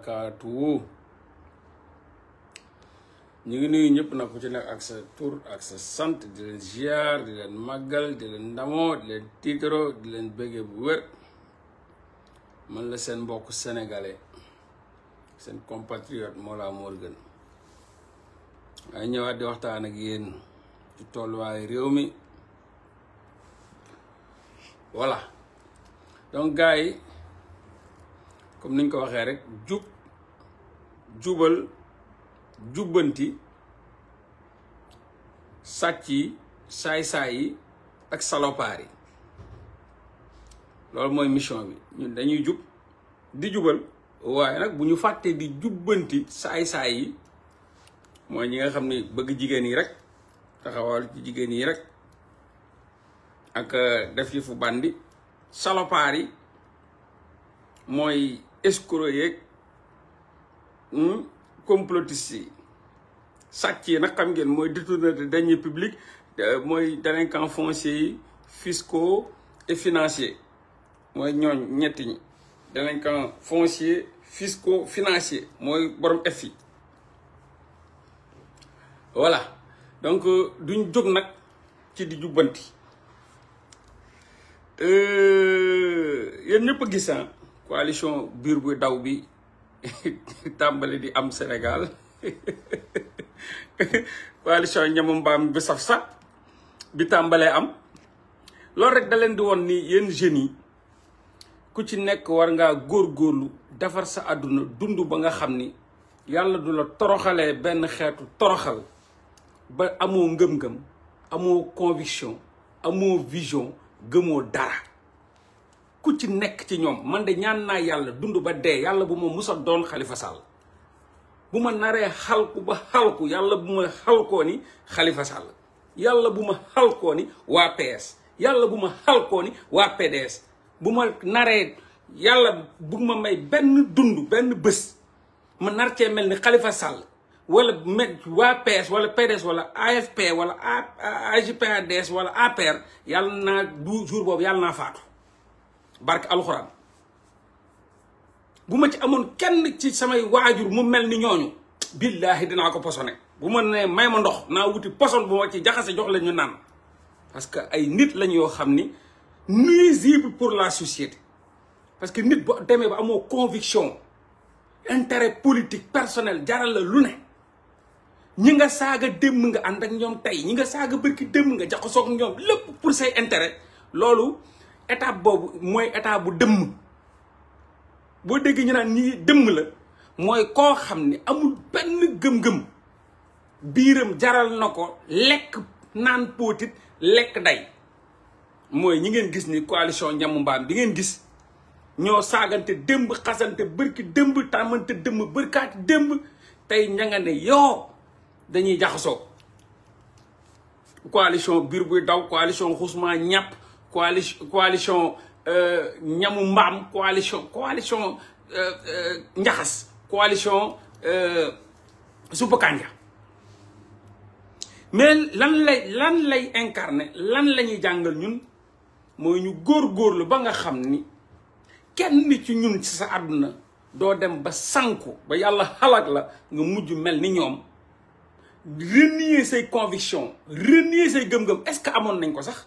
wabarakaatuhu ñu ngi nuyu ñëpp nag ku ci nekk ak sa tour ak sa sant di leen ziar di leen màggal di leen ndamoo di leen tiitaro di leen béggee bu wér man la seen mbokk sénégalais seen compatriote Mollah gën ay ñëwaat di waxtaan ak yéen ci tolluwaayu réew mi voilà donc gars yi comme niñ ko waxee rek jub jubal Jubenti Sachi say say eksalopari ak salopari yi moy mission bi ñun dañuy jub di jubal waye nak buñu faté di Jubenti say say moy ñi nga xamni bëgg jigen yi rek taxawal ci jigen yi rek ak euh, def yi fu bandi salopari moy mooy Hmm? complotistes yi sàcc yi nag xam ngeen mooy détourner de deniers publics mooy délinquants fonciers yi fiscaux et financiers mooy ñooñ ñetti ñi délinquants fonciers fiscaux financiers mooy borom f yi voilà donc euh, duñ jóg nag ci di jubbanti euh, yéen ñëpp a gis coalition biir bu daw bi tàmbali di am Sénégal coalition ñamu mbaam bi saf sap bi tàmbalee am loolu rek da di woon ni yéen jeunes yi ku ci nekk war ngaa góorlu defar sa àdduna dund ba nga xam ni yàlla du la toroxalee benn xeetu toroxal ba amoo ngëm-ngëm amoo conviction amoo vision gëmoo dara ku ci nekk ci ñoom man de ñaan naa yàlla dund ba dee yàlla bu ma musa doon xalifa Sall bu ma naree xalku ba xalku yàlla bu ma xalkoo ni Khalifa Sall yàlla bu ma xalkoo ni waa PS yàlla bu ma xalkoo ni waa PDS bu ma naree yàlla bu ma may benn dund benn bës ma nar cee mel ni Khalifa Sall wala waa PS wala PDS wala AFP wala AGPADS wala APR yàlla naa du jour boobu yàlla naa faatu barke alxuraan bu ma ci amoon kenn ci samay waajur mu mel ni ñooñu billaahi dinaa ko posone bu ma nee may ma ndox naa wuti poson bu ci jaxase jox la ñu naan parce que ay nit lañ yoo xam ni nuisible pour la société parce que nit bu demee ba amoo conviction intérêt politique personnel jaral la lu ne ñi nga saaga démb nga ànd ak ñoom tey ñi nga saaga bërki démb nga jaxasoog ñoom lépp pour say intérêt loolu étape boobu mooy étape bu dëmm boo dégg ñu naan ñii dëmm la mooy koo xam ni amul benn gëm-gëm biiram jaral na ko lekk naan póotit lekk day mooy ñi ngeen gis ni coalition ñamu mbaam bi ngeen gis ñoo saagante dëmb xasante bërki démb tàmmante dëmm bërkaati dëmb tey ña nga ne yoo dañuy jaxasoo coalition biir buy daw coalition xusma ñàpp coalition coalition ñamu euh, coalition coalition euh, euh, njaxas coalition suppu mais lan lay lan lay incarné lan lañuy ñuy jàngal ñun moy ñu gor góorlu ba nga xam ni kenn ci ñun ci sa aduna do dem ba sanku ba yalla halak la nga muju mel ni ñom renier ses convictions renier ses gëm-gëm est-ce que mon nañ ko sax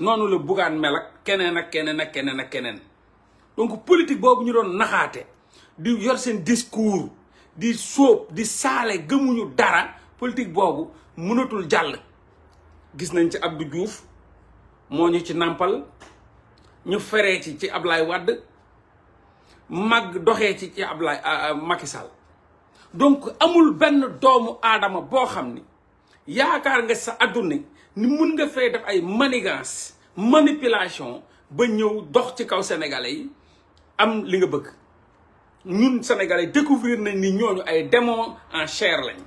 noonu la bugaan mel ak keneen ak keneen ak keneen ak keneen donc politique boobu ñu doon naxaate di yor seen discours di sóob di saale gëmuñu dara politik boobu mënatul jàll. gis nañ ci Abdou Diouf moo ñu ci nàmpal ñu feree ci ci Ablaye Wade mag doxee ci ci Ablaye euh, euh, Macky Sall donc amul benn doomu aadama boo xam ni yaakaar nga sa àdduna ni mun nga fee def ay manigance manipulation ba ñëw dox ci kaw sénégalais yi am li nga bëgg ñun sénégalais découvrir nañ ni ñooñu ay démon en chair lañ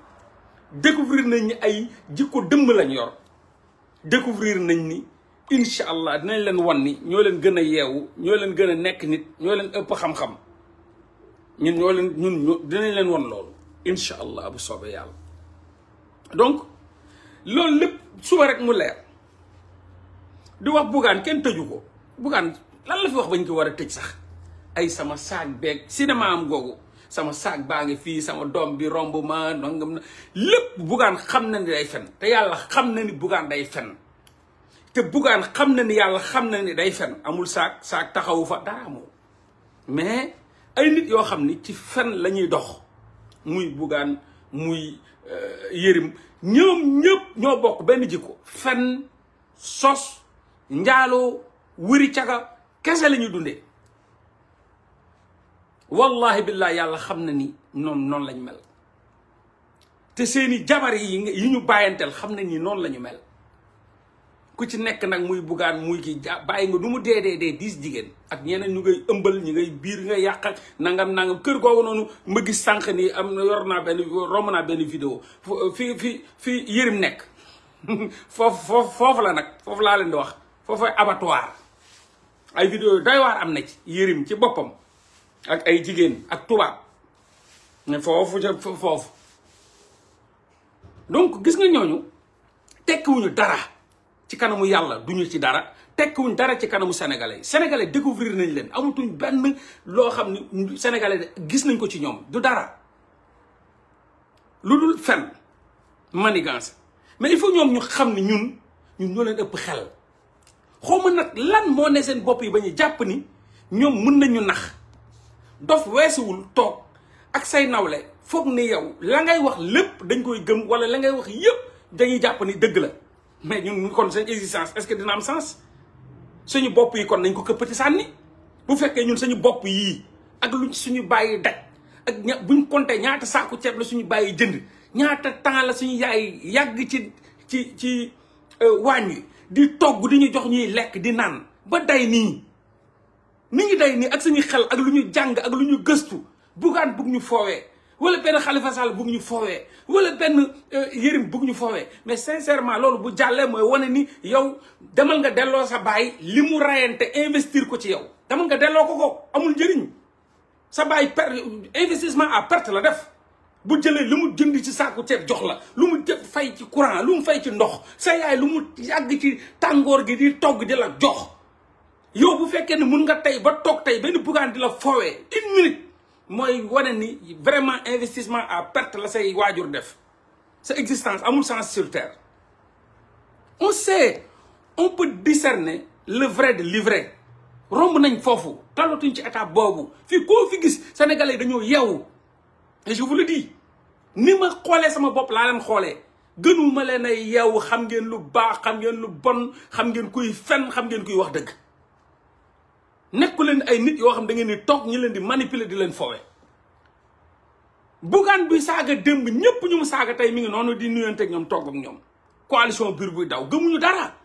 découvrir nañ ni ay jikko dëmm lañ yor découvrir nañ ni incha allah dinañ leen wan ni ñoo leen gën a yeewu ñoo leen gën a nekk nit ñoo leen ëpp xam-xam ñun ñoo leen ñun dinañ leen won loolu incha allah bu soobee yàlla lol lepp suba rek mu leer di wax bugan ken tëju ko lan la fi wax bañ ko wara tej sax ay sama sac bek cinema am gogo sama sac baangi fi sama dom bi rombu ma ngam lepp bugan xamna ni day fen te yalla xamna ni bugan day fen te bugan xamna ni yalla xamna ni day fen amul sac sac taxawu fa dara amul mais ay nit yo xamni ci fen la dox muy bugan muy Euh, yërim ñoom ñëpp ñoo bokk benn jikko fen sos njaaloo wëri caga kese la dunde dundee wallahi billahi yàlla xam na ni noon noonu lañ mel te seeni jabar yi yi ñu bàyyanteel xam na ni noonu lañu mel ku ci nekk nag muy bugaan muy ki bàyyi nga du mu dee dee dee diis jigéen ak ñeneen ñu ngay ëmbal ñi ngay biir nga yàq ak nangam nangam kër googu noonu ma gis sànq nii am na yor naa benn romb naa benn vidéo fi fi fi yërim nekk foofu foofu foofu la nag foofu laa leen di wax foofu abattoir ay vidéo doy waar am na ci yërim ci boppam ak ay jigéen ak tubaab ne foofu foofu donc gis nga ñooñu tekkiwuñu dara ci kanamu yàlla duñu ci dara tekkiwuñ dara ci kanamu sénégalais yi sénégalais découvrir nañ leen amatuñ benn loo xam ni sénégalais gis nañ ko ci ñoom du dara lu dul fen manigance mais il faut ñoom ñu xam ni ñun ñun ñoo leen ëpp xel xaw nag lan moo ne seen bopp yi ba ñu jàpp ni ñoom mën nañu nax dof weesuwul toog ak say nawle foog ni yow la ngay wax lépp dañ koy gëm wala la ngay wax yépp dañuy jàpp ni dëgg la mais ñun kon seen existence est-ce que dina am sens suñu bopp yi kon nañ ko këppati sànni bu fekkee ñun suñu bopp yi ak lu suñu bàyyi daj ak ña buñ compté ñaata saaku ceeb la suñu bàyyi jënd ñaata temps la suñu yaay yàgg ci ci ci euh, waañ wi di togg di ñu jox ñuy lekk di naan ba day nii ni ñu day nii ak suñu xel ak lu ñu jàng ak lu ñu gëstu bugaan bugg ñu foowee wala benn Khalifa Sall bëgg ñu foowee wala benn euh, Yérim bëgg ñu foowee mais sincèrement loolu bu jàllee mooy wane ni yow demal nga delloo sa baay li mu rayante investir ko ci yow demal nga delloo ko ko amul njëriñ sa baay per investissement à perte la def bu jëlee li mu jënd ci saaku ceeb jox la lu mu fay ci courant lu mu fay ci ndox sa yaay lu mu yàgg ci tàngoor gi di togg di la jox yow bu fekkee ne mun nga tey ba toog tey benn bugaan di la foowee une minute Moi, wane vraiment investissement à perte la say waajur def sa existence amul sens sur terre on sait on peut discerner le vrai de l'ivraie romb nañ fofu talatuñ ci état bobu fi ko fi gis sénégalais dañoo yeewu et je vous le dis ni ma xolé sama bop la leen xolé gënuma leen a yeewu xam ngeen lu baax xam ngeen lu bon xam ngeen kuy fen xam ngeen kuy wax deug nekku leen ay nit yoo xam da ngeen di toog ñi leen di manipuler di leen fowe bugaan bi saaga démb ñëpp ñu mu saaga tey mi ngi noonu di nuyante ak ñoom togg ak ñoom coalition biir buy daw gëmuñu dara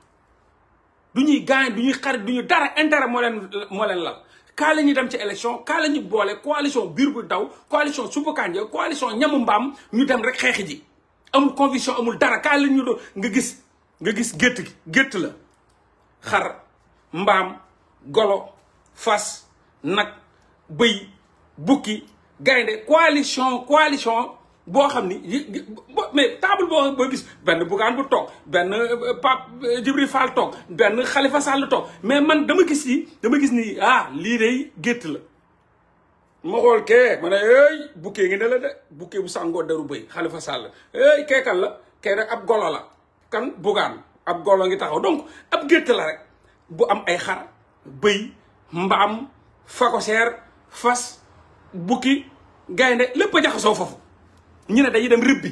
du ñuy gaañ du ñuy xarit du ñu dara intere moo leen moo leen lal kaa la ñuy dem ci élection kaa ñu ñuy boole coalition biir buy daw coalition suppu kanje coalition ñamu mbaam ñu dem rek xeexi ji amul conviction amul dara kaa la ñu do nga gis nga gis gétt gi gétt la xar mbaam fas nag bëy bukki gaynde coalition coalition boo xam ni mais table boo boo gis benn Bougane bu toog benn euh, euh, Pape euh, Djibril Fall toog benn xalifa Sall toog mais man dama gis ni dama gis ni ah lii dey gétt la ma xool kee ma ne bukkee ngi ne la de bukkee bu sangoo daru bëy xalifa Sall éy kee la kee rek ab golo la kan Bougane ab golo ngi taxaw donc ab gétt la rek bu am ay xar bëy mbam fakoser fas buki gaynde lepp a fofu ñu ne dañuy dem rëbbi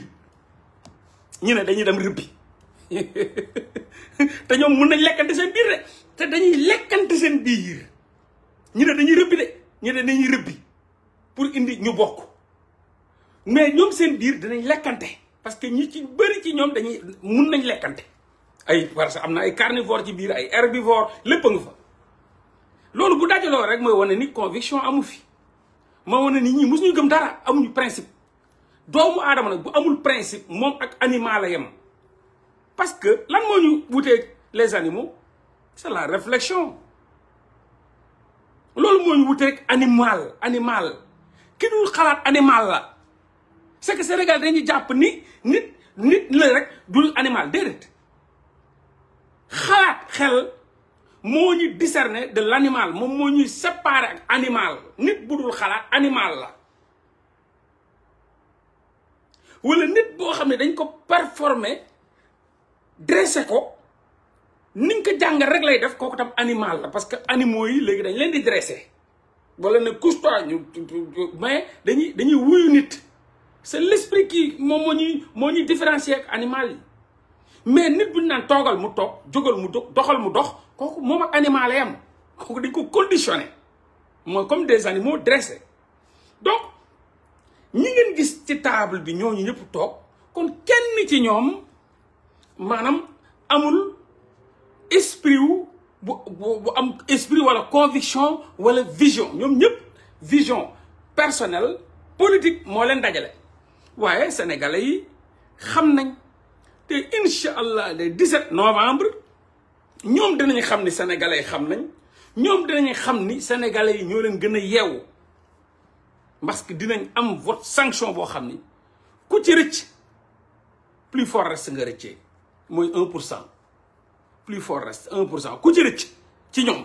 ñu ne dañuy dem rëbbi te ñom mun nañ lekkante seen biir de te dañuy lekkante seen biir ñu ne dañuy rëbbi de ñu ne dañuy rëbbi pour indi ñu bokk mais ñom seen biir dañuy lekkante parce que ñi ci bari ci ñom dañuy mun nañ lekkante ay parce que am ay carnivore ci biir ay herbivore lepp nga fa lolou gu dajaloo rek moy woné conviction amu fi ma je ni gëm dara principe doomu adam nak bu principe mom ak animal la parce que lan moñu wouté les animaux c'est la réflexion lolou moñu wouté animal animal ki dul xalat animal la c'est que Sénégal dañu japp ni nit nit le rek dul animal direct. xalat xel. moñu discerner de l'animal animal moñu séparer ak animal nit budul xala animal la wala nit bo xamné dañ ko performer dressé ko niñ ko jàngal rek lay def koku tam animal la parce que animaux yi légui dañ leen di dressé wala ne couche ñu mais dañuy dañuy wuyu nit c'est l'esprit qui mom moñu moñu différencier ak animal yi mais nit bu ñu togal mu tok jogal mu dox doxal mu dox un animal comme des animaux dressés donc nous avons gis table bi ñëpp esprit ou bu ou ou esprit wala conviction wala vision vision personnelle politique Nous leen sénégalais yi xam le 17 novembre ñoom dinañ xam ni sénégalais yi xam nañ ñoom dinañ xam ni sénégalais yi ñoo leen gën a yeewu parce que dinañ am vote sanction boo xam ni ku ci rëcc plus fort reste nga rëccee mooy un pour cent plus fort reste un pour cent ku ci rëcc ci ñoom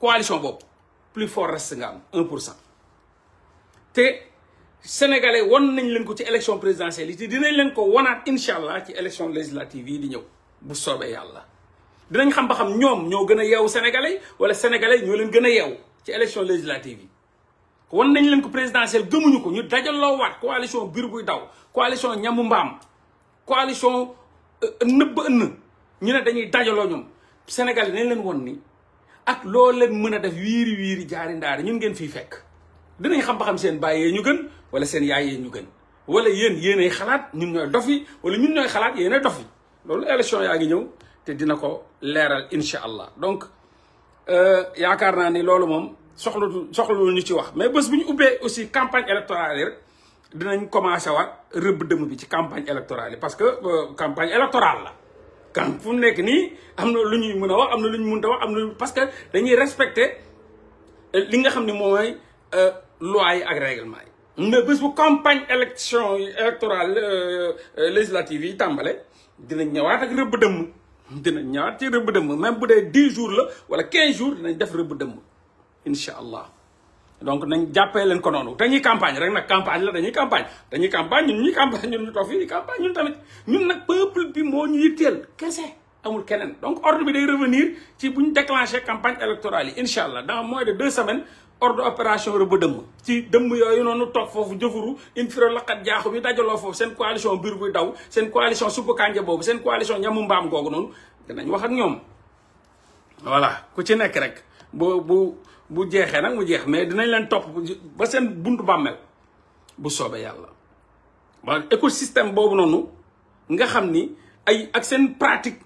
coalition boobu plus fort reste nga am un pour cent te sénégalais won nañ leen ko ci élection présidentielle yi te dinañ leen ko wanaat incha allah ci élection législative yi di ñëw bu soobee yàlla dinañ xam ba xam ñoom ñoo gën a yeewu sénégalais wala sénégalais ñoo leen gën a yeewu ci élection législative yi wan nañ leen ko présidentielle gëmuñu ko ñu dajaloo waat coalition biir buy daw coalition ñamu mbaam coalition euh, nëbb ënn ñu ne dañuy dajaloo ñoom sénégalais leen won ni ak loo leen mën a def wiiri wiiri jaari ndaari ñun ngeen fii fekk dinañ xam ba xam seen bàyyee ñu gën wala seen yaayee ñu gën wala yéen yéenay xalaat ñun ñooy dof yi wala ñun ñooy xalaat yéenay dof yi loolu élection yaa ngi ñëw te dina ko leeral incha allah donc euh, yaakaar naa ni loolu moom soxla soxlawul ñu ci wax mais bés bu ñu ubbee aussi campagne électorale yi rek dinañ commencé waat rëbb dëmm bi ci campagne électorale yi parce que euh, campagne électorale la. kan fu mu nekk nii am na lu ñuy mun a wax am na lu ñu mënta wax am na parce que dañuy respecté euh, li nga xam ne mooy loi yi ak règlement yi. mais bés bu campagne élection électorale législative yi tàmbale dinañ ñëwaat ak rëbb dëmm. dina ñaar ci rëbb dëmm même bu dee dix jours la wala quinze jours dinañ def rëbb dëmm incha allah donc nañ jàppee leen ko noonu dañuy campagne rek nag campagne la dañuy campagne dañuy campagne ñun ñuy campagne ñun ñu toog fii di campagne ñun tamit ñun nag peuple bi moo ñu yitteel kese amul keneen donc ordre bi day revenir ci bu ñu déclenché campagne électorale yi incha allah dans moins de deux semaines ordre opération rëbb dëmm ci dëmm yooyu noonu toog foofu jëfuru infiro laqat jaaxu bi dajaloo foofu seen coalition biir buy daw seen coalition suppu kànja boobu seen coalition ñamu mbaam googu noonu danañ wax ak ñoom voilà ku ci nekk rek bu bu bu jeexee nag mu jeex mais dinañ leen topp ba seen buntu bàmmeel bu soobee yàlla waa écosystème boobu noonu xam pratique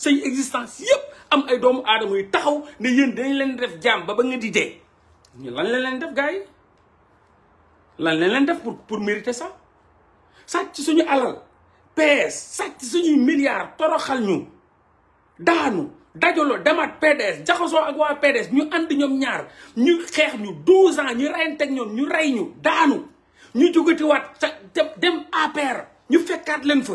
say existence yëpp am ay doomu aadama yu taxaw ne yéen dañ leen def jaam ba ba nga di dee ñu lan leen leen def gars yi lan leen leen def pour pour mériter ça sàcc suñu alal PS sàcc suñuy milliards toroxal ñu daanu dajaloo demaat PDS jaxasoo ak waa PDS ñu ànd ñoom ñaar ñu xeex ñu 12 ans ñu reyanteeg ñoom ñu rey ñu daanu ñu jugatiwaat ca dem APR ñu fekkaat leen fa.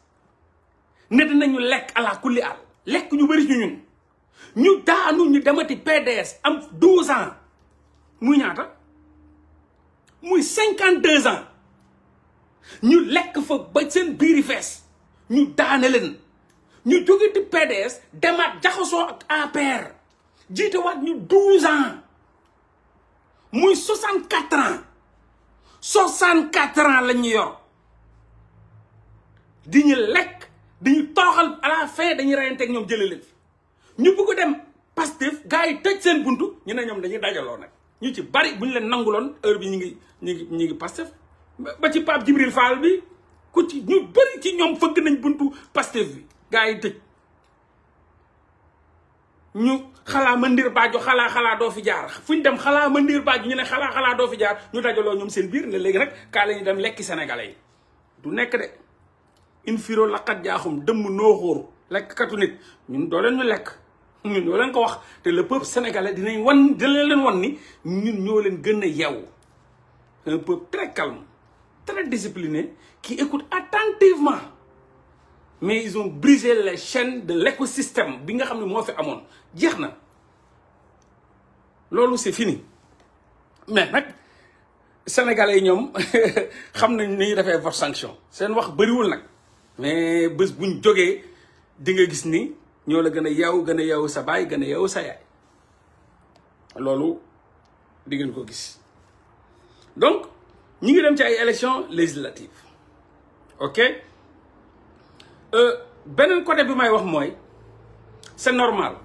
ne nañu lekk ala kulli al lekk ñu bëri ñu ñun ñu daanu ñu demati PDS am 12 ans muy ñaata muy 52 ans ñu lekk fa ba seen biiri fees ñu daane leen ñu jóge PDS demaat jaxasoo ak APR jiitewaat ñu 12 ans muy 64 ans 64 ans la yor di ñu lekk. di toroxal à la fin dañuy reyante ak ñoom jëlee leen fi ñu bëgg dem Pastef gars yi tëj seen bunt ñu ne ñoom dañuy dajaloo nag ñu ci bari bu ñu leen nangu loon heure bi ñu ngi ñu ngi ñu ngi Pastef ba ci Pape Djibril Fall bi ku ci ñu bëri ci ñoom fëgg nañ buntu Pastef bi gaa yi tëj ñu xalaa ma ndir baajo xalaa xalaa doo fi jaar fu ñu dem xalaa ma ndir baajo ñu ne xalaa xalaa doo fi jaar ñu dajaloo ñoom seen biir ne léegi nag kaa la dem lekki sénégalais yi du nekk de infiro lakkat jaaxum dëmm lek lekkatu nit ñun doo leen ñu lek ñun doo leen ko wax te le peuple sénégalais dinañ wan dina leen wan ni ñun ñoo leen gëna yew un peuple très calme très discipliné qui écoute attentivement mais ils ont brisé les chaînes de l'écosystème bi nga xamni mo fi amone jeexna lolu c'est fini mais nak sénégalais ñom ñoom xam nañ ni ñuy vote sanction seen wax bëriwul nak mais bés buñ joggé di nga gis ni ñoo la gëna yaw gëna yaw sa bay gëna yaw sa yaay lolu di gën ko gis donc ñi ngi dem ci ay élection législative ok euh benen côté bi may wax moy c'est normal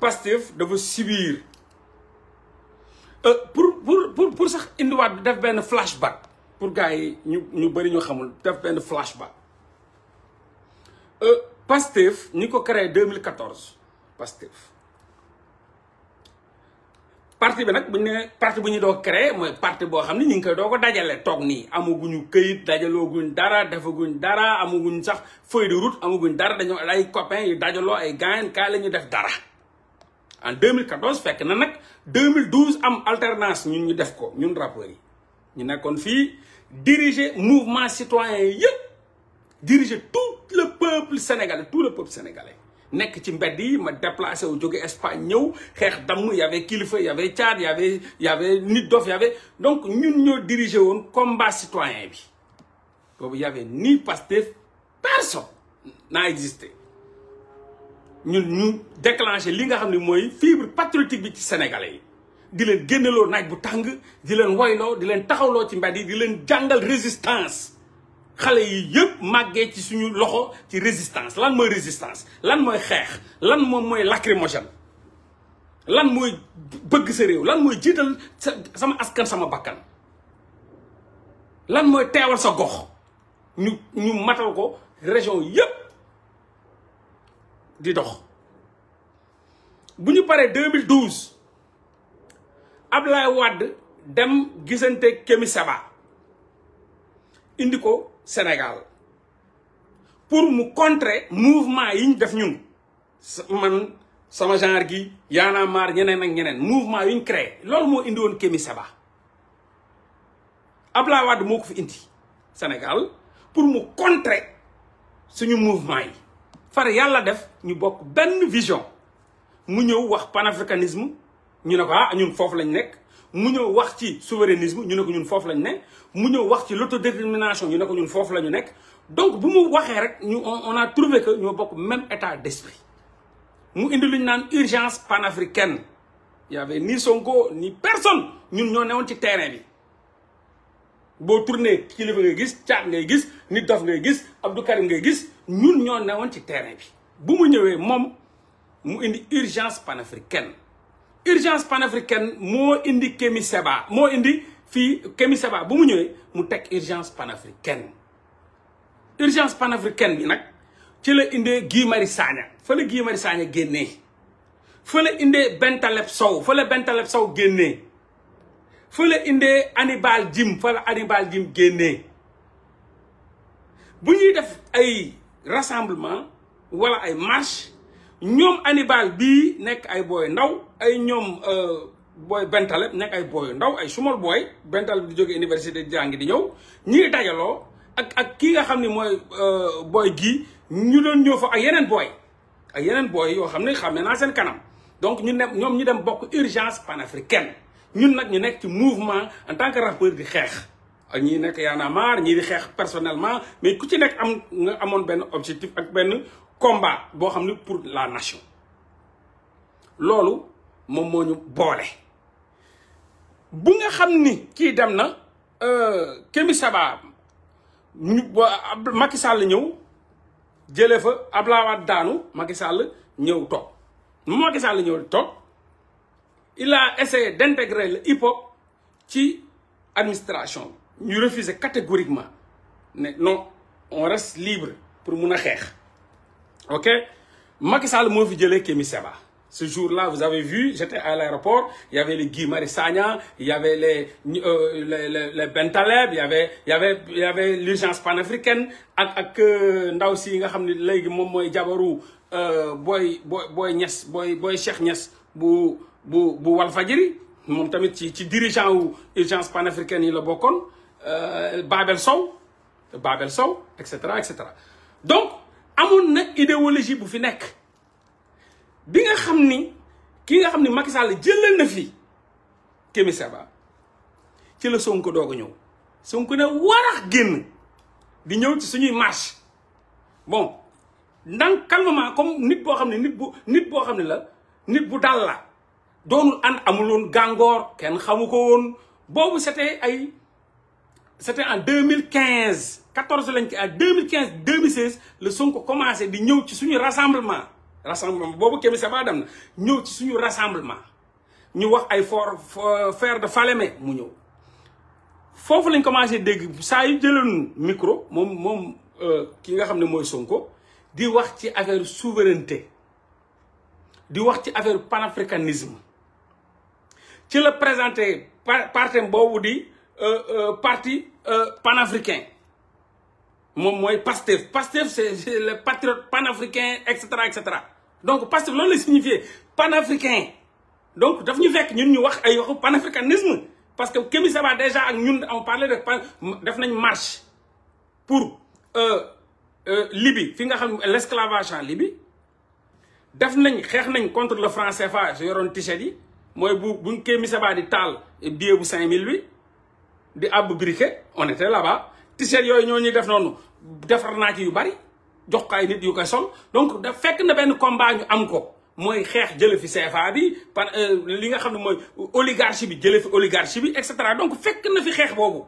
Pastef dafa subir euh pour pour pour pour sax indi wat def ben flashback pour gars yi ñu ñu bëri ñu xamul def benn flashback euh, Pastef ñu ko créé 2014 Pastef parti bi nag bu ñu nee parti bu ñu doo créé mooy parti boo xam ne ñu ngi koy doo ko dajale toog nii amaguñu këyit dajalooguñ dara defaguñ dara amaguñ sax feuille amaguñ dara dañoo ay copains yu dajaloo ay gaayen la ñu def dara. en 2014 fekk na nag 2012 am alternance ñun ñu def ko ñun yi ñu nekkoon fii diriger mouvement citoyen diriger tout le peuple sénégalais tout le peuple sénégalais nek ci mbedd ma déplacé au jóge Espagne il y avait il y avait Tchad, y avait y avait Nit Dof y avait donc nous, nous diriger won combat citoyen bi n'y y avait ni Pastef personne n'a existé Nous ñu déclencher li nga xamni fibre patriotique bi sénégalais di len gennelo naaj bu tang di len woyloo di len taxawlo ci mbedd di len jangal resistance xalé yi yeb magge ci suñu loxo ci resistance lan moy resistance lan moy xex lan mom moy lacrymogène lan moy bëgg sa rew lan moy jital sama askan sama bakkan lan moy téwal sa gox ñu ñu matal ko région yeb di dox buñu paré 2012 ab Ablaye wàdd dem gisante Kémi Seba indi ko Sénégal pour mu contrer mouvement yi ñu def ñun man sama genre gi yaanaa maar ñeneen ak ñeneen mouvement yu ñu créé loolu moo indi woon Kémi Seba Ablaye Wade moo ko fi indi Sénégal pour mu contrer suñu mouvement yi far yàlla def ñu bokk benn vision mu ñëw wax panafricanisme Nous avons ko ah ñun fofu lañ nek mu souverainisme nous avons ko ñun nous lañ nek mu wax ci l'autodétermination donc bu mu on a trouvé que avons le même état d'esprit Nous, indi une urgence panafricaine Il n'y avait ni Sonko ni personne ñun ñoo néwon ci terrain bi nous tourner kilifa ngay gis nous ngay gis nit dof gis Abdou Karim terrain urgence panafricaine urgence panafricaine mo indi Kémi seba mo indi fi kemi seba bu mu mu urgence panafricaine urgence panafricaine c'est nak ci la Guy Marius fa la Guy Marissagne la Bentaleb Sow fa Bentaleb Sow fa la Djim fa la bu ñuy def ay rassemblement wala ay marche ñoom Hannibal bii nekk ay booy ndaw ay ñoom euh, booy Bentaleb nekk ay booy ndaw ay sumal booy Bentaleb di jóge université jàngi di ñëw ñii dajaloo ak ak kii nga xam ne mooy euh, booy gii ñu doon ñëw fa ak yeneen booy ak yeneen booy yoo xam ne xam ne naa seen kanam donc ñu ne ñoom ñu dem bokk urgence panafricaine ñun nag ñu nekk ci mouvement en tant que rappeur di xeex ak ñi nekk Y'en a marre ñii di xeex personnellement mais ku ci nekk am nga amoon benn objectif ak benn combat pour la nation C'est ce moo bolé. Si vous savez qui est na euh, Saba Macky Sall ñëw fa Macky Sall il a essayé d'intégrer le hip hop ci administration Nous refusons catégoriquement non on reste libre pour mon ok Macky Sall moo fi jëlee Kémi Seba ce jour-là vous avez vu j'étais à l'aéroport il y avait les Guy Marius Sagna il y avait les euh, les les, les Bentaleb il y avait il y avait il y avait l'urgence panafricaine ak ak euh, ndaw aussi, nga xam ne léegi moom mooy euh, boy boy boy boy boy, boy Cheikh Niass bu bu bu Walfadjiri moom tamit ci ci dirigeant ou urgence panafricaine yi la euh Babel Sow Babel Sow etc., etc. etc donc. amoon na idéologie bu fi nekk bi nga xam ni ki nga xam ni Macky Sall jëlal na fi Kémi ci la Sonko doo a ñëw Sonko ne warax génn di ñëw ci suñuy marche bon ndànk calmement comme nit boo xam ne nit bu nit boo xam ne la nit bu dal la doonul an amuloon gàngoor kenn xamu ko woon boobu c'était ay c'était en deux mille quinze 14 lañ ko 2015 2016 le Sonko commencé di ñew ci suñu rassemblement rassemblement bobu Kemi sa dem na ñëw ci suñu rassemblement ñu wax ay for faire de Falémé mu ñew fofu lañ commencé dégg sa yu jëloon micro mom euh ki nga xamné moy Sonko di wax ci affaire souveraineté di wax ci affaire panafricanisme ci le présenter parti bobu di euh, euh, parti euh, panafricain moom moi pasteur pasteur c'est est le patriote panafricain etc cetera donc pasteur loolu la signifié panafricain donc daf ñu fekk ñun ñu wax panafricanisme parce que Kémi Seba déjà ak ñun on parlait de pan def nañ marche pour euh, euh, Libye fi nga xam l' en Libye def nañ xeex nañ contre le franc CFA yoroon t-shirt yi mooy bu buñ Kémi Seba di taal billet bu 5000 bi di àbb briquet on était là-bas t-shirt yooyu ñoo ñuy def noonu defar naa ci yu bari jox kay nit yu koy sol donc da fekk na ben combat ñu am ko moy xex jële fi CFA bi euh, li nga xamne moy oligarchie bi jële fi oligarchie bi et cetera donc fekk na fi xex bobu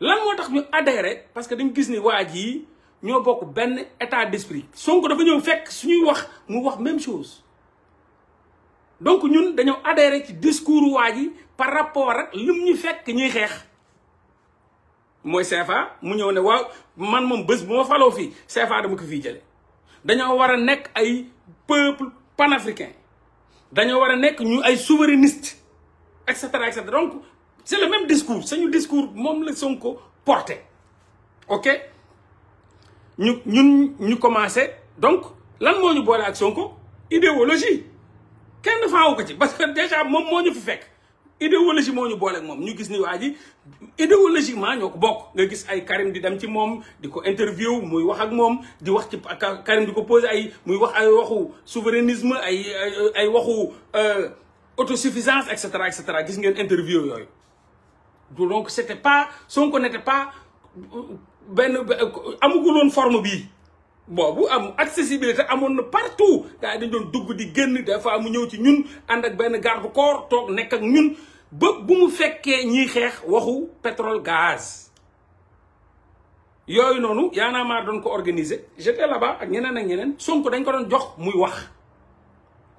lan motax ñu adhéré parce que dañu gis ni waji ño ñoo bokk benn état d'esprit Sonko dafa ñew fekk suñu wax mu wax même chose donc ñun dañu adhéré ci discours waji par rapport ak lim ñu fekk ñuy xex moi cefa mu ne waaw man mom bëss bu ma fi cefa dama ko fi ay peuple panafricain dañoo wara ñu ay souverainiste et cetera donc c'est le même discours C'est le discours que la Sonko porté ok ñu commencé donc lan avons ñu boole ak Sonko idéologie kenn faawu ko ci parce que déjà mom fi idéologiquement moo bolé ak mom ñu gis ni waa idéologiquement ñoko bok nga gis ay Karim di dem ci interview muy wax ak Karim di ko souverainisme ay ay waxu euh, autosuffisance etc cetera interview donc c'était pas son n'était pas ben amugul forme accessibilité partout gars dañ doon dugg di genn des mu garde corps ba mu fekkee ñiy xeex waxu pétrole gaz yoy noonu Y'en a marre doon ko organiser j'étais là-bas ak ñeneen ak ñeneen Sonko dañ ko doon jox muy wax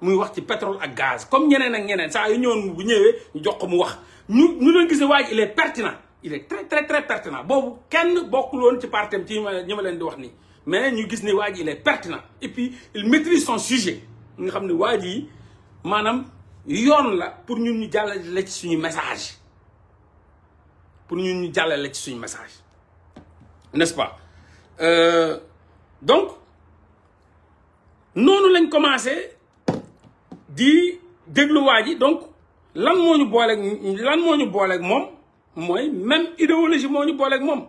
muy wax ci pétrole ak gaz comme ñeneen ak ñeneen sa yu ñëwoon bu ñewé ñu jox ko mu wax ñu ñu doon gis ne il est pertinent il est très très très pertinent bobu kenn bokul won ci partem ci ñi leen di wax ni mais ñu gis ni waa il est pertinent et puis il maîtrise son sujet nga xamni ne waa ji yoon la pour ñun ñu jàllale ci suñu message pour ñun ñu jàllale ci suñu message n'est-ce pas euh, donc nous lañ commencé di déglu donc lan moo ñu booleeg lan moo ñu booleeg mom moy même idéologie moo ñu booleeg mom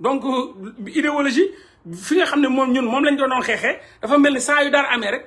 donc euh, idéologie fi nga xamné mom ñun mom lañ doon doon xeexee dafa melni sa yu dar amé rek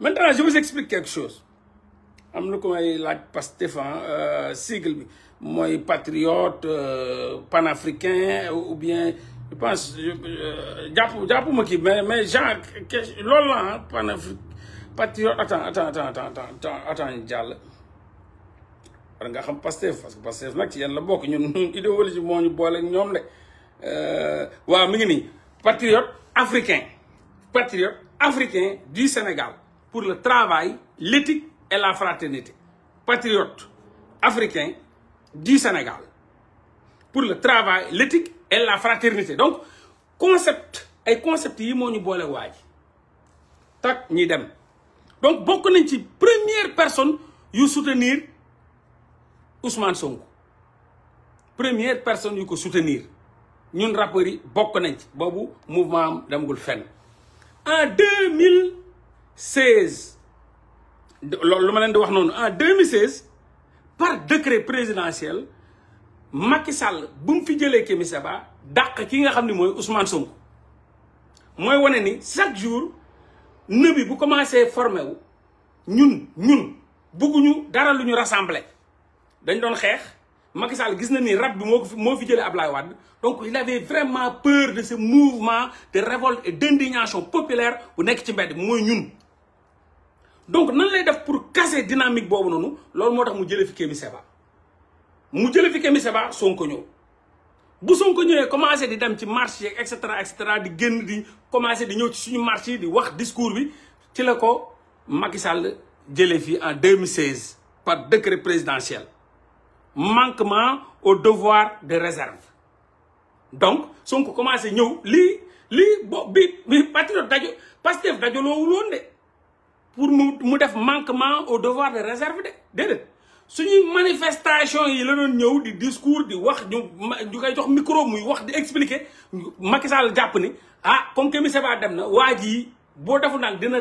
maintenant je vous explique quelque chose Je suis un patriote euh, panafricain ou bien je pense je euh, jàppuma mais mais hein, attends attends attends attends attends nga xam Pastef parce que Pastef nak ci ñun idéologie ñom euh wa mi ngi patriote africain patriote africain du Sénégal pour le travail, l'éthique et la fraternité. Patriote africain du Sénégal. Pour le travail, l'éthique et la fraternité. Donc, concept, et concept, yi moo ñu boole tak dem donc beaucoup nañ ci première personne yu soutenir Ousmane Sonko première personne qui ko soutenir Nous rappeur yi beaucoup nañ ci mouvement am en 2000 16, loolu lu di wax en 2016 par décret présidentiel Macky Sall bu mu fi jëlee Kémi Seba dàq ki nga xamni moy Ousmane Sonko Moy woné ni chaque jour neubi bu commencé formé wu ñun ñun ñu dara lu ñu rassemblé dañ doon xex Macky Sall gis na ni rap bi moo ko fi jëlee Ablaye Wade donc il avait vraiment peur de ce mouvement de révolte et d'indignation populaire bu nekk ci mbéd moy ñun donc nan lay def pour casser dynamique bobu noonu loolu motax mu jëlee fi Kémi Seba mu jëlee fi Kémi Seba Sonko ñëw bu Sonko ñëwee commencé di dem ci marché et cetera et cetera di génn di commencé di ñëw ci suñu marché di wax discours bi ci la ko Macky Sall jëlee fi en 2016 par décret présidentiel manquement au devoir de réserve donc Sonko commencé ñëw li li bo bi bi patriote dajo Pastef dajaloowul woon de pour mu faire def manquement au devoir de réserve de déedéet suñuy manifestation yi la doon des di discours di wax ñu ñu koy jox micro muy expliquer Macky Sall jàpp ni ah comme que monsieur Ba dem na waa ji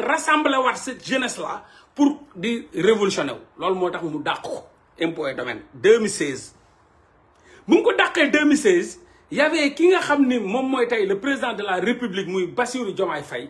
rassembler cette jeunesse là pour di révolutionner wu loolu moo nous mu dàq impôt et domaine 2016 bu mu ko 2016, 2016 y avait ki nga xam ni le président de la république muy Bassirou Diomaye Faye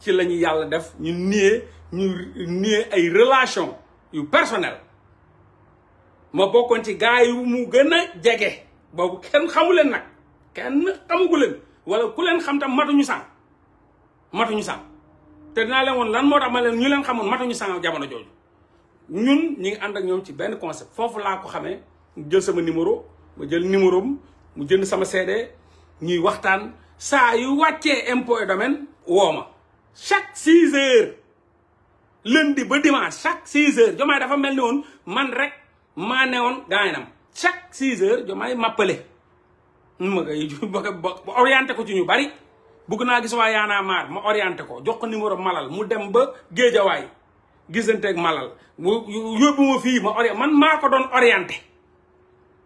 ci la yàlla def ñu nier ñu nier ay relation yu personnel ma bokkoon ci gars yu mu gën a jege boobu kenn xamu leen nag kenn xamugu leen wala ku leen xam tam matuñu sang matuñu sang te dinaa leen woon lan moo tax ma leen ñu leen xamoon matuñu sang jamono jooju ñun ñu ngi ànd ak ñoom ci benn concept foofu laa ko xamee mu jël sama numéro ma jël numéro mu jënd sama CD ñuy waxtaan saa yu wàccee impôt domaine woo ma chaque six heures lundi ba dimanche chaque six heures jomaay dafa mel ni woon man rek maa ne woon gaynam chaque six heures jomaay mappale ma koy ba ko ci ñu bari bugg naa gis waa yaanaa maar ma orienté ko jox ko numéro malal mu dem ba géejawaay gisanteeg malal yóbbu fii ma orienté man maa ko doon orienté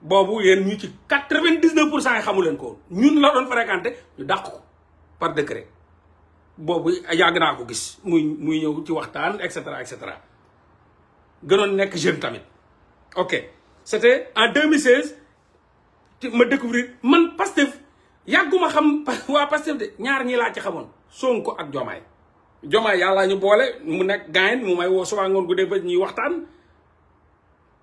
boobu yéen ñu ci quatre-vingt-dix-neuf pour cent yi xamu leen ko ñun la doon fréquenté ñu dàq ko par décret boobu yàgg naa ko gis muy muy ñëw ci waxtaan et cetera et cetera gënoon nekk jeune tamit ok c'était en 2016 ma découvrir man Pastef yàgguma xam waa Pastef de ñaar ñi laa ci xamoon Sonko ak Jomaay Jomaay yàlla ñu boole mu nekk gaayen mu may woo suba ngoon guddee ba ñuy waxtaan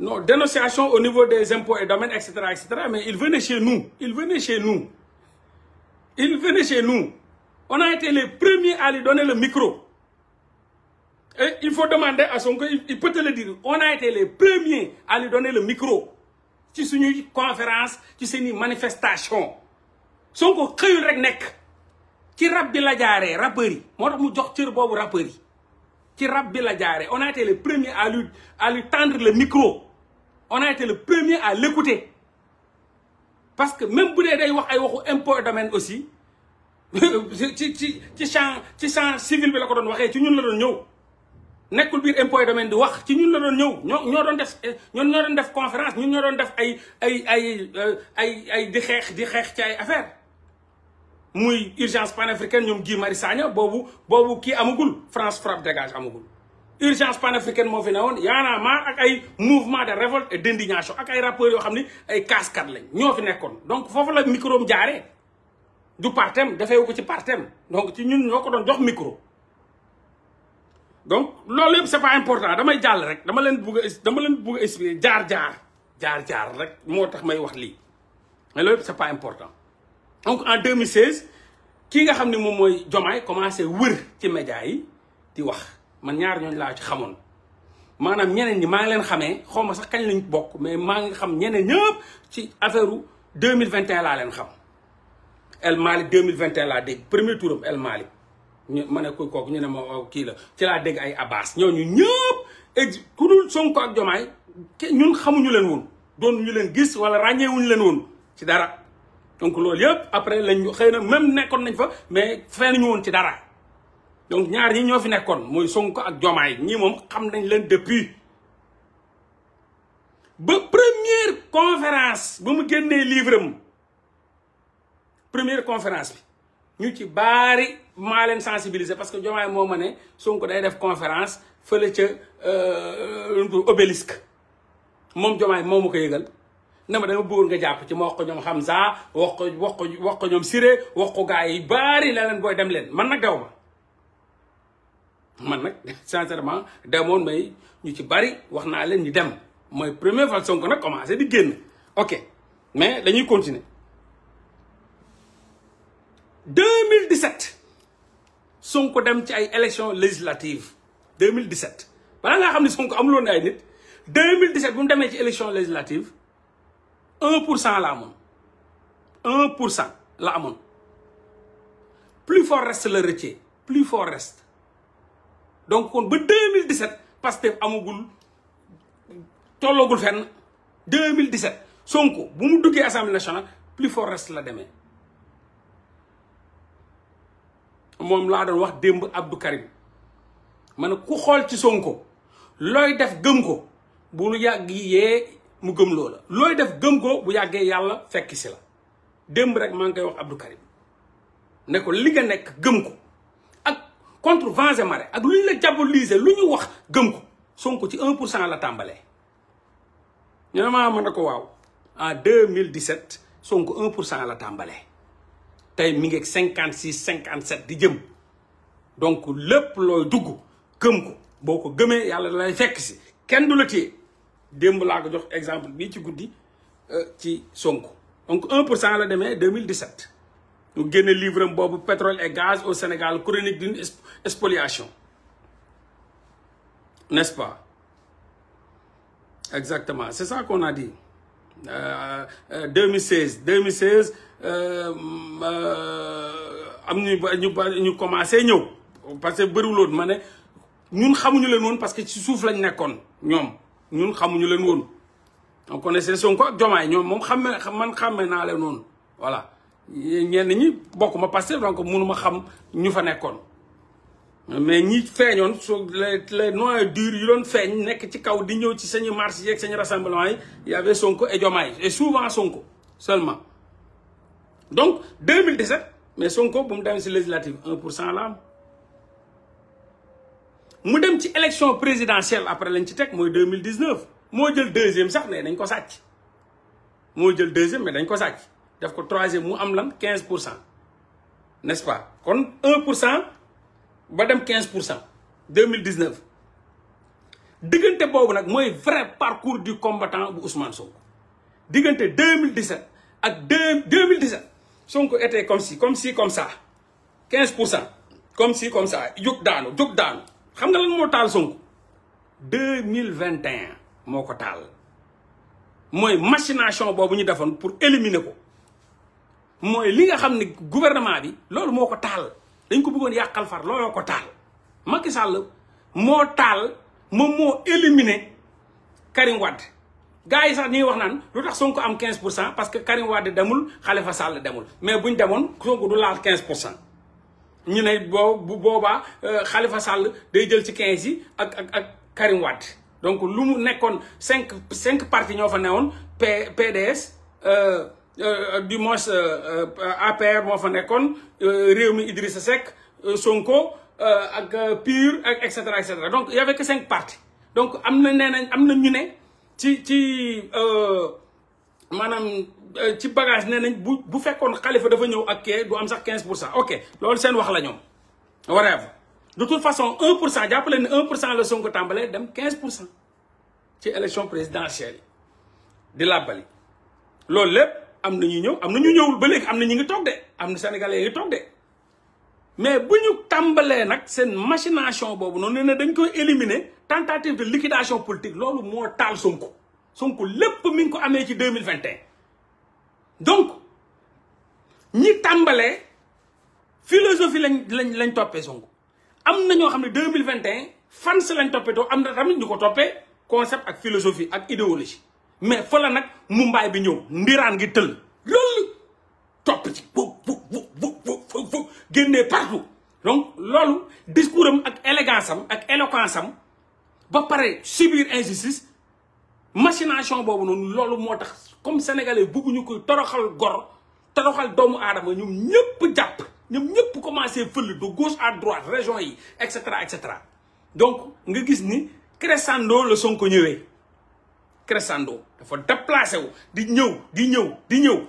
non, dénonciation au niveau des impôts et domaines, etc., etc. Mais il venait chez nous. Il venait chez nous. Il venait chez nous. On a été les premiers à lui donner le micro. il faut demander à son il peut te le dire. On a été les premiers à lui donner le micro. Tu sais une conférence, tu sais une manifestation. Sonko rek qui rappe la jaaree rapperie. yi moo jox Rapperie. Qui la on a été les premiers à lui à lui tendre le micro on a été le premier à l'écouter parce que même si a wax ay waxu domaine aussi ci champ civil bi la ko doon ci ñun la domaine di wax ci ñun la conférence urgence panafricaine ñom Guy France frappe dégage urgence panafricaine mo fi ne woon yaanaa maa ak ay mouvement de révolte et d'indignation ak ay rappeurs yo xamni ay kaaskat lañ ñoo fi nekkoon donc fofu la micro am jaaree du partem defeewu ko ci partem donc ci ñun ñoko don jox micro donc loolu yëpp c'est pas important damay jall rek dama len bugg dama len bugg expliquer jaar-jaar jaar-jaar rek motax may wax li mais loolu c'est pas important donc en 2016 kii nga xamni mom moy jomay Diomaye commencé wër ci média yi di wax man ñaar ñooñu laa ci xamoon maanaam ñeneen ñi maa ngi leen xamee xaw ma sax kañ lañ bokk mais maa ngi xam ñeneen ñëpp ci affaire u 2021 laa leen xam El Malick 2021 laa dégg premier tour am El Malick ñu ma ne kuy ñu ne ma oh, kii la ci laa dégg ay Abbas ñooñu ñëpp ex ku dul Sonko ak Jomaay ñun xamuñu leen woon doon ñu leen gis wala ràññewuñ leen woon ci dara donc loolu yëpp après lañ xëy na même nekkoon nañ fa mais feeñuñu woon ci dara. donc ñaar ñi ñoo fi nekkoon mooy Sonko ak Jomaay ñi moom xam nañ leen depuis ba première conférence ba mu génnee livre am première conférence bi ñu ci baari maa leen sensibiliser parce que Jomaay moo ma ne Sonko day def conférence fële ca euh, euh, obélisque moom Jomaay moo ma ko yëgal na ma dama bëggoon nga jàpp ci ma wax ko ñoom Hamza wax ko wax ñoom Siré wax ko yi baari la leen booy dem leen man na daw ma man nak sincèrement demoon may ñu ci bari waxna naa leen ñu dem moy première fois Sonko nak commencé di génn ok mais dañuy continuer 2017 Sonko dem ci ay élections législatives 2017 balaa ngaa xamni sonko am ay nit 2017 bu mu ci élection législative 1 la 1 la amone plus fort reste le retier plus fort reste. donc kon ba 2017 Pastef amagul tolloogul fenn 2017 Sonko bu mu duggee assemblée nationale plus fort reste la demee moom laa doon wax démb Abdou Karim ku xool ci Sonko looy def gëm ko bu lu yàgg yee mu gëm loo looy def gëm ko bu yàggee yàlla fekk si la démb rek maa ngi koy wax Abdou ne ko li nga nekk gëm ko contre vents et marées ak le ñu la diaboliser lu wax Sonko 1 à la tambale. Je ne na en 2017 Sonko 1 à la tambale. Ils mi 56 57 di donc le looy dugg gëm ko boo ko gëmee à lay du la téye démb laa ko jox exemple bii ci euh, ci Sonko donc 1 à la en 2017 nous gagnons livre pétrole et gaz au Sénégal chronique d'une spoliation n'est-ce pas exactement c'est ça qu'on a dit euh, euh, 2016 2016 euh, euh, am ñu ñu ñu commencé nous parce que bëriwuloon ma ne nous xamuñu le nom parce que ci suuf lañ nekkoon ñoom ñun nous leen woon on connaissait son quoi Diomaye ñoom moom xamme man voilà ñenn ñi bokk ma Pastef donc mënuma xam ñu fa nekkoon mais ñi feeñoon su les les noirs durs ils ont fait nek ci kaw di ñew ci seigne marche yeeg seigne rassemblement yi y avait Sonko et Diomaye et souvent Sonko seulement donc 2017 mais Sonko bu mu dem ci législative 1 là mu dem ci élection présidentielle après lañ ci tek moy 2019 mo jël deuxième sax mais dañ ko sacc mo jël deuxième mais dañ ko sacc def ko troisième mu am lan 15% n'est-ce pas Quand 1% ba dem 15% 2019 digënté bobu nak moy vrai parcours du combattant bu Ousmane Sonko digënté 2017 ak 2017 Sonko était comme si comme si comme ça 15% comme si comme ça juk daanu juk daanu xam nga lan mo tal Sonko 2021 moko tal moy machination bobu ñu défon pour éliminer mooy li nga xam ni gouvernement bi loolu moo ko taal dañ ko buggoon yàqal far looloo ko taal Macky sàll moo taal moom moo éliminé Karim Wade gars yi sax ñuy wax naan lu tax Sonko am 15 pour cent parce que Karim Wade demul Khalifa sàll demul mais buñ demoon Sonko du laal 15 pour cent ñu ne boo bu boobaa euh, Khalifa Sall day jël ci 15 yi ak ak ak Karim Wade donc lu mu nekkoon cinq cinq parti ñoo fa newoon P PDS. Euh, Euh, du moins euh, euh, APR mo fa nekkone Idrissa Seck Sonko ak Pire etc etc donc il y avait que cinq parties. donc amna nenañ amna ñu né ci ci manam ci bagage nenañ bu fekkone khalifa dafa Donc, ak ké du am sax 15% OK c'est ce wax la ñom whatever de toute façon 1% a 1% le Sonko tambalé dem 15% C'est l'élection présidentielle de la Bali lolu nous ñu ñew de ñu de sénégalais mais si tambalé nak sen machination bobu non ne dañ tentative de liquidation politique lolu mortale. tal Sonko Sonko lepp mi ngi ko en ci 2021 donc ñi philosophie lañ lañ lañ 2021. Sonko am na nous xam concept ak philosophie idéologie mais fa la nag mu bi ñew ndiraan gi teul lool top ci bu bu bu bu bu génnee partout donc lool discours am ak élégance am ak éloquence am ba paré subir injustice machination bobu non lool motax comme sénégalais bëggu ñu koy toroxal gor toroxal doomu aadama ñum ñëpp japp ñum ñëpp commencé feul de gauche à droite région yi etc., etc. donc nga gis ni crescendo le son ko ñëwé crescendo Il faut déplacer di ñew di ñew di ñew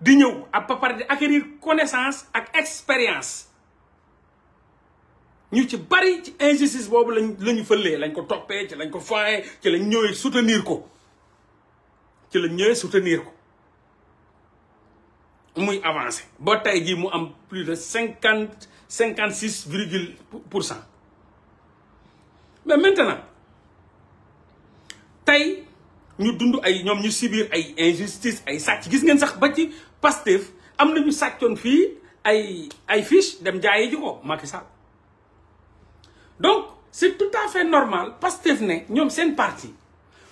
di ñew à partir d'acquérir connaissance ak expérience ñu ci bari ci injustice bobu lañ la ñu lañ ko topé ci lañ ko foyee ci lañ ñëwee soutenir ko ci lañ ñëwee soutenir ko muy avancé ba tay jii mu am plus de 50, 56 mais maintenant tay nous dund ay ñu subir ay injustice ay sàcc gis ngeen sax ba ci Pastef am na ñu sàccoon fii ay ay fiche dem jaayee donc c'est tout à fait normal Pastef ne ñoom une parti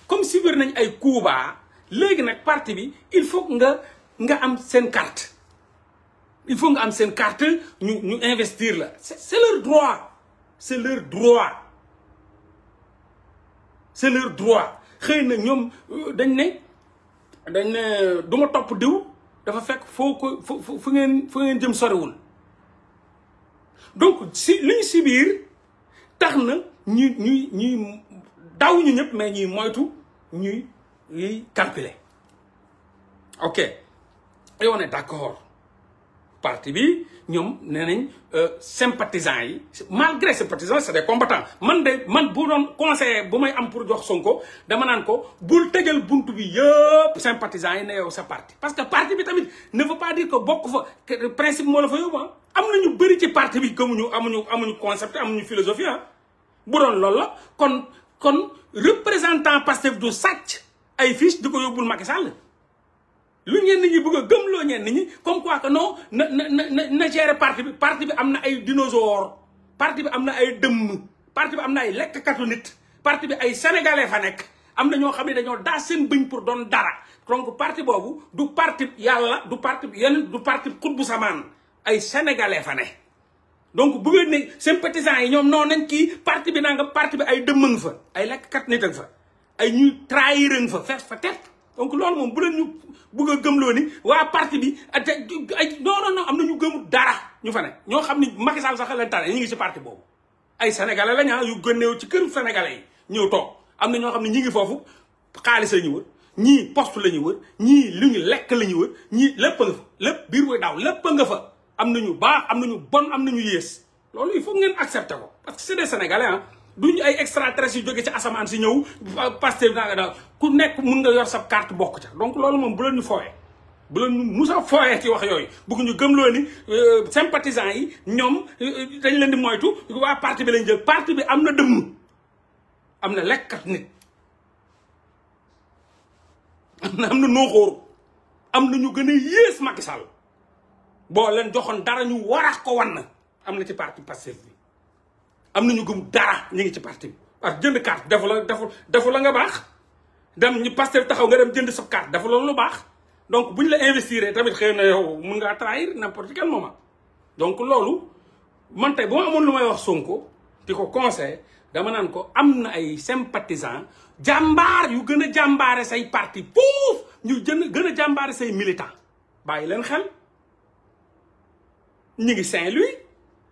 comme subir nañ ay Cuba léegi nag parti il faut que nga am une carte il faut nga am une carte ñu ñu investir c'est leur droit c'est leur droit c'est leur droit xëy na ñoom euh, dañ ne dañ ne duma topp diw dafa fekk foo ko fu ngeen fu ngeen jëm soriwul donc si li ñu si tax na ñuy ñuy ñuy daw ñu ñëpp mais ñuy moytu ñuy ñuy calculer ok et on est d'accord parti bi ñom euh, sympathisants Malgré malgré sympathisants c'est des combattants man de man bu doon conseiller bu may am pour jox Sonko dama nan ko sa parti parce que parti bi ne veut pas dire que bokk fa principe mo la fa ah. am nañu ci parti bi gëmuñu amuñu amuñu concept amuñu philosophie ah. bu la kon kon représentant passif du satch ay fiches diko yobul Macky Sall lu ñenn ñi bëgg a loo ñenn ñi comme quoi que non na na na na gere parti bi parti bi am na ay dinosaure parti bi am na ay dëmm parti bi am na ay lekkatu nit parti bi ay sénégalais fa nekk am na ñoo xam ne dañoo daa seen bëñ pour doon dara donc parti boobu du parti yàlla du parti yenn du parti xut bu samaan ay sénégalais fa ne donc bu ngeen ne seen partisans yi ñoom noonu nañ kii parti bi naa nga parti bi ay dëmm fa ay lekk lekkatu nit ak fa ay ñuy trahir nga fa fees fa tet donc loolu moom bu leen ñu bugg a gëmloo ni waa parti bi ah, te ay non non non am na ñu gëmul dara ñu fane ñoo xam ni Macky Sall sax leen tane ñu ngi si parti boobu ay sénégalais la ñaa ah, yu gënneew ci këru sénégalais yi ñëw toog am na ñoo xam ne ñi ngi foofu xaalis la ñu wër ñii poste la ñu wër ñii lu ñu lekk la ñu wër ñii lépp nga fa lépp biir booy daaw lépp nga fa am nañu baax am nañu bon am nañu yées loolu il faut ngeen accepter ko parce que c'est des sénégalais ah duñu ay extraterrestres yu jóge ci asamaan si ñëw euh, Pastef naa nga daal ku nekk mun nga yor sa carte bokk ca donc loolu moom bu leen ñu fooyee bu leen ñu musa fooyee ci wax yooyu bëgg ñu gëmloo ni euh, sympathisants yi ñoom euh, dañ leen di moytu waa parti bi lañ jël parti bi am na dëmm am na lekkat nit am na am na nooxóor am na ñu gën a yées Macky Sall boo leen joxoon dara ñu warax ko wan na am na ci parti Pastef bi am na ñu gëm dara ñu ngi ci parti bi parce que jënd carte defu la defu defu la nga baax dem ñu Pastef taxaw nga dem jënd sa carte defu la baax donc bu ñu la investir tamit xëy na yow mun ngaa trahir n'importe quel moment donc loolu man tey bu ma amoon lu may wax Sonko di ko conseil dama naan ko am na ay sympathisants jàmbaar yu gën a jàmbaare say parti foofu ñu jën gën a jàmbaare say militant bàyyi leen xel ñu ngi Saint-Louis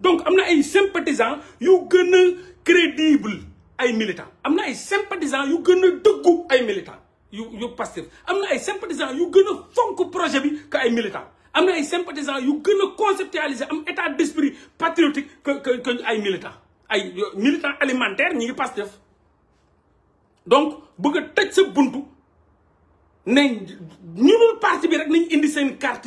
donc y a des sympathisants yu sont crédible ay militants y a des sympathisants yu gën a ay militants yu yu Pastef y ay sympathisants yu projet que ay militants y a des sympathisants yu conceptualiser un état d'esprit patriotique que les militants militants alimentaires donc si a tëj sa buntu ne parti une carte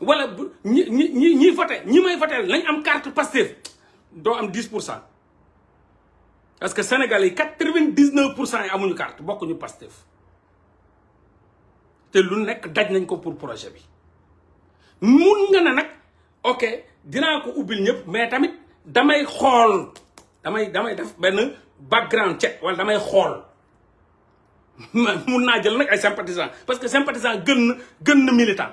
wala bu ñi ñi ñi voté ñi may voté lañ am carte Pastef doo am dix pour cent parce que Sénégalais yi 99 pour cent yi amuñu carte bokkuñu Pastef te lu nekk daj nañ ko pour projet bi. mun nga ne nag ok dinaa ko ubbil ñëpp mais tamit damay xool damay damay def benn background check wala damay xool mun naa jël nag ay sympathisants parce que sympathisant gën na gën na militant.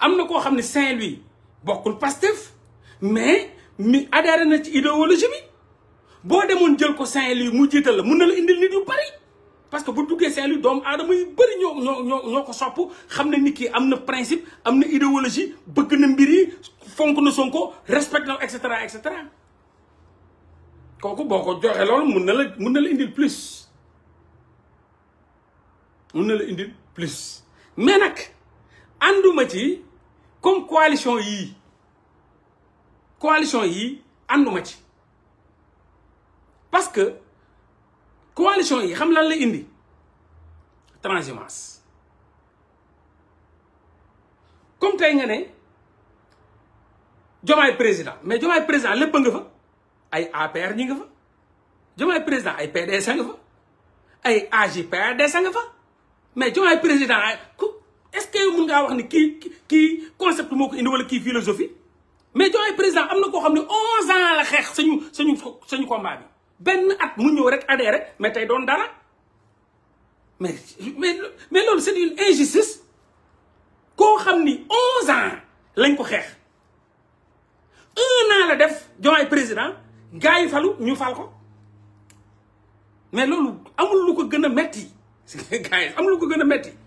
amna ko xamni Saint-Louis bokul Pastef mais mi adhéré na ci idéologie bi bo demone jël ko Saint-Louis mu jiital mu na la indil nit yu bari parce que bu duggé Saint-Louis dom adam yu bari ño ñoo ñoo ñoo ko sopp xam nit ki amna principe amna idéologie bëgg na mbir yi fonk na Sonko respect na et cetera et cetera koku boko joxé lool mu na la mu na la indil plus mu na la indil plus mais nag ànduma ci comme coalition yii coalition yii ànduma ci parce que coalition yi xam lan la indi transhumance comme tey nga ne jomaay président mais jomaay président lépp nga fa ay APR ñi nga fa jomaay président ay PDS nga fa ay AJ PADS nga fa mais jomaay président est-ce que mun ngaa wax ni kii kii concept moo ko indi wala kii philosophie mais joxe président am na koo xam ne 11 ans la xeex sañu sañu sañu combat bi benn at mu ñëw rek adhéré mais tey doon dara mais mais mais loolu c'est une injustice koo xam ni 11 ko xeex un an la def joxe président gars yi falu ñu fal ko mais loolu amul lu ko gën a metti gars yi amul lu ko gën a metti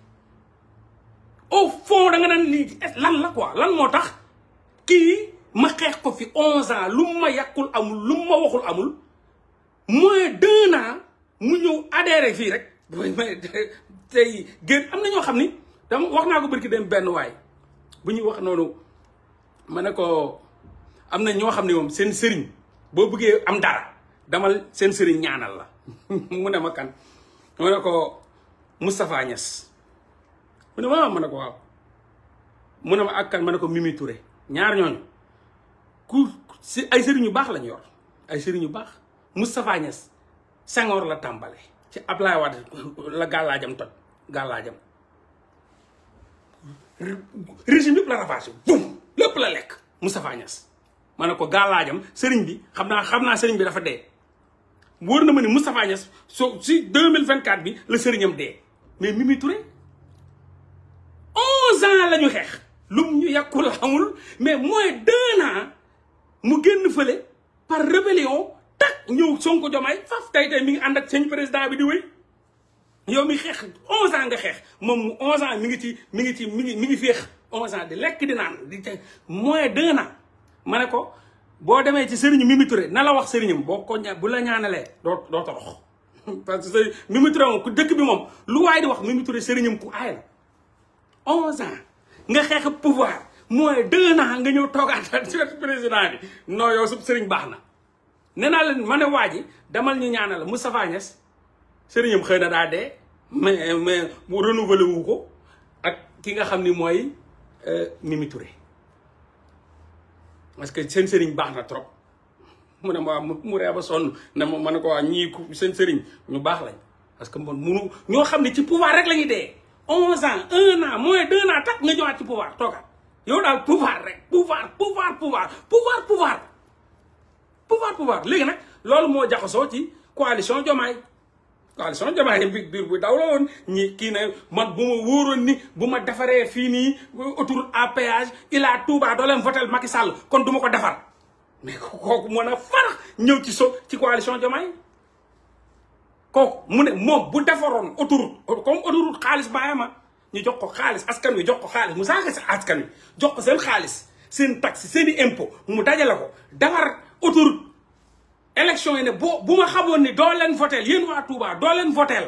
au fond da nga nan ni eh, lan la quoi lan motax ki ma xex ko fi 11 ans lu ma yàqul amul lu ma waxul amul moins 2 ans mu ñeu adhérer fi rek tey génn am na ñoo xam ni dama wax naa ko barki dem ben way bu ñuy wax nonu ma ne ko am na ñoo xam ne moom seen sëriñ boo bëggee am dara damal seen serigne ñaanal la mu ne ma kan ma ne ko Moustapha Niass mune wa ma ko waw mu ne kan ma ko Mimi Touré ñaar ñoon ku ay sëriñ yu baax lañ yor ay sëriñ yu baax Moustapha Niass la tambalé ci ablay wad la galajam toj galajam régime du la ravagé bum la lek mustapha Niass ma ko gàllaajam sëriñ bi xamna xamna xam bi dafa dé mustapha si 2024 bi le sëriñam dé mais Mimi Touré douze la ñu xeex lu ñu yàkkul amul mais moins d'un an mu génn fële par rébellion tak ñëw Sonko Jomaay faf tey tey mi ngi ànd ak seen président bi di wéy yow mi xeex onze ans nga xeex moom mu onze ans mi ngi ci mi ngi ci mi mi ngi féex onze ans di lekk di naan di te moins d'un ma ne ko boo demee ci sëriñ Mimi Touré na la wax sëriñam boo ko bu la ñaanalee doo doo torox parce que Mimi Touré moom ku dëkk bi moom lu waay di wax Mimi Touré sëriñam ku aay la onze ans nga xeex pouvoir mooy deux ans nga ñëw toogaat ci wetu président bi non yow sub sëriñ baax na nee naa leen ma ne waa ji demal ñu ñaana la Moustapha Niass sëriñam xëy na daa dee mais mais mu renouvelé wu ko ak ki nga xam ni mooy euh, Mimi Touré parce que seen sëriñ baax na trop mu ne ma mu ree ba sonn ne ma ma ne ko waa ñii seen sëriñ ñu baax lañ parce que man munu ñoo xam ne ci pouvoir rek la ñuy dee onze ans un an moins deux ans tak nga ñëwaat ci pouvoir toogaat yow daal pouvoir rek pouvoir pouvoir pouvoir pouvoir pouvoir pouvoir pouvoir léegi nag loolu moo jaxasoo ci coalition jomaay coalition jomaay bi biir bu daw la woon ñi kii ne man bu ma wóoroon ni bu ma defaree fii nii autour à péage ilaa Touba doo leen votel Sall kon du ma ko defar mais kooku mën a farax ñëw ci so ci coalition jomaay kooku mu ne moom bu defaroon autoroute comme autoroute xaalis bàyyama ñu jox ko xaalis askan wi jox ko xaalis mu saaga sa askan jox ko seen xaalis seen taxe seen i impôt mu dajale ko defar autoroute élection yi ne boo bu ma xamoon ni doo leen votel yéen waa Touba doo leen votel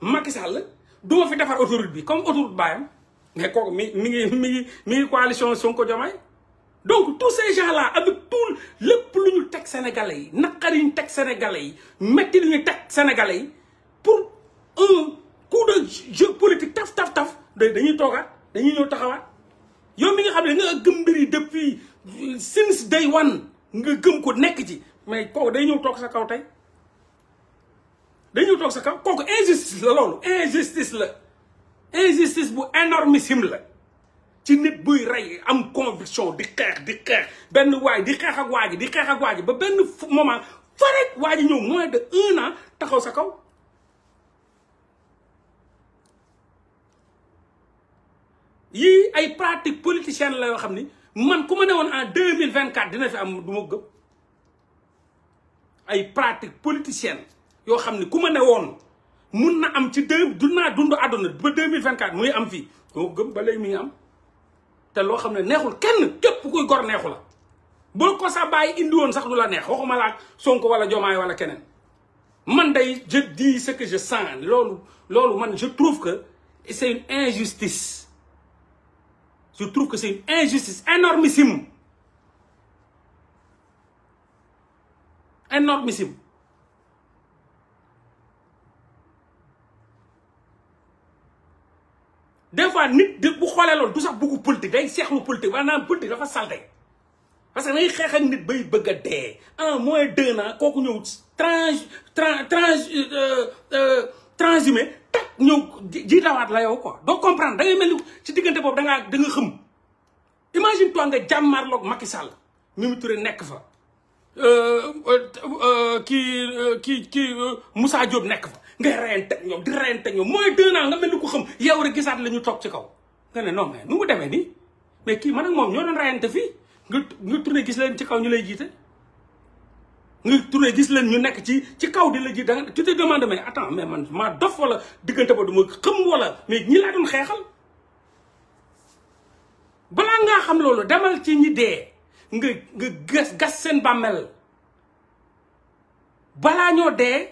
Macky Sall du ma fi defar autoroute bi comme autoroute bàyyam mais kooku mi mi ngi mi ngi mi ngi coalition Sonko Diomaye donc tous ces gens-là avec tout le lu ñu teg sénégalais yi naqar yi sénégalais yi métti li ñu sénégalais yi pour un coup de jeu politique taf taf taf dañuy toogaat dañuy ñëw taxawaat yow mi nga xam nga gëm depuis euh, since day one nga gëm ko nekk ci mais kooku day ñëw toog sa kaw tey day ñëw toog sa kaw kooku injustice la loolu injustice la injustice bu énormissime la ci nit buy rey am conviction di xeex di xeex benn waay di xeex ak waa ji di xeex ak waa ji ba benn moment fa rek waa ji ñëw moins de un an taxaw sa kaw yii ay pratique politicienne la yoo xam ni man ku ma ne woon en deux mille vingt quatre dina fi am du ma gëm ay pratique politicienne yoo xam ni ku ma ne woon mun na am ci deux du naa dund àdduna ba deux mille vingt quatre muy am fii du gëm ba léegi mi am te lo xamne neexul kenn képp kuy gor neexula bu ko sa bàyyi indi won sax du la neex waxuma la Sonko wala Diomaye wala keneen man day je dis ce que je sens lolou lolou man je trouve que c'est une injustice je trouve que c'est une injustice énormissime énormissime des fois nit bu xoolee du sax bëggu politique day seexlu politique waaye naan politique dafa salte parce que dangay xeex ak nit bay bëgg a dee en moins deux ans kooku ñëw trans trans euh, euh, euh, transhumé teg ñëw jiitawaat la yow quoi doo comprendre da ngay mel ni ci diggante boobu dangaa ngaa nga xëm imagine toi nga jàmmarloog Macky makki sàll Touré nekk fa kii kii kii Moussa Diop nekk fa ngay reyante ak ñoom di reyante ak ñoom mooy deux nga mel ni ko xam yow rek gisaat la ñu toog ci kaw nga ne non mais nu mu demee nii mais kii man ak moom ñoo doon reyante fii nga nga tourné gis leen ci kaw ñu lay jiite nga tourné gis leen ñu nekk ci ci kaw di la ji da nga tu te demande mais attends mais man maa dof wala diggante ba du ma xam wala mais ñi laa doon xeexal balaa ngaa xam loolu demal ci ñi dee nga nga gas gas seen bàmmeel balaa ñoo dee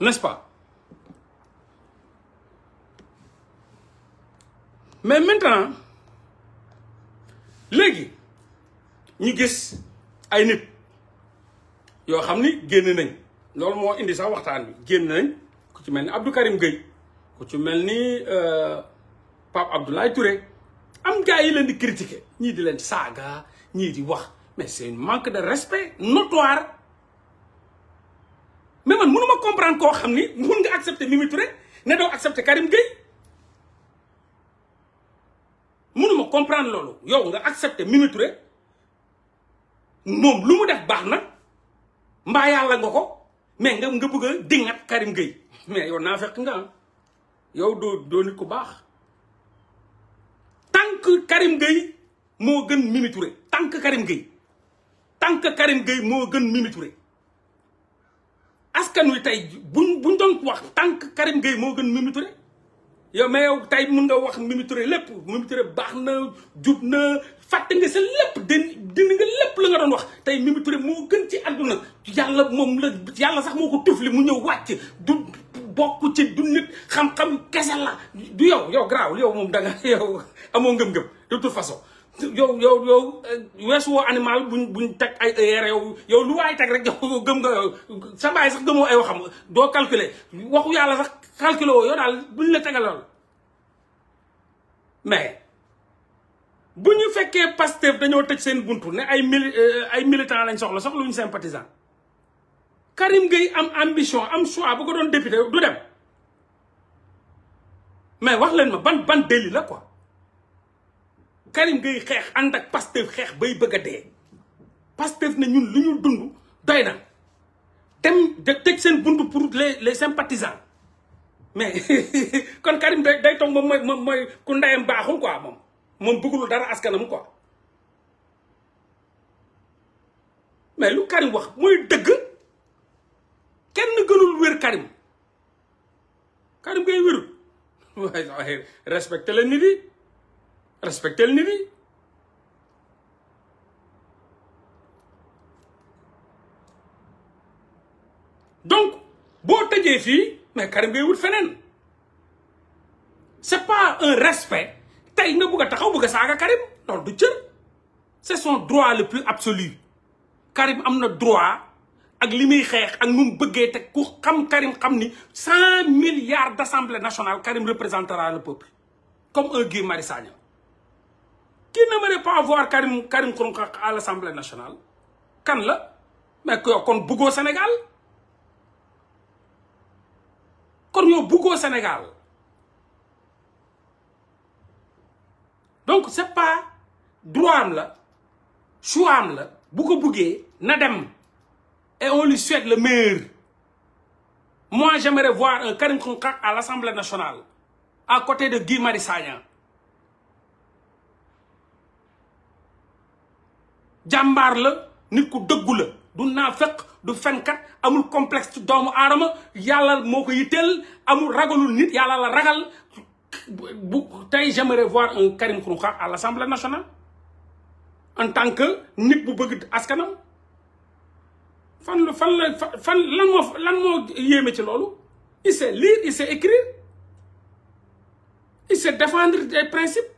N'est-ce pas mais maintenant les ñu gis ay nit yoo xam ni génn nañ ils moo indi sax waxtaan bi génn nañ Abdou Karim Gueye ku ci mel ni euh, Pape Abdoulaye Touré am gars yi leen di critiquer ñii di saga saaga ñii di wax mais c'est un manque de respect notoire mais man mënu ma comprendre koo xam ni nga accepter Mimi Touré ne doo accepter Karim Gueye mënu ma comprendre loolu yow nga accepter Mimi Touré moom lu mu def baax na mbaa yàlla mais nga nga bëgg a dingat Karim Gueye mais yow nafaq fait. nga yow do, do nit ku bax. tant que Karim Gueye mo gën Mimitouré. Touré tant que Karim Gueye tant que Karim Gueye mo gën Mimitouré. askan wi tey bu buñ doon wax tànk Karim Gueye moo gën Mimi Touré yow mais yow tey mun nga wax Mimi Touré lépp Mimi Touré baax na jub na fàtte nga sa lépp den nga lépp la nga doon wax tey Mimi Touré moo gën ci àdduna yàlla moom la yàlla sax moo ko tufli mu ñëw wàcc du bokk ci du nit xam-xam kese la du yow yow garaawul yow moom danga nga a amoo ngëm-ngëm de toute façon yow yow yow eh, weesu woo animal bu buñ teg ay reew yow lu waay teg rek yow gëm nga sa baay sax gëmoo ay waxam doo calculer waxu yàlla sax calculer woo yow daal buñ la tegaloon mais bu ñu fekkee Pastef dañoo tëj seen buntu ne ay mili eh, ay militant lañ soxla seen sympathisant Karim Gueye am ambition am choix bu ko doon député du dem mais wax leen ma ban ban délit la ko Karim Gueye xeex ànd ak Pastef xeex bay bëgg a dee Pastef ne ñun lu ñu dund doy na dem tëj seen bunt pour les les sympathisants mais kon Karim day day toog moom mooy ku ndayam baaxul quoi moom moom bëggul dara askanam quoi mais lu Karim wax mooy dëgg kenn gënul wér Karim Karim Gueye wérul waaye respecté la nit yi respecter le yi donc boo tëjee fii mais Karim ngay wut Ce c'est pas un respect tey nga bëgg a taxaw bëgg a Karim Non, du c'est son droit le plus absolu Karim a le droit ak li muy ak nu Karim xam milliards d'assemblée nationale Karim représentera le peuple comme un Guy Marius qui n'aimerait pas voir Karim Karim à l'Assemblée nationale kan la mais yow kon au Sénégal kon yow au Sénégal donc c'est pas droit am la choix Nadem, et on lui souhaite le meilleur moi j'aimerais voir un Karim Xrum à l'Assemblée nationale à côté de Guy Marius jambar la nit ku dëggu la du nafaq du fenkat amul complexe ci doomu aadama yalla moko yitel amul ragalul nit yalla la ragal tay j'aimerais voir un Karim khoukha à l'Assemblée nationale en tant que nit bu bëgg askanam fan la fan fan lan mo lan mo yéeme ci loolu il sait lire il sait écrire il sait défendre des principes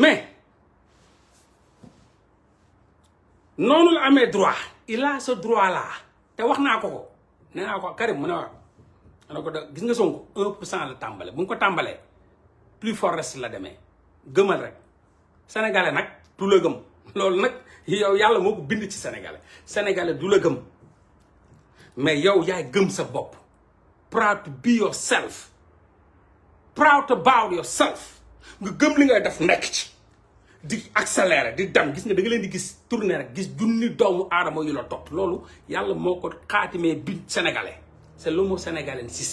mais noonu la amee droit il a ce droit là te wax naa ko ko nee naa ko Karim mu ne wax ne ko da gis nga Sonko un pour tàmbale bu ko tàmbalee plus fort reste la demee gëmal rek sénégalais nag du la gëm loolu nag yow yàlla moo ko bind ci sénégalais sénégalais dula la gëm mais yow yaay gëm sa bopp proud to be yourself proud about yourself nga gëm li ngay def nekk ci di accéléré di dem gis nga da nga leen di gis tourné rek gis junni doomu aadama yu la topp loolu yàlla moo ko xaatimee bi sénégalais c'est l'homo sénégalensis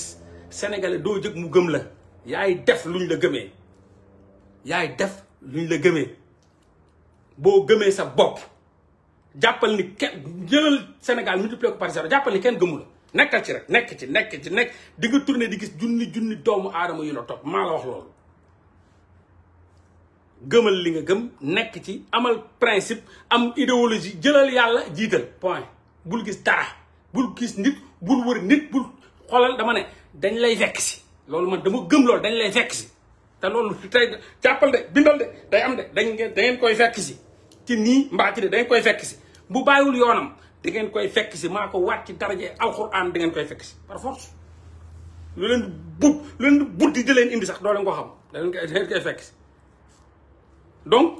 sénégalais doo jëg mu gëm la yaay def luñ la gëmee yaay def luñ la gëmee boo gëmee sa bopp jàppal ni kenn jëlal Sénégal multiplié ko par jàppal kenn gëmu la nekkal nekk ci nekk ci nekk di nga di gis junni junni doomu aadama yu la topp maa la wax loolu gëmal li nga gëm nekk ci amal principe am idéologie jëlal yàlla jiital point bul gis dara bul gis nit bul wër nit bul xoolal dama ne dañ lay fekk si loolu man dama gëm loolu dañ lay fekk si te loolu tey jàppal de bindal de day am de dañ ngeen da ngeen koy fekk si ci nii mbaa ci de da koy fekk si bu bàyyiwul yoonam da ngeen koy fekk si maa ko waat ci daraje alxuraan da ngeen koy fekk si par force lu leen bub lu leen buddi di leen indi sax doo leen ko xam da leen koy da fekk si donc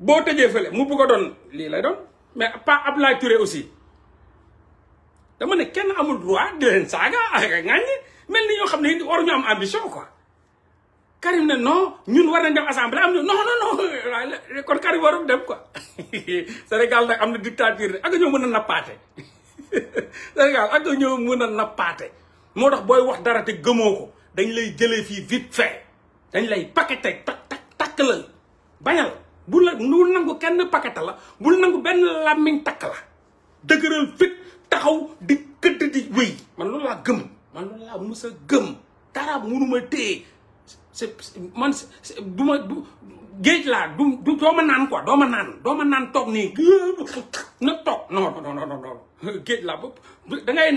si vous avez fait, vous pouvez mais pas Abdoulaye Touré aussi dama ne dis, amul droit ak am ambition quoi Karim ne non nous war nañ dem assemblée am non non non kon dem quoi Sénégal a dictature ak ñoo mën a nappaate Sénégal ak ñoo mën a nappaate moo tax wax dara te dañ lay prendre vite fait dañ lay pakkalal bañal bu la bul nangu kenn pakata la bul nangu benn làmmiñ takk la dëgëral fit taxaw di këdd di wéy man loolu la gëm man loolu laa musa gëm dara munuma téye c'est man du ma du géej laa du du doo naan quoi doo naan toog nii na toog non non non géej laa bopp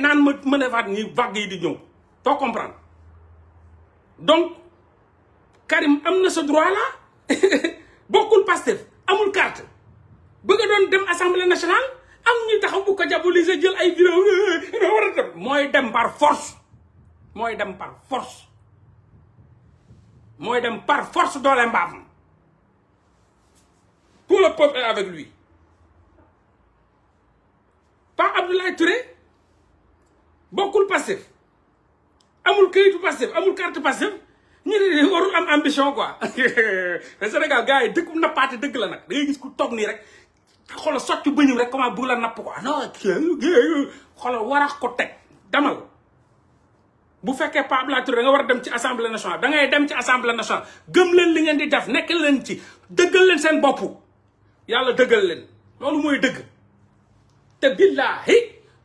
naan ma ma defaat nii vague yi di ñëw doo comprendre donc Karim am na sa droit là bokkul Pastef amul carte bëgg doon dem assemblée nationale am ñu taxaw bu ko jël ay vidéo na war mooy dem par force mooy dem par force mooy dem par force doole mbaam tout le peuple est avec lui Pape Abdoulaye Touré bokkul Pastef amul këyitu Pastef amul carte Pastef ñu ne warul am ambition quoi mais Sénégal gars yi dëkkum nappaate dëgg la nag da gis ku toog nii rek xoolal socc bëñum rek comment bu la napp quoi non war warax ko teg damal bu fekkee Pape Abdoulaye Touré da war a dem ci assemblée nationale da ngay dem ci assemblée nationale gëm leen li ngeen di def nekk leen ci dëggal leen seen bopp yàlla dëggal leen loolu mooy dëgg te billaahi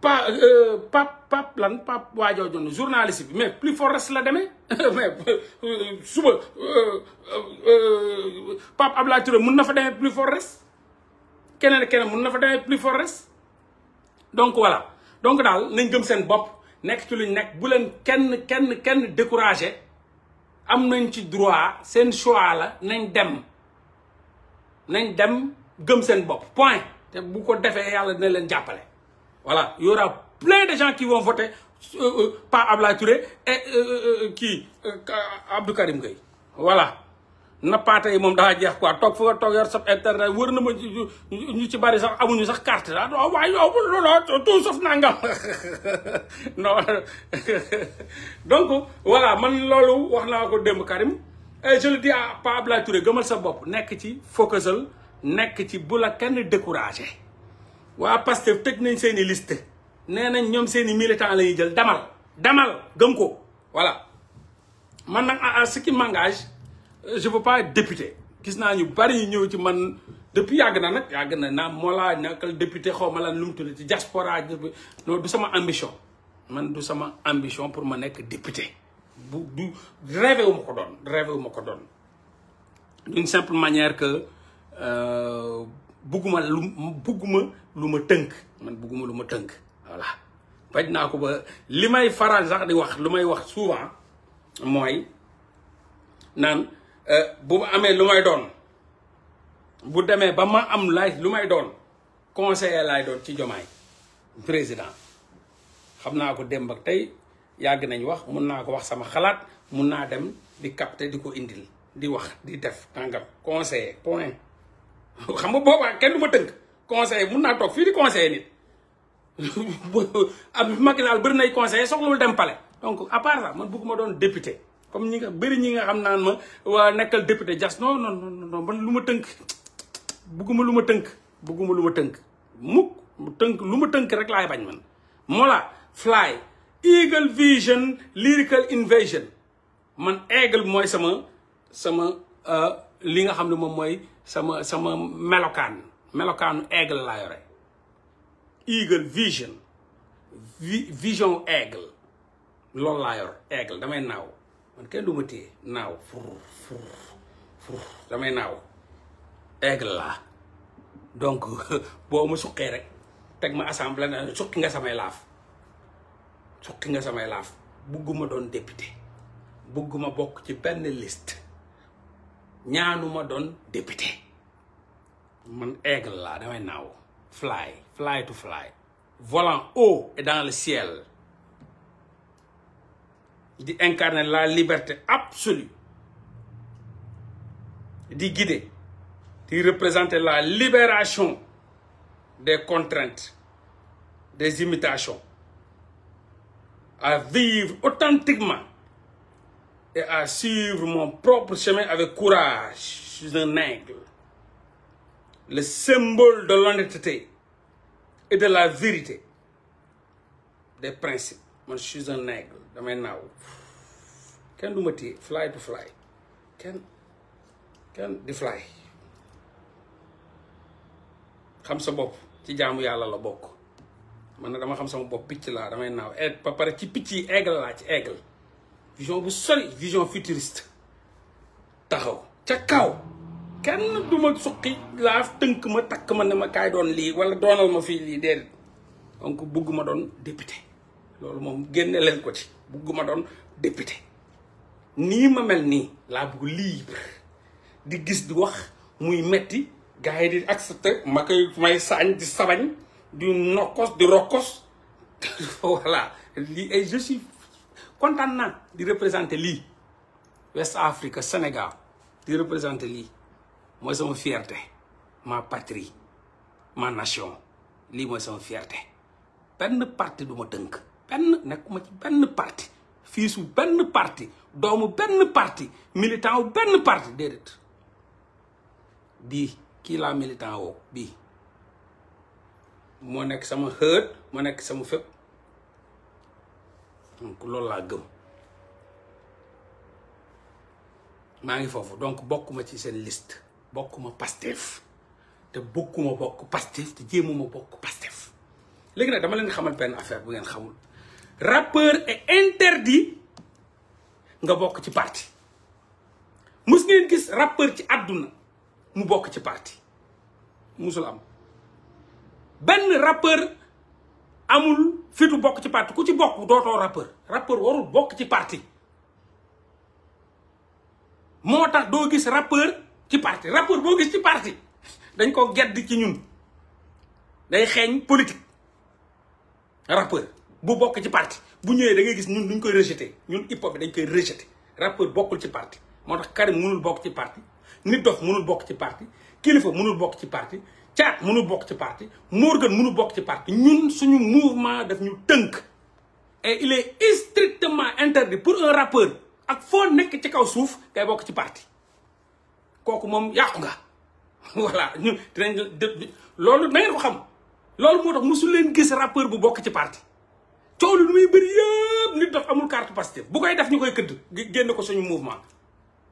pa pap euh, pap lan pap jonne journaliste bi mais plus fort reste la demee mais euh, suba euh, pap Abdoulaye Touré mun na fa demee plus fort reste kenen keneen mun na fa demee plus fort reste donc voilà donc dal nañ gëm sen bop nek ci luñ nek bu len kenn kenn kenn décourager am nañ ci droit sen choix la nañ dem nañ dem gëm sen bop point té bu ko défé yalla dina len jàppale voilà, il y aura plein de gens qui vont voter euh, euh par et euh, euh, qui Abdou Karim Gueye voilà patay mom da jeex quoi Tok fu nga sur internet ñu ci bari sax amuñu sax carte ah wa yow non tout sauf nangam non donc voilà man lolu wax ko Karim et je le dis à Touré sa ci waa Pastef tëj nañ seen i liste nee nañ ñoom seen i militants la ñuy jël damal damal gëm ko voilà man nag à ce qui m'engage je veux pas être député gis naa ñu bari ñu ñëw ci man depuis yàgg na nag yàgg na naa Mollah nekkal député xaw ma lan lu mu tudd ci diaspora loolu du sama ambition man du sama ambition pour ma nekk député bu du rêvé wu ma ko doon rêvé wu ma ko d'une simple manière que euh, bugguma lu lu ma tënk man bugguma lu ma tënk voilà faj naa ko ba li may faral sax di wax lu may wax souvent mooy naan euh, bu amee lu may doon bu demee ba ma am laaj lu may doon conseiller lay doon ci jomaay président xam naa ko démb ak tey yàgg nañ wax mun naa ko wax sama xalaat mun naa dem di capter di ko indil di wax di def tàngam conseiller point xam nga boobaa kenn du ma tënk conseil mun naa toog fii di conseiller nit am Macky Sall bëri nay conseiller soxlawul dem palais donc à part ça man bëgguma doon député comme ñi nga bëri ñi nga xam naan ma waa nekkal député jas non non non man lu ma tënk bëgguma lu ma tënk bëgguma lu ma tënk mukk mu tënk lu ma tënk rek laay bañ man Mola Fly Eagle Vision Lyrical Invasion man Eagle mooy sama sama euh, li nga xam ne moom mooy sama sama melokan melokan eagle la yore eagle vision vision eagle, lol la yor eagle damay naw man ken du ma naw damay naw eagle la donc bo ma suqee rek tek ma assemblée na suqi nga samay laf suqi nga samay laf bugguma don député bugguma bok ci ben liste ñaanuma doon député Mon aigle Mon damay nao fly fly to fly volant haut et dans le ciel dit incarner la liberté absolue dit guider Il représenter la libération des contraintes des imitations à vivre authentiquement et à suivre mon propre chemin avec courage. Je suis un aigle. Le symbole de l'honnêteté et de la vérité. Des principes. Moi, je suis un aigle. Damay naw. Quand nous ma fly to fly Quand, quand, di fly xam bob. bopp ci jaamu yàlla la bokk man na dama xam sama bob picc laa damay naw. Et pare ci picc aigle laa ci aigle vision bu sori vision futuriste taxaw ca kaw kenn duma suqi laaf tënk ma takk ma ne ma kaay doon lii wala doonal ma fii lii déedéet donc député loolu moom génne leen ko ci député Je ma mel nii laa libre di gis di wax muy metti gars yi di accepté ma koy voilà je suis kontaan naa di représenter lii West Afrique Sénégal di représenter lii mooy sama fierté ma patrie ma nation lii mooy sama fierté benn parti du ma tënk benn nekkuma ci benn parti fii su benn parti doomu benn parti militant wu benn parti déedéet bii kii laa militant woo bii moo nekk sama xët moo nekk sama fépp donc beaucoup gëm liste. ngi donc De liste Pastef de beaucoup Pastef te Pastef léegi nag dama leen xamal une affaire bu rappeur est interdit nga que parti gis rappeur qui aduna mu beaucoup ci parti rappeur amul fitu bokk ci parti ku ci bokk dootoo rappeur rappeur warul bokk ci parti moo tax doo gis rappeur ci parti rappeur boo gis ci parti dañ ko gedd ci ñun day xeeñ politique rappeur bu bokk ci parti bu ñëwee da ngay gis ñun duñ koy rejeté ñun hip hop bi dañ koy rejeté rappeur bokkul ci parti moo tax Karim mënul bokk ci parti nit dof mënul bokk ci parti kilifa mënul bokk ci parti Thiat munu bokk ci parti Morgan mënu bokk ci parti ñun suñu mouvement def ñu tënk et il est strictement interdit pour un rappeur ak foo nekk ci kaw suuf ngay bokk ci parti kooku moom yàqu nga ñu voilà ñun dinañ loolu na ngeen ko xam loolu moo tax mosu leen gis rappeur bu bokk ci parti coow lu muy bëri yëpp nit dof amul carte Pastef bu koy def ñu koy këdd génn ko suñu mouvement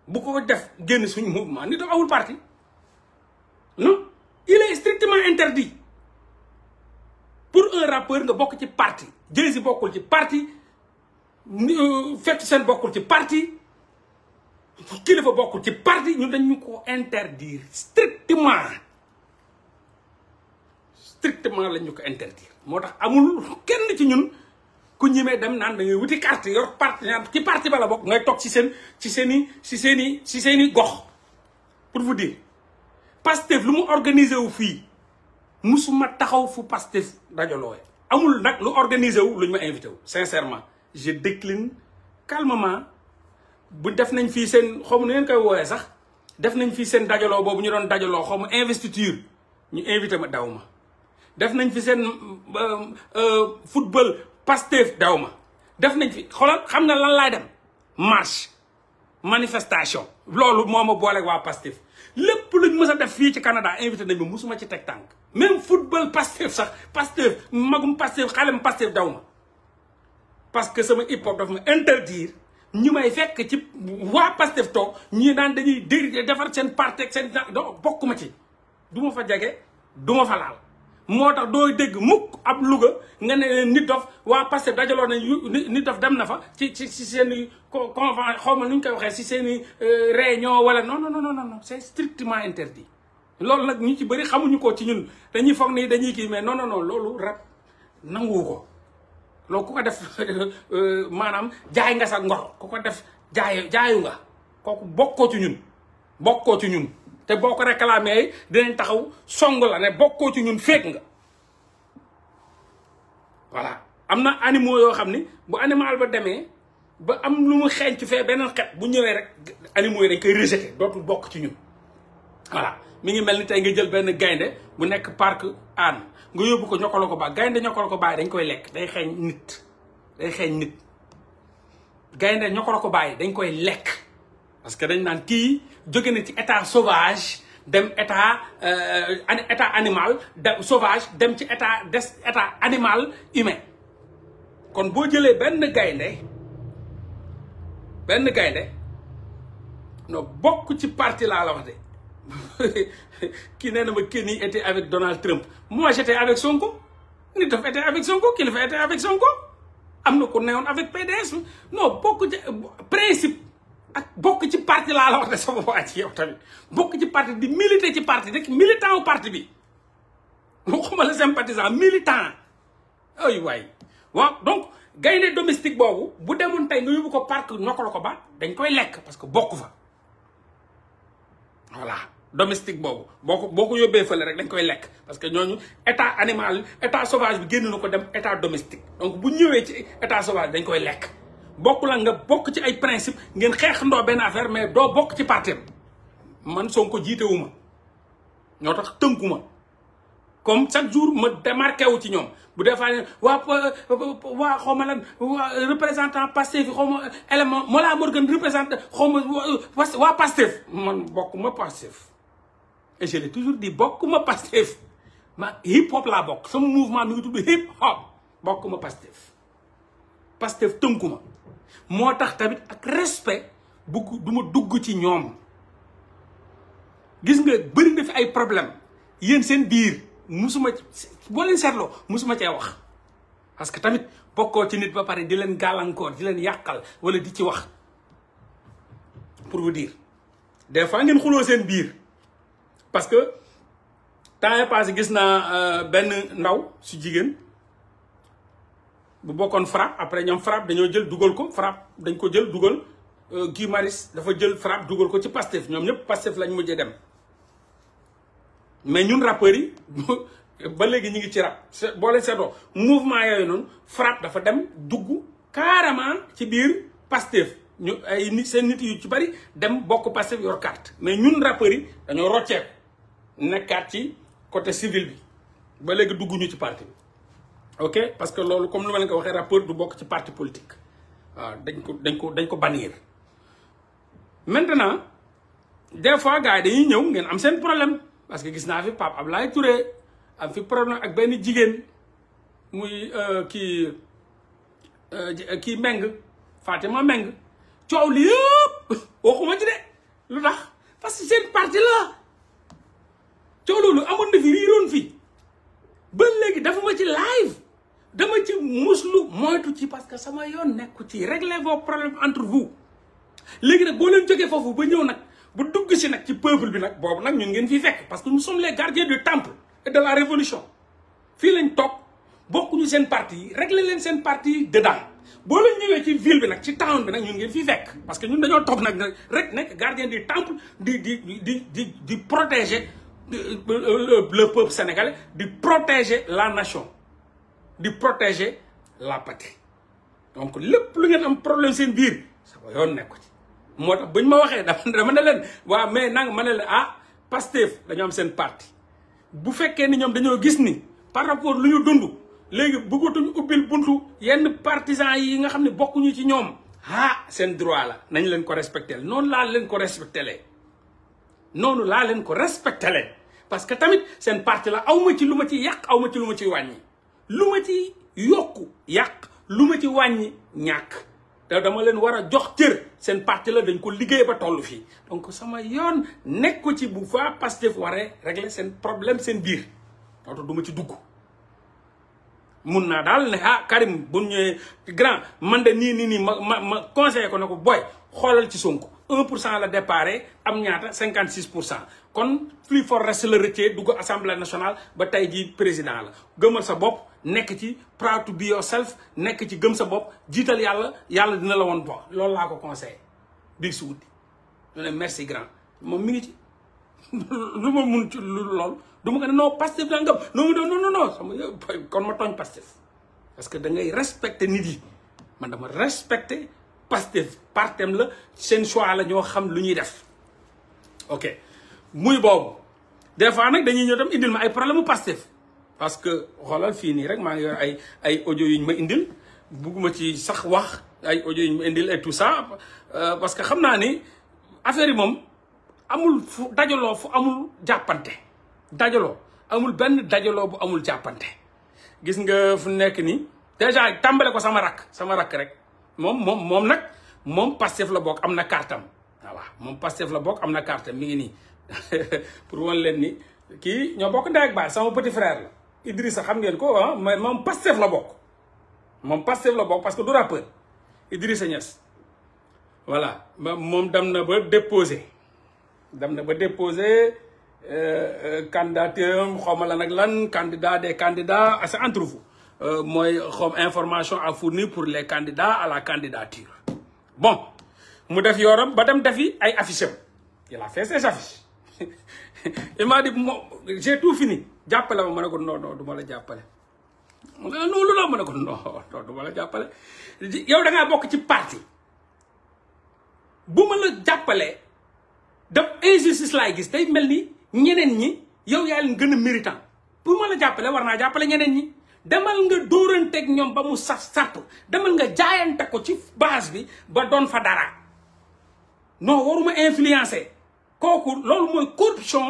bu ko def génn suñu mouvement nit dof amul parti non il est strictement interdit pour un rappeur nga bokk ci parti jay si bokkul ci parti euh, Fetch seen bokkul ci parti kilifa bokkul ci parti ñun dañu ko interdire strictement strictement lañ ñu ko interdire moo tax amul kenn ci ñun ku ñimee dem naan da ngay wuti carte yor parti naan ci parti bala bokk ngay toog ci seen ci seen i ci seen i ci seen i gox pour vous dire Pastef lu mu organisé wu musuma taxaw fu Pastef dajaloowe amul nak lu organisé invité sincèrement je décline calmement bu def nañ fi sen xaw nu ngeen sax def nañ fi ñu investiture ñu invité ma dawma def nañ fi euh, euh, football Pastef dawma def nañ fi xolal xam lan lay dem marche manifestation lolu moma bolé wa lépp luñ mës a def fii ci Canada invité nañ ma musuma ci teg tànk même football Pastef sax Pastef magum Pastef xalem Pastef daw ma parce que sama hip hop dafa ma interdire ñu may fekk ci waa Pastef toog ñii daan dañuy déri defar seen parti ak seen ma ci du ma fa jege du ma fa laal moo tax dooy dégg mukk ab Louga nga ne nit dof waa Pastef dajaloo nañ nit dof dem na fa ci ci ci seen i convention xaw ma nu ñu koy waxee si seen i euh, réunion wala non non non non c'est strictement interdit. loolu nag ñu ci bëri xamuñu ko ci ñun dañuy foog ni dañuy kii mais non non loolu rab nanguwu ko loolu ku ko def euh, maanaam jaay nga sa ngor ku ko def jaay jaayu nga kooku bokk koo ci ñun bokk koo ci ñun. te boo ko réclamé dinañ taxaw song la ne bokkoo ci ñun féeg nga voilà am na animaux yoo xam ni bu animal ba demee ba am lu mu xeeñ ci fee beneen xet bu ñëwee rek animaux yi dañ koy rejeté dootul bokk ci ñun voilà mi ngi mel ni tey nga jël benn gaynde bu nekk parc aan nga yóbbu ko ñokkalo ko baa gaynde ñokkalo ko bàyyi dañ koy lekk day xeeñ nit day xeeñ nit gaynde ñokkalo ko bàyyi dañ koy lekk parce que dañ naan kii jóge na ci état sauvage dem état euh, état animal sauvage dem ci état des état animal humain kon bo jëlee ben gaynde ben gaynde non bokku ci parti la la wax de qui n'est na ma était avec Donald Trump moi j'étais avec Sonko nit dafa était avec Sonko kilifa était avec Sonko amna ko ku on avec PDS non bokku de principe ak ci parti la la wax ne sama waa ci yow tamit ci parti di militer ci parti rek militant au parti bi waxuma le sympathisant militant ay way Wa donc gaynde domestique bobu bu demoon tay nga ko park nokolo ko ba dañ koy lekk parce que bokk fa voilà domestique bobu boko ko boo ko rek dañ koy lekk parce que ñoñu état animal état sauvage bi génn na ko dem état domestique donc bu ñëwé ci état sauvage dañ koy lekk bokk nga bok ci ay principe ngeen ndo ben affaire mais do bok ci partem man Sonko jiitewu ma ñoo tax tënku comme chaque jour me démarqué wu ci ñom bu défa wa wa waa lan représentant Pastef yi xaw ma élément Mollah Morgun représenté xaw man bokuma ma et je l'ai toujours dit bokuma ma ma hip hop la bok Son mouvement ñu ngi tudd hip hop bokuma ma Pastef teunkuma moo tax tamit ak respect bu du ma dugg ci ñoom gis nga bëri na fi ay problème yéen seen biir musuma boo leen seetloo musuma cee wax parce que tamit bokkoo ci nit ba pare di leen gàllankoor di leen yàqal wala di ci wax pour vous dire des fois ngeen xuloo seen biir parce que temps passé gis naa euh, benn ndaw su jigéen bu frappe après nous frappe dañoo jël dugal ko frappe dañ ko jël dugal euh, Guy Marius dafa jël frappe dugal ko ci Pastef ñoom pas Pastef lañ mujjee dem mais ñun rappeurs yi ba ci rap boo mouvement non frappe dafa dem dugg carrément ci Pastef ñu ay nit seen nit yu ci dem carte mais ñun rappeurs yi dañoo rocceeku côté civil bi ba ñu ci ok parce que loolu comme lu ma leen ko waxee rappeur du bokk ci parti politique waaw ah, dañ ko dañ ko dañ ko bannir maintenant des fois gars yi dañuy ñëw ngeen am seen problème parce que gis naa fi Pape Ablaye Touré am fi problème ak benn jigéen muy euh, kii euh, kii Meng Fatima Meng coow li yëpp waxuma ci de lu tax parce que seen parti la coow loolu amoon na fi riiroon fii ba léegi dafa ma ci live Je ci muslu moytu ci parce que sama yoon nekku ci régler vos problèmes entre vous léegi nag boo leen jógee foofu ba ñëw nag bu dugg si ci peuple bi parce que nous sommes les gardiens du temple et de la révolution Si lañ avez des seen parti régler leen parti dedans boo leen ñëwee ci ville bi nag ci town bi nag ñun parce que nous sommes toog gardiens rek du temple de protéger euh, euh, le peuple sénégalais de protéger la nation di protéger la patrie donc lepp lu ngeen am problème seen biir sama yoon nekku ci motax buñ ma waxé dama dama ne len wa mais nang mané ne ah Pastef dañu am seen parti bu fekkee ni ñom dañu gis ni par rapport lu ñu dund léegi bëggatuñ ubil buntu yenn partisan yi nga xamni bokku ñu ci ñom ha ah, seen droit la nañ leen ko respecter non la leen ko respecter lé nonu la leen ko respecter lé parce que tamit seen parti la awma ci luma ci yak awma ci luma ci wañi lu ma ci yokku yàq lu ma ci wàññi ñàkk te dama leen war a jox cër seen parti la dañ ko liggéey ba toll fii donc sama yoon nekk ko ci bu fa Pastef waree régler seen problème seen biir dootu du ma ci dugg mun naa daal ne ah Karim bu ñëwee grand man de nii nii nii ma ma ma conseillé ko ne ko booy xoolal ci sunk un pour cent la déparé am ñaata cinquante six pour cent kon plus for reste la rëccee dugg assemblée nationale ba tey jii président la gëmal sa bopp nekk ci proud to be nekk ci gëm sa bopp jiital yàlla yàlla dina la woon bon loolu laa ko conseil di si wuti ñu ne merci grand moom mu ngi ci lu ma mun ci lool du ma nga ne non Pastef daa ngëm non non non non sama kon ma tooñ Pastef parce que da ngay respecté nit yi man dama respecté Pastef partem la seen choix la ñoo xam lu ñuy def ok muy boobu des fois nag dañuy ñëw tam indil ma ay problème mu Pastef parce que xolal fi ni rek ma ngi ay ay audio yuñ ma indil buguma ci sax wax ay audio yuñ ma indil et tout ça euh, parce que xamna ni affaire mom amul dajalo fu amul jappante dajalo amul ben dajalo bu amul jappante gis nga fu nek ni déjà tambalé ko sama rak sama rak rek mom mom mom nak mom Pastef la bok amna na kartam ah, wa mom Pastef la bok amna na kartam mi ngi ni pour won len ni ki ño bok nday ak ba sama petit frère la Idrissa xam ko hein? mais moom la ne moom pas la bokk parce que du pas. Idrissa Niass voilà ba déposé euh, euh, candidature candidat des candidats ah, c'est entre vous euh, information à fournir pour les candidats à la candidature bon mu def yoram ba affiches il a fait ses affiches il m'a dit j'ai tout fini jàppale ma ma ne ko non non du ma la jàppale mu ne noonu la ma ne ko non non du ma la jàppale yow da ngaa bokk ci parti bu ma la jàppalee daf injustice laay gis day mel ni ñeneen ñi yow yaa leen gën a méritant bu ma la jàppale war naa jàppale ñeneen ñi demal nga dóoranteeg ñoom ba mu saf sàpp demal nga jaayante ko ci base bi ba doon fa dara non waruma influencer kooku loolu mooy corruption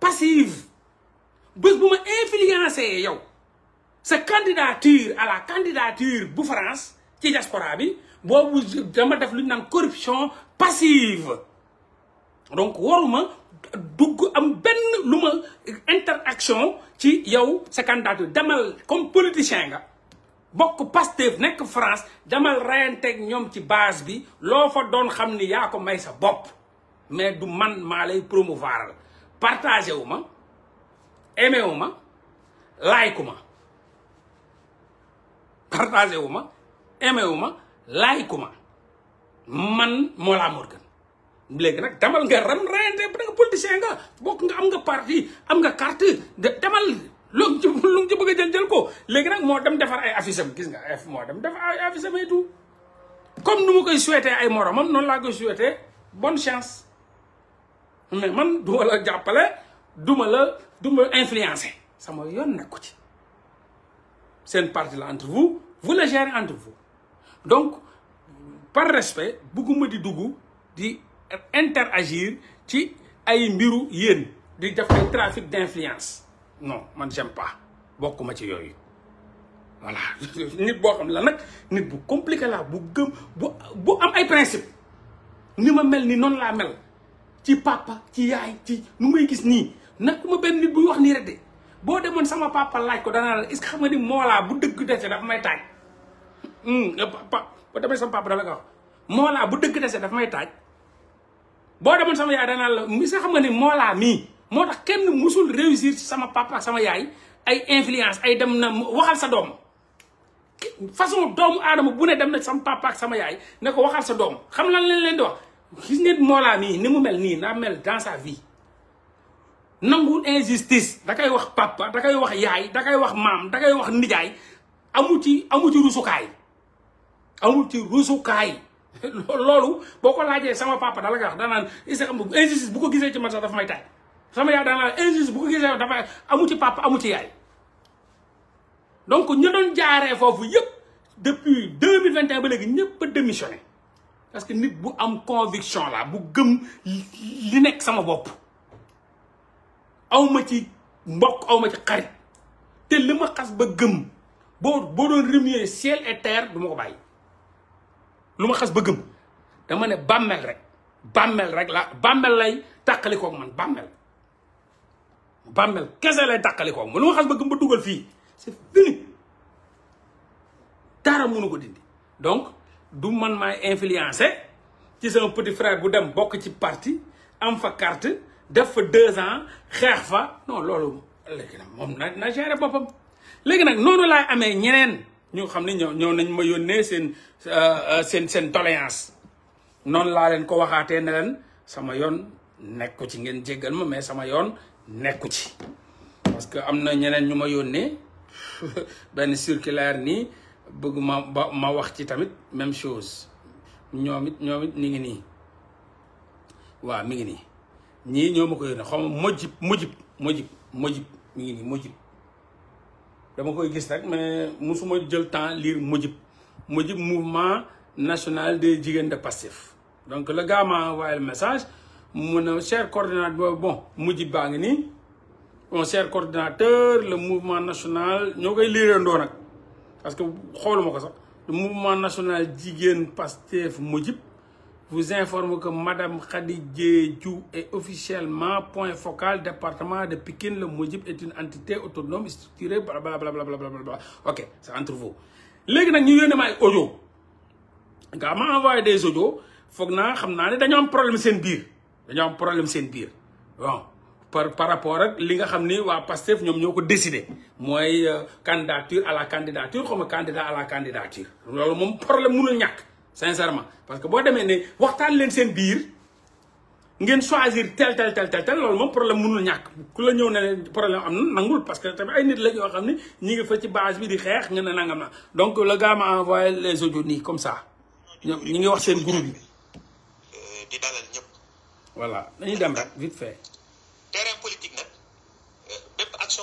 passive bés bu ma yo yow sa candidature à la candidature bu France ci diaspora bi boobu dama def lu nane corruption passive donc waruma dugg am ben luma interaction ci yow sa candidature demal comme politicien nga bokk Pastef nek France demal reyanteeg ñom ci base bi lo fa doon xamni ya ko may sa bop mais du man maa lay promouvoir partagé wu ma aimé wu ma like ma partagé wu ma aimé wu ma like ma man Mollah Morgun léegi nag demal nga ram reyante da nga politicien nga bokk nga am nga parti am nga carte demal lu ci lu bëgg jël jël ko léegi nag moo dem defar ay affiche am gis nga f moo dem defar ay affiche am et comme nu ma koy souhaité ay moromam noonu laa koy souhaité bon chance mais man duma la jàppale duma la du ma ça sama yoon nekku ci seen partie la entre vous vous le gérez entre vous donc par respect beaucoup di dugg di interagir ci ay mbiru yéen di fait un trafic d'influence non man j'aime pas beaucoup ci yooyu voilà nit beaucoup la nit compliqué là beaucoup gëm am ay principe ni ma mel ni non la mel ci papa ci yaay ci nu gis ni. nag ma benn nit buy wax nii rek de boo demoon sama papa laaj ko danaa la est xam nga ni Mollah bu dëgg dese dafa may taaj. Hmm, papa boo demee sama papa dafa la ko bu dëgg dese dafa may boo demoon sama yaay danaa la est-ce xam nga ni Mollah mii moo tax kenn musul réussir sama papa ak sama yaay ay influence ay dem na waxal sa doom. façon doomu aadama bu ne dem na sama papa sama yaay ne ko sa doom xam lan lañ leen di wax gis ngeen Mollah mii ni mu mel nii naa mel dans vie. nanguwul injustice da koy wax papa da koy wax yaay da koy wax maam da koy wax nijaay amu ci amu ci rusukaay amu ci rusukaay loolu boo ko laajee sama papa da la wax danaan injustice bu ko gisee ci man sax dafa may taay sama yaay daanaa injustice bu ko gisee dafa amu ci papa amu ci yaay donc ñu doon jaaree foofu yëpp depuis deux mille vingt et ba léegi ñëpp a démissionné parce que nit bu am conviction la bu gëm li nekk sama bopp awma ci mbokk awma ci xarit te li ma xas ba gëm boo boo doon remuer ciel et terre du ma ko bàyyi lu ma xas ba gëm dama ne bàmmel rek bàmmel rek la bàmmel lay tàqalikook man bàmmel bàmmel kese lay tàqalikook man lu ma xas ba gëm ba dugal fii c'est fini dara mënu ko dindi donc du man maay influencer ci sama petit frère bu dem bokk ci parti am fa carte def fa deux ans xeex fa non loolu léegi nag moom na na gérer boppam léegi nag noonu laay amee ñeneen ñu xam ne ñoo ñoo nañ ma yónnee seen euh, euh, seen seen doléance noonu laa leen ko waxaatee na leen sama yoon nekku ci ngeen jéggal ma mais sama yoon nekku ci parce que am na ñeneen ñu ma yónnee benn circulaire nii bëgguma ma ma wax ci tamit même chose ñoomit it nii ngi nii waaw mi ngi nii ni ñoo ma ko yónnee xaw ma mojib mojib mojib mojib mi ngi nii mojib dama koy gis nak mais musuma jël temps lire mojib mojib mouvement national des jigéen de Pastef donc le gars m'a envoyé le message Mon cher coordinateur bon mojib ba ngi nii Mon cher coordinateur le mouvement national ñoo koy ndo nak parce que xoluma ko sax le mouvement national jigéen Passif, mojib vous informe que Madame Khadidje Djou est officiellement point focal département de Pékin. Le Moujib est une entité autonome structurée, Ok, c'est entre vous. Maintenant, nous avons des audio. Nous avons envoyé des audios. Faut que nous a un problème sen bir. y a un problème sen bir. Bon. Par, rapport à ce que vous Pastef, nous avons décidé. Moi, euh, candidature à la candidature comme candidat à la candidature. Nous avons un problème sincèrement parce que si démé né leen sen biir choisir tel tel tel tel tel problème mënul ku la problème nangul parce que ay nit la ñi ngi fa ci base bi di donc le gars m'a envoyé les audios comme ça ñi ngi wax euh, voilà vite fait. terrain politique euh, action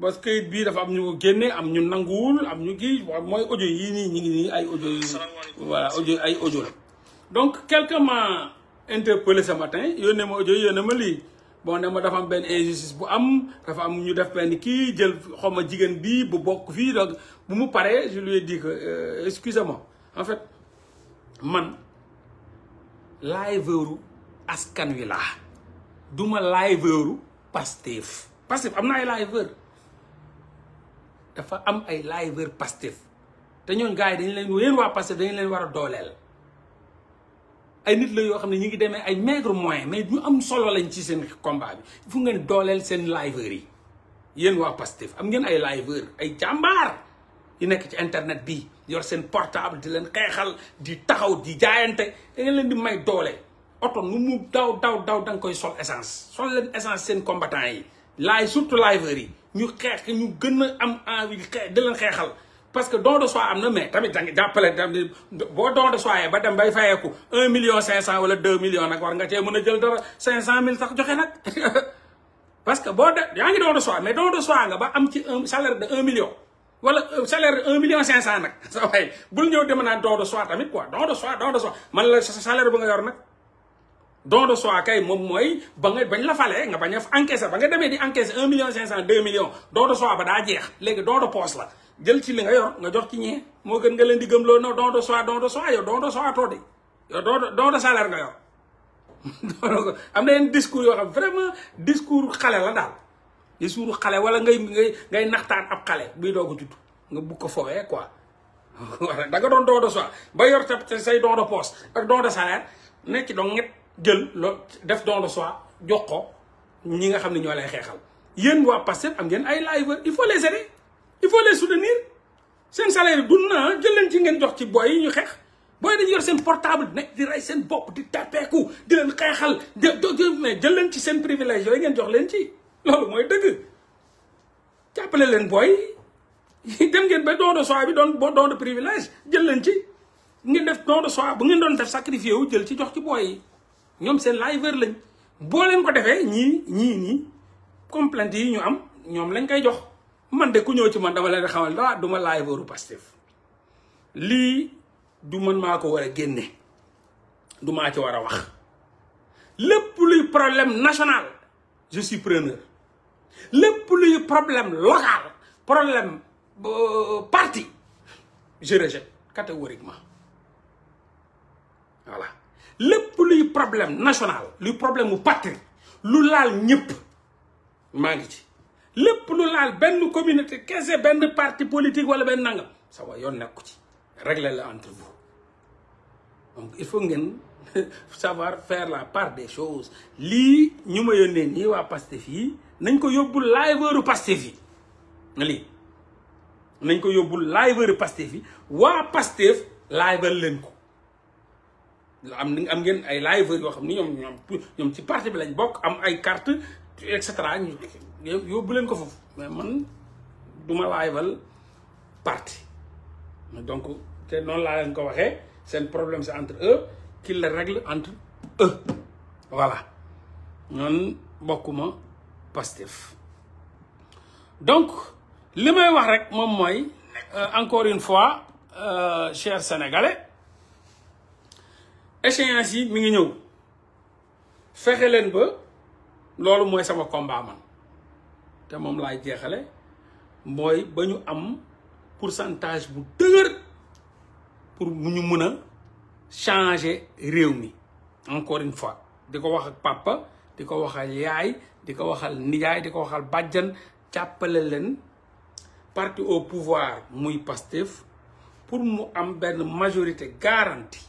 parce que bi dafa am ñu ko am ñu nangul am ñu kii moy audio yi ni ñi ngi ay audio voilà audio ay audio la donc quelqu'un m'a interpellé ce matin yone ma audio yone ma li bon ne dafa am ben injustice bu am dafa am ñu def ben ki jël xoma jigen bi bu bokk fi donc bu mu paré je lui ai dit que euh, excusez-moi en fait man liveuru askan wi la duma liveuru Pastef Pastef am ay liveur dafa am ay liveur Pastef te ñooñu gars dañu leen yéen waa Pastef dañu leen war a dooleel ay nit la yoo xam ne ñu ngi demee ay maigre moyen mais ñu am solo lañ ci seen combat bi fu ngeen dooleel seen liveur yi yéen waa Pastef am ngeen ay liveur ay jàmbaar yu nekk ci internet bi yor seen portable di leen xeexal di taxaw di jaayante da leen di may doole oto nu mu daw daw daw da nga koy sol essence sol leen essence seen combattant yi laay surtout liveur yi ñu xeex ñu gën a am envie di leen xeexal parce que don de soi am na mais tamit da nga jàppale boo don de soi ba dem bay fayeeku un million cinq cent wala deux millions nag war nga cee mën a jël dara cinq cent mille sax joxe nag parce que boo de yaa ngi don de soi mais don de soi nga ba am ci un salaire de un million wala salaire un million cinq cent sa waay bul nga yor nag don de kay moom mooy ba nga bañ la falee nga bañ a encaisser ba nga demee di encaisser un million cinq cent deux millions don de soi ba daa jeex léegi don de la jël ci li nga yor nga jox ci ñee moo gën nga leen di gëm loo no don de soi don de soi yow don de soi too de yow am na yenn discours yoo xam vraiment discours xale la daal discours xale wala ngay ngay ngay naxtaan ab xale buy doog a nga bugg ko fowee quoi da nga doon don de soi ba yor ca say don de poche ak don de salaire nekk ci doon ñett jël loo def don de soi jox ko ñi nga xam ne ñoo lay xeexal yéen waa Pastef am ngeen ay live il faut les aider il faut les seen salaire dund naa jël leen ci ngeen jox ci booy yi ñu xeex booy dañu yor seen portable nekk di rey seen bopp di tappeeku di leen xeexal mais jël leen ci seen privilège yooyu ngeen jox leen ci loolu mooy dëgg jàppale leen booy dem ngeen ba don de soi bi doon don de privilège jël leen ci ngeen def don de soi bu ngeen doon def sacrifié wu jël ci jox ci booy yi ñoom seen liveur lañ boo leen ko defee ñii ñii nii complainte yi ñu am ñoom lañ koy jox man de ku ñëw ci man dama leen xamal dara du ma liveuru Pastef lii du man maa ko war a génne du maa ci war a wax lépp luy problème national je suis preneur lépp luy problème local problème euh, parti je rejette catégoriquement voilà lépp luy problème national luy problème mu patrie lu laal ñëpp maa ngi ci lépp lu laal benn communauté kese benn parti politique wala benn nangam sa wa yoon nekku ci régler la entre vous donc il faut ngeen savoir fair la part des choses lii ñu ma yónnee nii waa Pastef yi nañ ko yóbbul liveru Pastef yi nga lii nañ ko yóbbul liveru Pastef yi waa Pastef liveral leen ko am am ngeen ay live yo xam ni ñom ñom ci parti bi lañ bokk am ay carte et cetera ñu bu leen ko fofu mais man du liveal parti donc té non laa leen ko waxee seen problème c'est entre eux qui le règle entre eux voilà ñoon bokuma Pastef donc limay wax rek mom moy euh, encore une fois euh, chers sénégalais échéance yi mi ngi ñëw fexe leen ba lolu moy sama combat man té mom lay jéxalé moy bañu am pourcentage bu dëgër pour mu ñu changer réew mi encore une fois diko wax ak papa diko waxal yaay diko waxal nijaay diko waxal badjan jàppale len parti au pouvoir muy Pastef pour mu am ben majorité garantie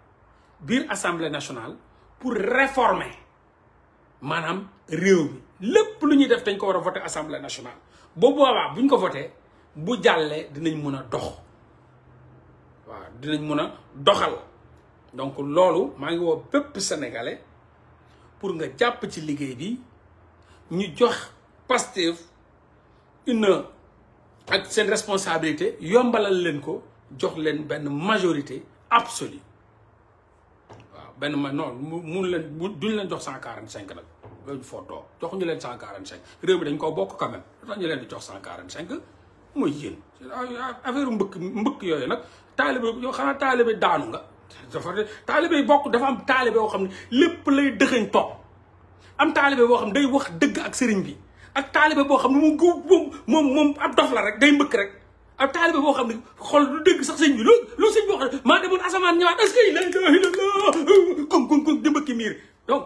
bir assemblée nationale pour réformer manam réew mi lépp lu def dañ ko wara voter assemblée nationale bo boobaa bu ñu ko voter bu jallé dinañ mëna dox wa dinañ mëna doxal donc lolu ma ngi wo bépp sénégalais pour nga japp ci liguey bi ñu jox Pastef une ak sen responsabilité yombalal leen ko jox leen ben majorité absolue benn ma non mun leen duñ leen jox cent quarante cinq nag loolu footoo joxuñu leen cent quarante cinq réew mi dañ koo bokk quand même tax ñu leen di jox cent quarante cinq mooy yéen affaire mbëkk mbëkk yooyu nag taalibe yow xanaa taalibe daanu nga dafa taalibe yi bokk dafa am taalibe yoo xam ne lépp lay dëxëñ toog am taalibe boo xam ne day wax dëgg ak sëriñ bi ak taalibe boo xam ne moom moom moom ab dof la rek day mbëkk rek ak taalibe boo xam ne xol du dëgg sax sëñ bi loolu loolu sëñ bi wax maa demoon asamaan ñëwaat est-ce que la ilaha illallah kon kon kon di mbëkki miir donc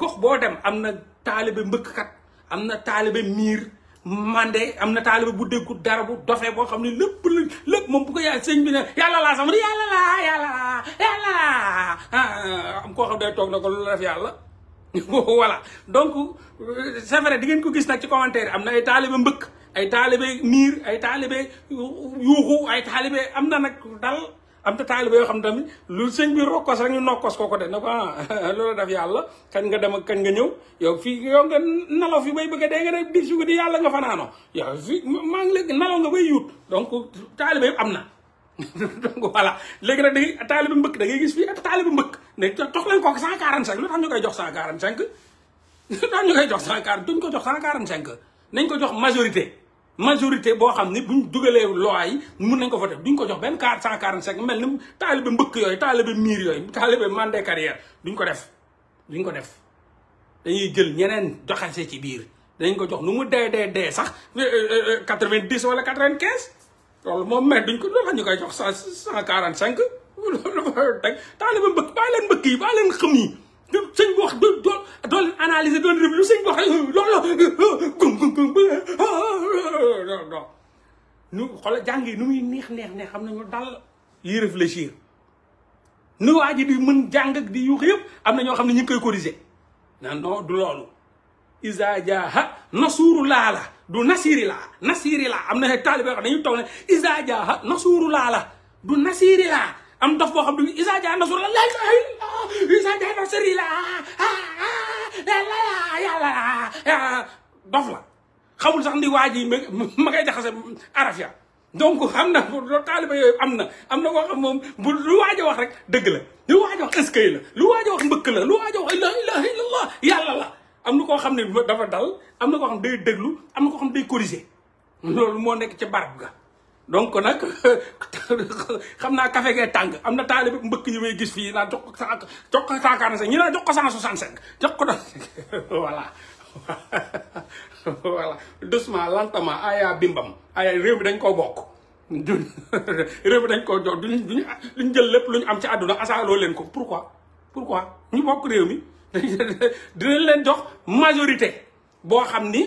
gox boo dem am na taalibe mbëkkkat am na taalibe miir mande am na taalibe bu déggu dara bu dofee boo xam ne lépp lépp moom bu ko yaay sëñ bi na yàlla laa sama yàlla laa yàlla laa yàlla laa ah, am koo xam day toog na lu la def yàlla voilà donc euh, c'est vrai di ngeen ko gis nag ci commentaire am na ay taalibe mbëkk ay taalibe miir ay taalibe yuuxu ay taalibe am na nag dal am na taalibe yoo xam tamit lu sëñ bi rokkos rek ñu nokkos kooko de ne ko ah loolu daf yàlla nga dem ak kañ nga ñëw yow fii yow nga nalaw fi bay bëgg a dee di yàlla nga fanaano yow fii maa ngi léegi nalaw donc taalibe am na donc voilà léegi nag da taalibe mbëkk da ngay gis fii taalibe mbëkk lu tax ñu koy jox cent quarante cinq lu jox cent duñ ko jox cent quarante cinq nañ ko jox majorité majorité boo xam ne buñ dugalee loo ay mun nañ ko def duñ ko jox benn quatre cent quarante cinq mel ni taalibe mbëkk yooyu taalibe miir yooyu taalibe mandé carrière duñ ko def duñ ko def dañuy jël ñeneen doxase ci biir dañ ko jox nu mu dee dee dee sax euh, euh, euh, quatre vingt dix wala quatre quinze loolu moom mais duñ ko doon ñu koy jox cent quarante cinq loolu teg taalibe mbëkk bàyyi leen mbëkk yi bàyyi leen xëm yi sëñ bi wax doo doo doo leen analyser doo loolu la ñu xoolal jàng yi nu muy neex neex xam nañu dal yi réfléchir nu waa ji di mën jàng ak di yuux yëpp am na ñoo xam ne ñu ngi koy corriger nan non du loolu isa jaaha nasuuru laa la du nasiiri laa nasiiri laa am na taalibe yoo xam ne dañuy toog ne isa jaaha nasuuru laa la du nasiiri laa am dof boo xam ne Issa Dia Nassour la lay Issa Dia Nassour la yàlla ah, ah, yàlla dof la xamul sax ni waa ji ma ngay jaxase araf ya donc xam na taaliba yooyu am na am na koo xam moom bu lu waaj a wax rek dëgg la lu waaj a wax ëskay la lu waaj a wax mbëkk la lu waaj a wax la ilaha illallah yàlla la am na koo xam ne dafa dal am na koo xam day déglu am na koo xam day corriger loolu moo nekk ci barab ga donc nag xam naa café gee tàng am na taalibe mbëkk yu may gis fii naan jox ko sa jox ko cent quarante cinq ñu naan jox ko cent soixante cinq jox ko voilà voilà doucement lentement aya bimbam aya réew mi dañ koo bokk duñ réew mi dañ koo jox duñ duñ luñ jël lépp luñ am ci àdduna asaaloo leen ko pourquoi pourquoi ñu bokk réew mi dinañ leen jox majorité boo xam ni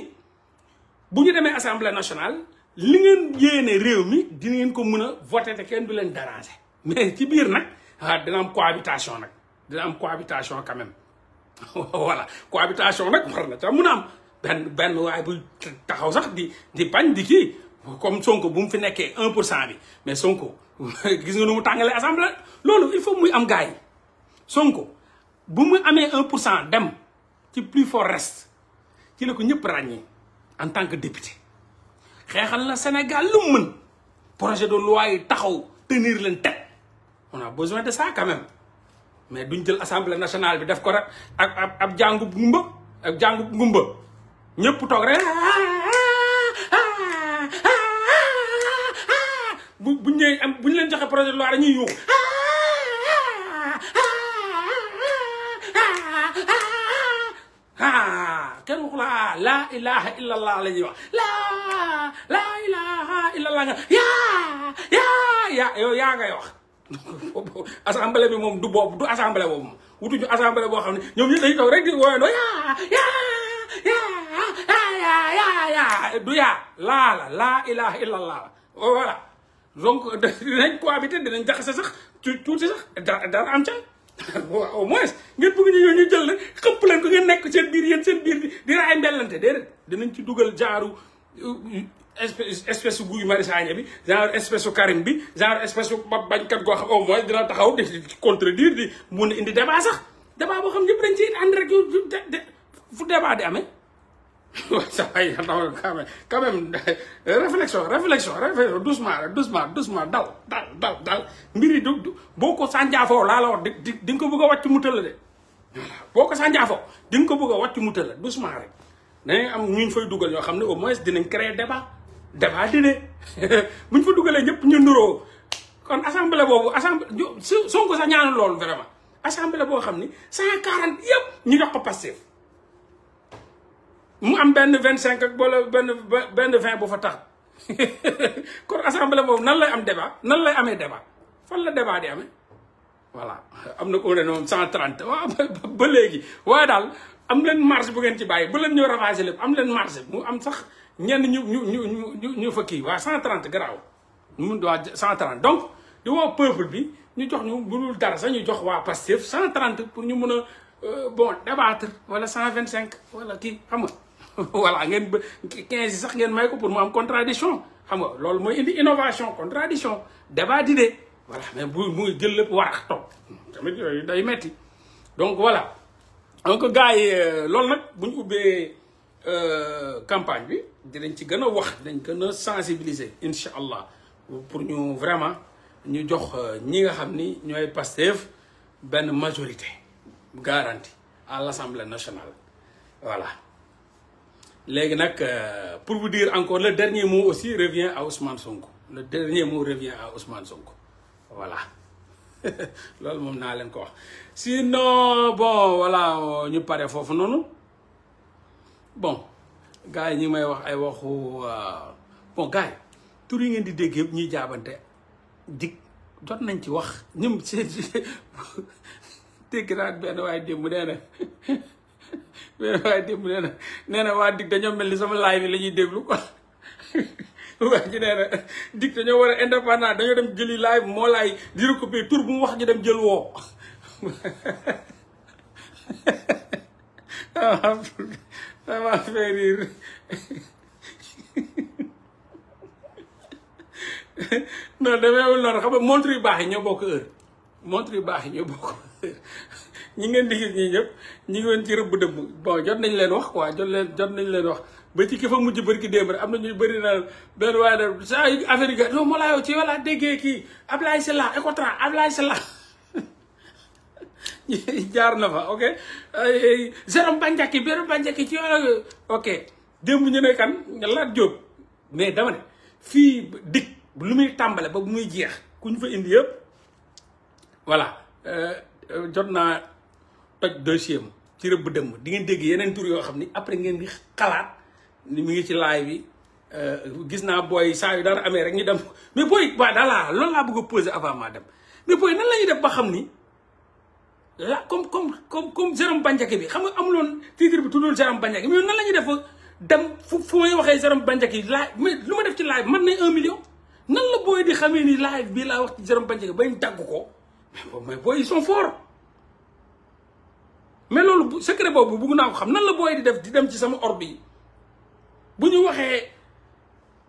bu ñu demee assemblée national li ngeen yéene réew di ngeen ko a te mais ci biir nag ah cohabitation nag cohabitation quand même voilà cohabitation nag war na ca mun bu taxaw di comme Sonko bu mu fi nekkee un pour cent bi mais Sonko gis nga nu mu il faut am Sonko bu mu un dem ci plus fort reste ci la ko en tant que député. xeexal na Sénégal lu mën projet de loi yi taxaw tenir leen tête on a besoin de ça quand même mais duñ jël assemblée nationale bi def ko rek ak ab ab jàngu gumba ak jàngu gumba ñëpp toog rek bu buñ ñëwee am buñ leen joxe projet de loi dañuy yuuxu ah kenn waxu la laa ilaha illallah la ñuy wax laa laa ilaha illallah nga yaa yaa yaa yow yaa ngay wax assemblée bi moom du boobu du assemblée boobu moom wutuñu assemblée boo xam ne ñoom ñi dañuy taw rek di wooyandoo yaa yaa yaa yaa du yaa laa la laa ilaha illallah voilà donc dinañ cohabiter dinañ jaxase sax tuuti sax dara am ca au moins ngeen bëgg ñu ñu jël la xëpp leen ngeen nekk seen biir yéen seen biir bi dina ay mbellante déedéet dinañ ci dugal jaaru euh, espèce Guy Marius Sagna bi genre espèce Karim bi genre espèce ba kat goo xam au moins dina taxaw di contredire di mun a indi débat sax débat boo xam ñëpp dañ ci ànd rek fu débat di amee ça va y non quand même quand même réflexion réflexion réflexion doucement rek doucement doucement dal dal dal dal du boo ko sànjaafoo laa la wax di di ko bëgg a wàcc boo ko sànjaafoo di nga ko bëgg a wàcc mu tëla doucement rek dañuy am ñu ñu fay dugal ñoo xam ne au moins dinañ créer débat débat dine bu ñu fa dugalee ñëpp ñu nuroo kon assemblée boobu assemblée Sonko sax ñaanu loolu vraiment assemblée boo xam ni cent quarante yëpp ñu jox ko Pastef mu am benn vingt cinq ak wala benn benn vingt bu fa tax kon assemblée boobu nan lay am débat nan lay amee débat fan la débat di amee voilà am na ko ne moom cent trente waaw ba léegi waaye daal am leen marge bu ngeen ci bàyyi bu leen ñoo ravagé lépp am leen marge mu am sax ñenn ñu ñu ñu ñu ñu fa kii waa cent trente garaaw mu waa cent trente donc di woo peuple bi ñu jox ñu mënul dara sax ñu jox waa Pastef cent trente pour ñu mën a euh, bon débattre wala cent vingt cinq wala kii xam voilà ngeen 15 sax ngeen may ko pour mo am contradiction xam nga loolu moy indi innovation contradiction débat d'idée voilà mais bu mu jël lépp warax toog tamit yooyu day metti donc voilà donc gaay yi euh, loolu nag bu ñu ubbee euh, campagne bi dinañ ci gëna wax dinañ gëna sensibiliser inshallah pour ñu vraiment ñu jox euh, ñi nga xamni ñoy ñooy ben majorité garantie à l'Assemblée nationale voilà léegi nag euh, pour vous dire encore le dernier mot aussi revient à Ousmane Sonko le dernier mot revient à Ousmane Sonko voilà loolu moom naa leen ko wax sinon bon voilà ñu pare foofu noonu bon gars yi ñi may wax ay waxu euh, bon gars yi tur yi ngeen di dégg yëpp ñuy jaabante dikk jot nañ ci wax ñum seen dégg naa benn waaye démb nee na benn waaye démb nee na waa dig dañoo mel ni sama laay bi la ñuy déglu quoi waa ji nee na dañoo war a indépendant dañoo dem jëli laay moo laay di recoupé tur bu mu wax ñu dem jël woo ça m'a fait rire non noonu xam nga montre baax yi ñoo bokk heure montre baax yi ñoo bokk heure ñi ngeen di gis ñii ñëpp ñi ngi woon rëbb dëbb bon jot nañ leen wax quoi jot jot nañ leen wax ba ci ki fa mujj bërki démb am na ñuy bëri na benn waaye na saa yu affaire yi non Mollah yow ci yow laa déggee kii Ablaye Sylla Ecotra Ablaye Sylla jaar na fa ok Jérôme Bandiaky Jérôme Bandiaky ci yow la ok démb ñu ne kan Lat Diop mais dama ne fii dig lu muy tàmbale ba bu muy jeex ku ñu fa indi yëpp voilà euh, jot naa toj dossier ci rëbb dëmm di ngeen dégg yeneen tour yo xamni après ngeen di xalaat ni mi ngi ci live bi euh gis na boy sa yu dara amé rek ñu dem mais booy waa daal lool la bëgg poser avant ma dem mais boy nan lañu def ba xamni la ah, comme comme comme comme Jérôme Bandiaky bi xam nga amuloon titre bi tudul Jérôme Bandiaky mais nan lañu def dem fu fu may waxee Jérôme Bandiaky laay mais luma def ci live man nay 1 million nan la boy di xamé ni live bi la wax ci Jérôme Bandiaky bañ tàgg ko mais boy ils sont forts mais loolu secret bobu bugg naa ko xam nan la boy di def di dem ci sama ordu yi bu ñu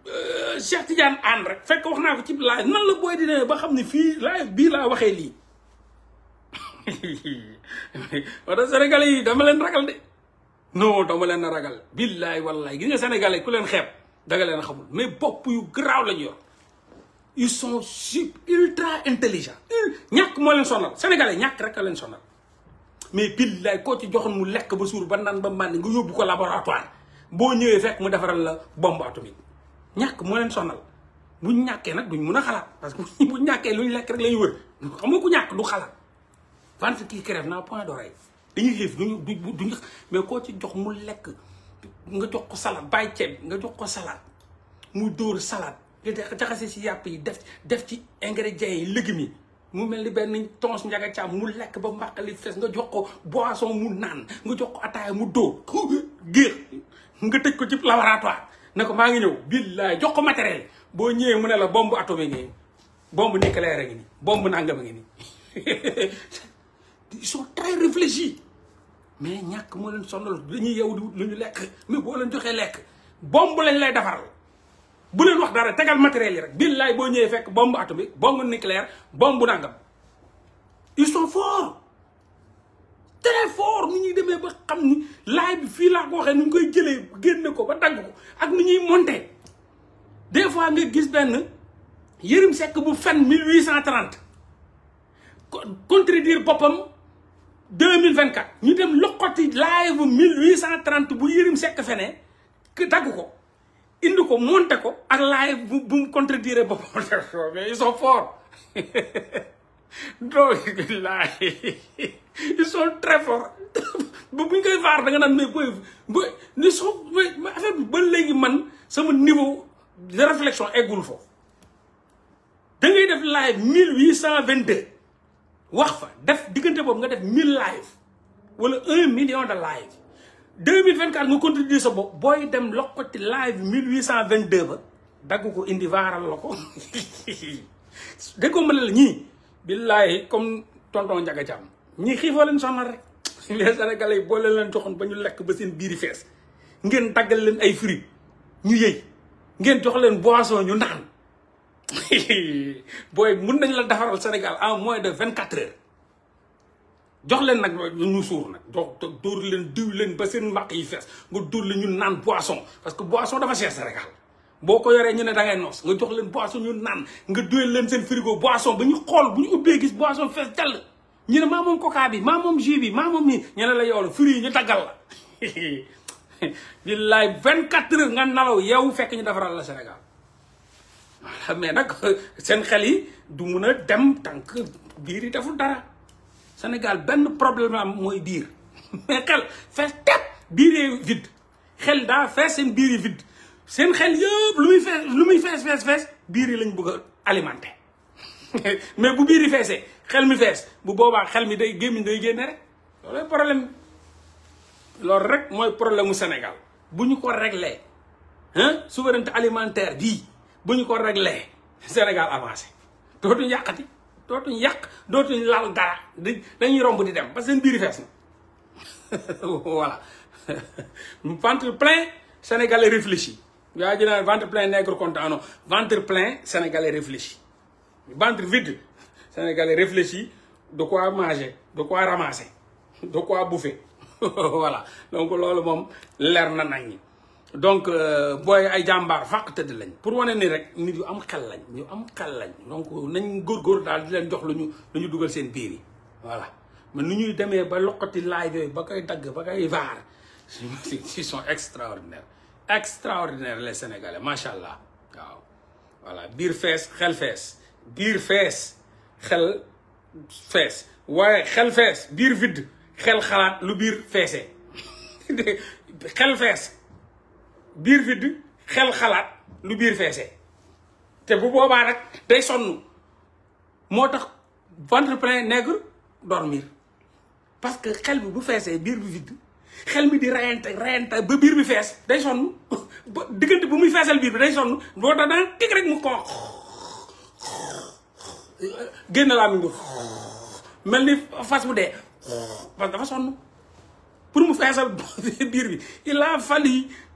euh, Cheikh Tidiane and rek fekk waxna ko ci live nan la boy di demee ba xamni fi live bi la waxé li wala sénégalais yi dama len ragal de non dama len ragal billahi wallahi gis nga sénégalais ku len leen da nga len xamul mais bop yu graw la yor ils sont super ultra intelligents ñak mo len sonal sénégalais ñak rek a leen sonal. mais billaay koo ci joxoon mu lekk ba suur ba naan ba màndi nga yóbbu ko laboratoire boo ñëwee fekk mu defaral la bombe atomique ñàkk moo leen sonal buñ ñàkkee nag duñ mun a xalaat parce que bu ñàkkee luñ lekk rek la ñu wër xam nga ku ñàkk du xalaat vente qui crève n'a point d'oreille dañuy xiif duñu du duñu mais koo ci jox mu lekk nga jox ko salade bàyyi ceeb nga jox ko salade mu dóor salade nga jaxase si yàpp yi def def ci ingrédients yi légumes yi mu mel ni benn tons njaga caam mu lekk ba mbàqali fees nga jox ko boisson mu naan nga jox ko ataaya mu dóor géex nga tëj ko ci laboratoire ne ko maa ngi ñëw billaay jox ko matériel boo ñëwee mu ne la bombe atomique ngi bombe nucléaire a ngi nii bombe nangam a ngi nii ils sont très réfléchis mais ñàkk moo leen sonal dañuy yow di lu ñu lekk mais boo leen joxee lekk bombe lañ lay defaral bu leen wax dara tegal matériel rek billahi bo ñëwee fekk bombe atomique bombe nucléaire bombe nangam ils sont forts très forts ni ñuy démé ba xamni live laay bi fii laa ko waxee ñu koy jëlé génné ko ba dang ko ak ni ñuy monter des fois nga gis ben Yërim sék bu fen 1830 contredire boppam 2024 ñu dem loqoti live 1830 bu Yërim Seck que dag ko. indi ko monté ko ak laay bu bu mu contredire ba mais ils sont forts donc laay ils sont très forts bu ñu koy vaar da naan mais booy booy ni soo affaire bi ba léegi man sama niveau de réflexion eggul foofu da ngay def live mille huit cent vingt deux wax fa def diggante boobu nga def mille live un million de live 2024 nga contribuer sa bopp booy dem lokkati live 1822 ba dagg ko indi vaaral la ko dégg ko mën la ñii billaahi comme tonton Ndiaga Thiam ñii xiifoo leen soxna rek les sénégalais yi boo leen leen joxoon ba ñu lekk ba seen biiri fees ngeen daggal leen ay frie ñu yëy ngeen jox leen boisson ñu naan booy mun nañ la defaral Sénégal en moins de vingt quatre heures jox leen nag ñu suur nag jox dóor leen diw leen ba seen max yi fees nga dóor leen ñu naan boisson parce que boisson dafa cher Sénégal boo ko yoree ñu ne da ngay noos nga jox leen boisson ñu naan nga duyal leen seen frigo boisson ba ñu xool bu ñu ubbee gis boisson fees dell ñu ne maa moom coca bi maa moom jus bi maa ne la yow la yi ñu daggal la billaay vingt quatre heures nga nalaw yow fekk ñu defaral la Sénégal voilà mais nag seen xel yi du mun a dem tànk biir yi dara Sénégal benn problème am moy bir mais xel fess tep biir yi vide xel da fess sen biir yi vide sen xel yëpp lu muy fees lu muy fess fees fees biir yi lañ bëgg alimenter mais bu biir yi feesee xel mi fess bu boba xel mi day gemi day génne rek lolé problème loolu rek moy problème mu Sénégal bu ñu ko réglé hein souveraineté alimentaire bi bu ñu ko réglé Sénégal avancé dootuñu yakati dootuñ yàq dootu laal dara dañuy romb di dem parce que biir fees na voilà ventre plein sénégalais réfléchi yaa jënaa ventre plein nègre content ventre plein sénégalais réfléchi ventre vide sénégalais réfléchi de quoi manger de quoi ramasser de quoi donc loolu moom leer na nañ ñi donc euh, boy ay jàmbaar fàq tëdd lañ pour woné ni rek nit yu am xel lañ ñu am xel lañ donc nañ gor gor dal di len jox luñu ñu lu ñu seen biir yi voilà mais nu ñuy demee ba loqati live yooyu ba kay dag ba kay vaar ils sont extraordinaires extraordinaires les sénégalais machallah waaw voilà biir fess xel fess biir fess xel fess waye xel fess biir vide xel xalaat lu biir fessé xel fess biir vide xel xalaat lu biir feese te bu boobaa nag day sonn moo tax ventre plein nègre dormir parce que xel bi bu feesee biir bi vide xel mi di rayante rayante ba biir bi fees day sonn ba diggante bu muy feesal biir bi day sonn boo tax dana tig rek mu ko génn laa mi ngi mel ni fas bu dee parce dafa sonn pour mu feesal biir bi il a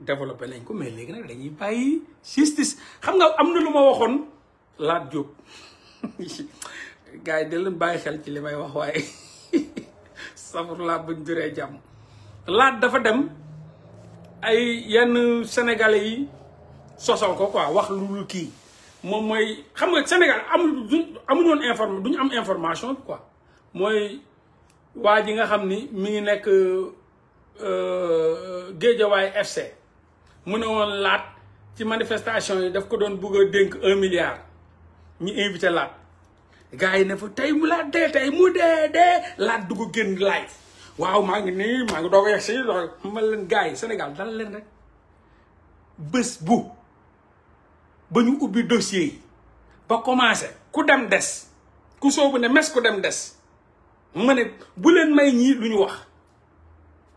développé nañ ko mais léegi nag dañuy bàyyi justice xam nga am na lu ma waxoon laat jóg gars yi da leen bàyyi xel ci li may wax waaye safur laa buñ duree jàmm laat dafa dem ay yenn sénégalais yi sosal ko quoi wax lu kii moom mooy xam nga Sénégal amu amuñu woon inform duñu am information quoi mooy waa ji nga xam ni mu ngi nekk euh, Géejawaay FC mu ne woon laat ci manifestation yi daf ko doon bugg a dénk un milliard ñu invité laat gars yi ne fa tey mu laat dee tey mu dee dee laat dugg génn live waaw maa ngi nii maa ngi doog a yegg si ma leen gars yi Sénégal dal leen rek bés bu ba ñu ubbi dossier yi ba commencé ku dem des ku soobu ne mes ku dem des ma ne bu leen may ñii lu ñu wax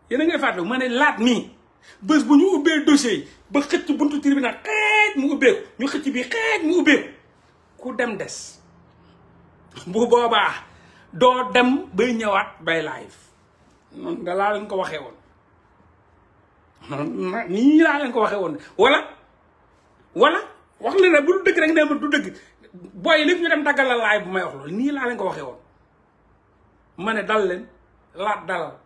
yéen a ngay fàttali ma ne laat nii bëss bu ñu ubbé dossier ba xëc ci buntu tribunal xëc mu ubbé ñu xëc bi xëc mu ubbé ku dem dess bu boba do dem bay ñëwaat bay live non nga la lañ ko waxé won ni la lañ ko waxé won wala wala wax la bu dëgg rek né ma du dëgg boy lépp ñu dem tagal la live bu may wax lool ni la lañ ko waxé won mané dal leen la dal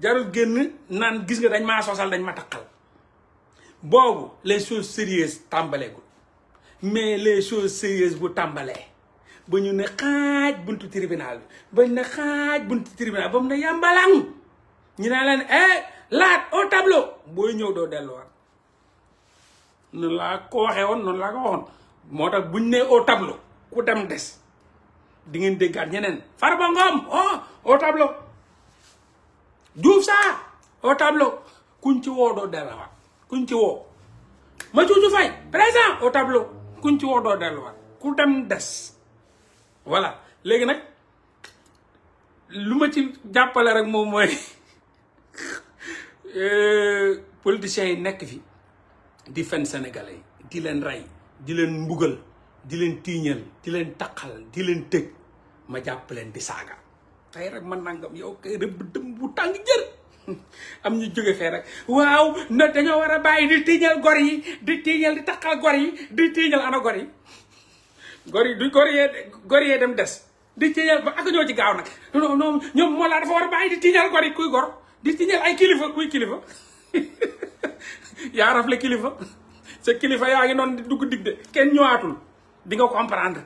jarul génn naan gis nga dañ maa sosal dañ ma takkal boobu les choses sérieuses tàmbaleegul mais les choses sérieuses bu tàmbalee ba ñu ne xaaj buntu tribunal bi ba ñu ne xaaj buntu tribunal ba mu ne ñu ne leen eh laat au booy ñëw doo delluwaat noonu laa ko waxee woon noonu laa ko waxoon moo tax buñ ne au ku dem des di ngeen déggaat ñeneen Farba Ngom oh au Diouf Sarr au tableau kuñ ci woo doo delluwaat kuñ ci woo Mathieu Faye présent au tableau kuñ ci woo doo delluwaat ku dem des voilà léegi nag lu ma ci jàppale rek moom mooy euh, politiciens yi nekk fi di fen sénégalais yi di leen rey di leen mbugal di leen tiiñal di leen taqal di leen tëj ma jàpp di saaga tey rek man nangam yow kay rëbb dëm bu tàng jër am ñu jóge fee rek waaw na dañoo war a bàyyi di tiiñal gor yi di tiiñal di takkal gor yi di tiiñal gor yi yi du gor yee gor yee dem des di tiiñal ak ñoo ci gaaw nag non non ñoom moo laa di ay kilifa kuy kilifa yaa rafle kilifa sa kilifa yaa ngi noonu di dugg dig de kenn ñëwaatul di nga comprendre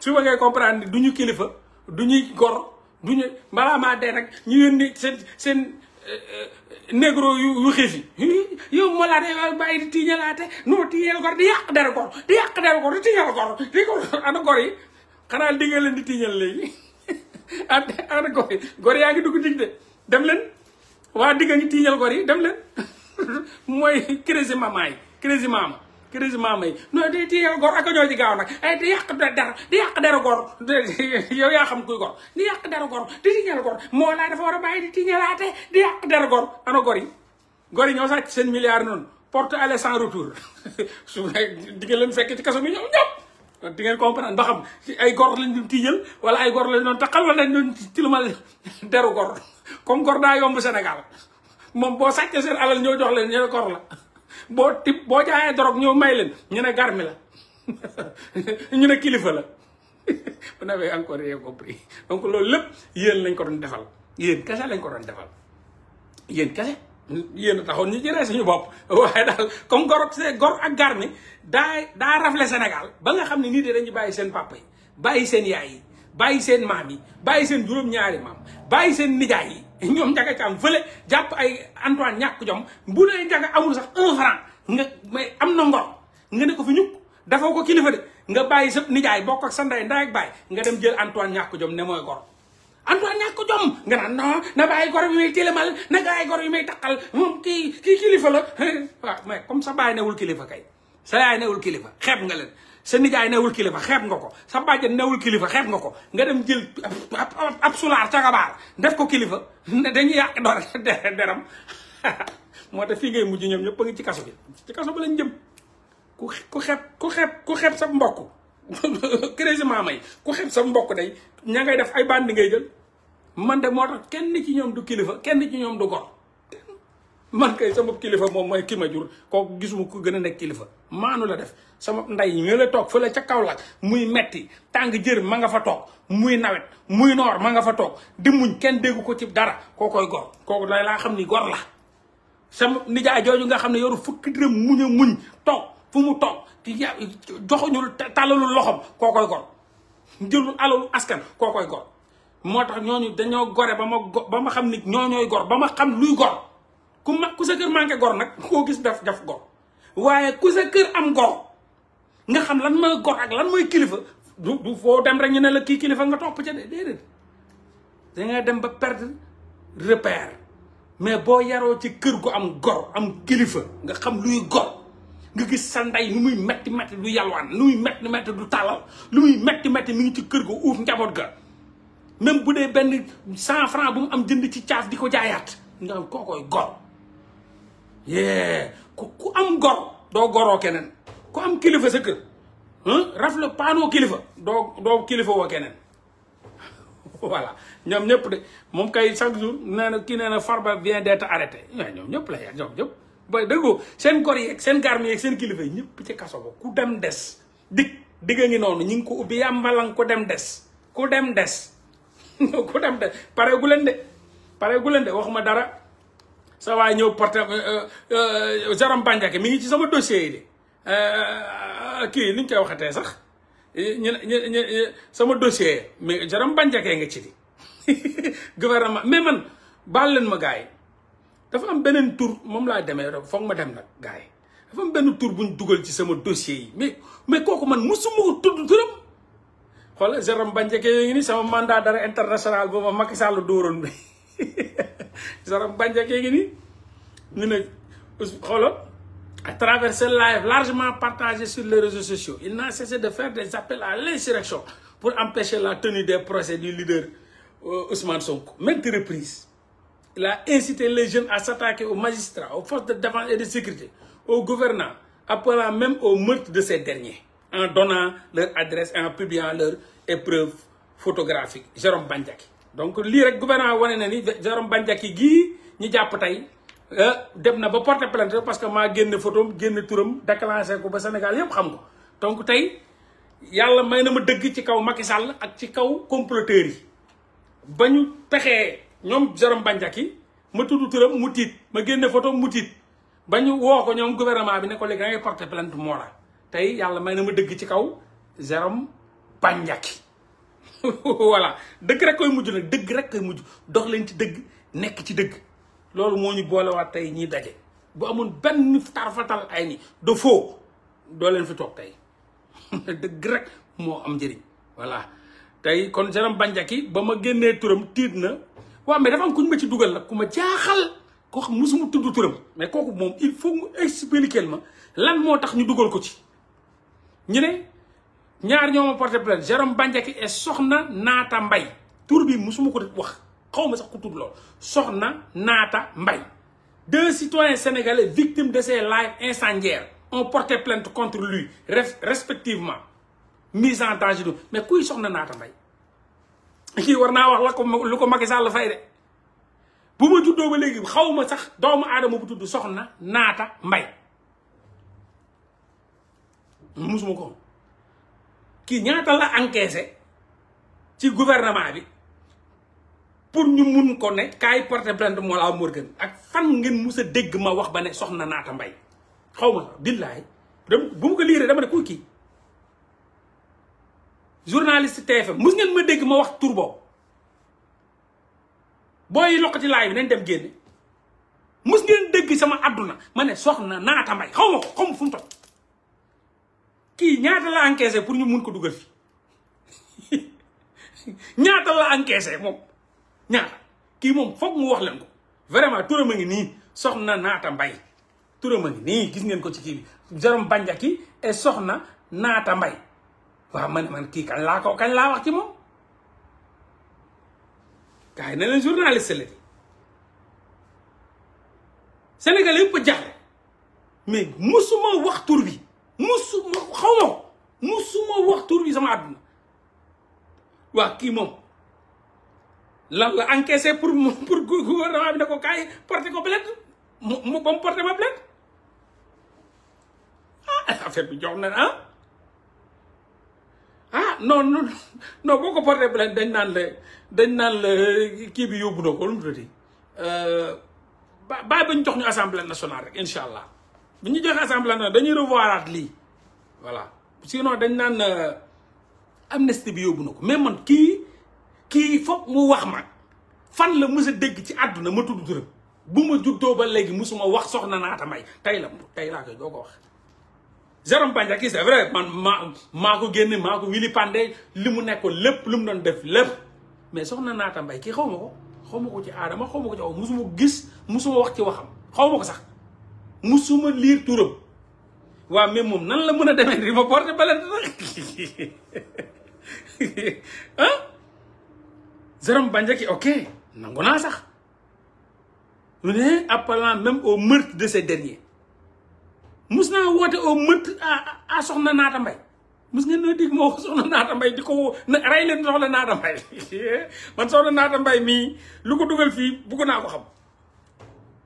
su ba ngay comprendre du ñu kilifa du ñuy gor du ñu balaa maa dee rek ñu yónni seen seen euh, négro yu yu xiif yi yow moo laa dee bàyyi di tiiñalaate nu ma tiiñal gor di yàq der gor di yàq der gor di tiiñal gor di ko ana gor yi xanaa di nga leen di tiiñal léegi ana gor yi gor yaa ngi dugg dig de dem leen waa digga ngi tiiñal gor yi dem leen mooy crazy mama yi crazy mama crise maama yi non di ci gor ak ñoo ci nag eh, di yàq dara di yàq dara gor yow yaa xam kuy gor di yàq dara gor di tiñal gor moo laa dafa war a bàyyi di tiñalaate di yàq dara gor ana gor yi gor ñoo sàcc seen milliard noonu porte aller sans retour su di nga leen fekk ci kaso bi ñoom di ngeen comprendre ba xam ay gor lañ doon tiñal wala ay gor lañ doon taxal wala lañ doon tilimal deru gor comme gor daa yomb Sénégal moom boo sàcc seen alal ñoo jox leen ñoo gor la boo tib boo jaayee dorog ñoo may leen ñu ne garmi la ñu ne kilifa la vous n'avez encore rien compris donc loolu lépp yéen lañ ko doon defal yéen kese lañ ko doon defal yéen kese yéen a taxoon ñu jëree suñu bopp waaye daal comme gor see gor ak garmi daa daa rafle Sénégal ba nga xam ne nit yi dañuy bàyyi seen papa yi bàyyi seen yaay yi bàyyi seen maam yi bàyyi seen juróom-ñaari maam bàyyi seen nijaay yi ñoom njaga caam fële jàpp ay Antoine ñàkk jom bu dee njaga amul sax un franc nga mais am na ngor nga ne ko fi ñukk dafa ko kilifa de nga bàyyi sa nijaay bokk ak sa ndey ndey ak baay nga dem jël Antoine ñàkk jom ne mooy gor Antoine ñàkk jom nga naan non na bàyyi gor bi may tilimal na bàyyi gor bi may taqal moom kii kii kilifa la waaw comme sa baay newul kilifa kay sa yaay newul kilifa xeeb nga leen sa nijaay newul kilifa xeeb nga ko sa bàjjen newul kilifa xeeb nga ko nga dem jël ab sulaar cagabaar def ko kilifa ne dañuy yàq door deram moo tax fii ngay mujj ñoom ñëpp a ngi ci kaso bi ci kaso bi lañ jëm ku ku ku xeeb ku xeeb sa mbokk crésiment may ku xeeb sa mbokk dey ña def ay bandi ngay jël man de moo tax kenn ci ñoom du kilifa kenn ci ñoom du gor man kay sama kilifa moom mooy ki ma jur kooku gisuma ko gën a nekk kilifa maanu la def sama ndey nga la toog fële ca Kaolack muy metti tàng jër ma nga fa toog muy nawet muy noor ma nga fa toog di muñ kenn déggu ko ci dara kookoy gor kooku day laa xam ni gor la sama nijaay jooju nga xam ne yoru fukk dërëm muñ a muñ toog fu mu toog ci joxuñul tàllalul loxom kookoy gor jëlul alalu askan kookoy gor moo tax ñooñu dañoo gore ba ma go ba ma xam ni ñoo ñooy gor ba ma xam luy gor ku ma ku sa kër manqué gor nag koo gis daf daf gor waaye ku sa kër am gor nga xam lan mooy gor ak lan mooy kilifa du du foo dem rek ñu ne la kii kilifa nga topp ca déedéet da nga dem ba perdre repère mais boo yaroo ci kër gu am gor am kilifa nga xam luy gor nga gis sa ndey lu muy metti metti du yalwaan lu muy metti metti du tàllal lu muy metti metti mi ngi ci kër gu uuf njaboot ga même bu dee benn cent franc bu mu am jënd ci caaf di ko jaayaat nga xam kookooy yee ku am gor doo goroo keneen ku am kilifa sa kër rafle paanoo kilifa doo doo kilifa woo keneen voilà ñoom ñëpp de moom kay chaque jour nee na kii nee na Farba vient d'être arrêté waaye ñoom ñëpp la yàgg ñoom ñëpp booy dëggoo seen gor yeeg seen garmi yeeg seen kilifa yi ñëpp ci kaso ba ku dem des dig digga ngi noonu ñi ngi ko ubbi yàmbalan ku dem des ku dem des ku dem des pare gu leen de pare gu leen de waxuma dara sa waay ñëw porté euh, euh, euh, Jérôme Bandiaké mi ngi ci sama dossier yi de kii ni ñu koy waxatee sax ñu ñu sama dossier mais Jérôme Bandiaké nga ci di mais man baal leen ma gars yi dafa am beneen tur moom laa demee foog ma dem nag gars yi dafa am benn tur bu ñu dugal ci sama dossier yi mais mais kooku man mosuma ko tudd turam xoolal Jérôme Bandiaké yooyu ni sama mandat d'arrêt international booba Macky Sall dóoroon bi Jérôme Bandia Kegini, nous le à travers live largement partagé sur les réseaux sociaux il n'a cessé de faire des appels à l'insurrection pour empêcher la tenue des procès du leader euh, Ousmane Sonko maintes reprises il a incité les jeunes à s'attaquer aux magistrats aux forces de défense et de sécurité aux gouvernants appelant même au meurtres de ces derniers en donnant leur adresse et en publiant leur épreuve photographique Jérôme Bandiaki donc lii rek gouvernement wane na ni Jérôme Bandiaky gii ñu jàpp tey euh, dem na ba porter plainte parce que maa génne génn photom génn turam déclenché ko ba Sénégal yëpp xam ko donc tey yàlla may na ma dëgg ci kaw Macky Sall ak ci kaw comploteurs yi ba ñu pexee ñoom Jérôme Bandiaky ma tudd turam mu tiit ma génne photo mu tiit ba ñu woo ko ñoom gouvernement bi ne ko léegi da ngay porter moo la tey yàlla may na ma dëgg ci kaw Jérôme Bandiaky voilà dëgg rek koy mujj na dëgg rek koy mujj dox leen ci dëgg nekk ci dëgg loolu moo ñu boolewaat tey ñii daje bu amoon benn tarfatal ay ni de faux doo leen fi toog tey dëgg rek moo am njëriñ voilà. tey kon Jérôme Bandiaky ba ma génnee turam tiit na waaw mais dafa am ku ñu ma ci dugal nag ku ma jaaxal koo xam musuma tudd turam mais kooku moom il faut mu expliquer ma lan moo tax ñu dugal ko ci ñu ne. ñaar porté plainte Jérôme Bandiaki et Soxna nata Mbay tour bi musuma ko wax xawma sax ku deux citoyens sénégalais victimes de ces lives incendiaires ont porté plainte contre lui respectivement mise en danger mais kuy Soxna nata Mbay Qui warna wax la ko lu ko Macky Sall fay de Je tuddo ba sax kii ñaata la encaissé ci gouvernement bi pour ñu mun ko ne kaay porter plainte Mollah Morgun ak fan ngeen mus a dégg ma wax ba ne soxna Naata Mbay xaw ma billaay dem bu mu ko liiree dama ne kuy kii journaliste TFM mus ngeen ma dégg ma wax tur boobu booy lokkati laay bi nañ dem génne mus ngeen dégg sama àdduna ma ne soxna Naata Mbay xaw ma ko xaw ma fu mu ki ñaata la encaissé pour ñu mën ko duggal fi ñaata la encaissé mom ñaata ki mom fokk mu wax leen ko vraiment turam a ngi nii soxna naata mbay turam a ngi gis ngeen ko ci ki ki e soxna naata mbay wa man man ki kan la ko kan la wax ci mom kay na ne journaliste la sénégalais mais musuma wax tour bi musuma xaw ma musuma wax tur bi sama àdduna waa kii moom lan la encaissé pour pour gouvernement bi ne ko kaay porté ko plainte mu mu ba mu porté ma plainte ah affaire bi jox na ah ah non non ko porté plainte dañ naan la dañ naan la euh, kii bi yóbbu na ko lu mu tuddati euh, ba ba bañ jox ñu assemblée nationale rek incha allah. bu ñu joxe assemblée nationale dañuy revoiraat lii voilà sinon dañ naan euh, amnistie bi yóbbu na ko mais man kii kii foog mu wax ma fan la mës a dégg ci àdduna ma tudd turam bu ma juddoo ba léegi musuma wax soxna naata may tey la tey naa koy doo ko wax Jérôme Bandiaky c'est vrai maa ko génne maa ko wili pande li mu nekkoon lépp lu mu doon def lépp mais soxna naata mbay kii xaw ma ko xaw ma ko ci aadama xaw ma ko ci aw musuma gis musuma wax ci waxam xaw ma ko sax musuma liir turam mais moom nan la mën a demee di ma naa sax mu ne appelant même mus naa woote au meurtre à Soxna Naata Mbay mus ngeen noo dégg moo Soxna Naata Mbay di ko woo rey leen Soxna Naata Mbay man Soxna Naata Mbay mii lu ko dugal fii bugg naa ko xam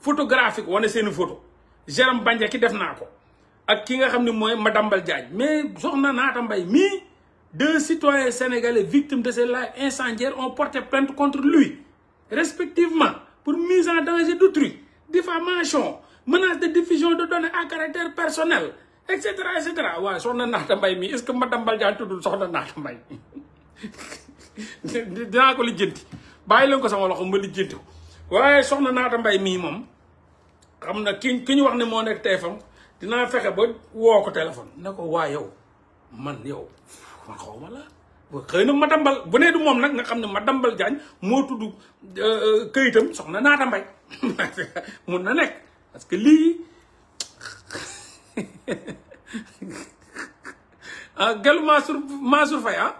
photographique essaie une photo Jérôme Bandia ki def nako et ak ki nga xamni moy madame Madambal mais soxna Naata Mbaye mi deux citoyens sénégalais victimes de ces lives incendiaires ont porté plainte contre lui respectivement pour mise en danger d'autrui diffamation menace de diffusion de données à caractère personnel etc. etc soxna est-ce que Mme Diagne est soxna Naata Mbaye dinaa ko lijjanti bàyyi leen ko sama loxo ma ko waaye soxna Naata Mbay mii moom xam na ki ki ñu wax ne moo nekk TFM dinaa fexe ba woo ko téléphone ne ko waa man yow man xaw ma la xëy na ma dambal bu nee du moom nag nga xam ne ma dambal jaañ moo tudd euh, euh, këyitam soxna Naata Mbay mun na nekk parce que lii ah gelu Mansour Mansour Faye ah,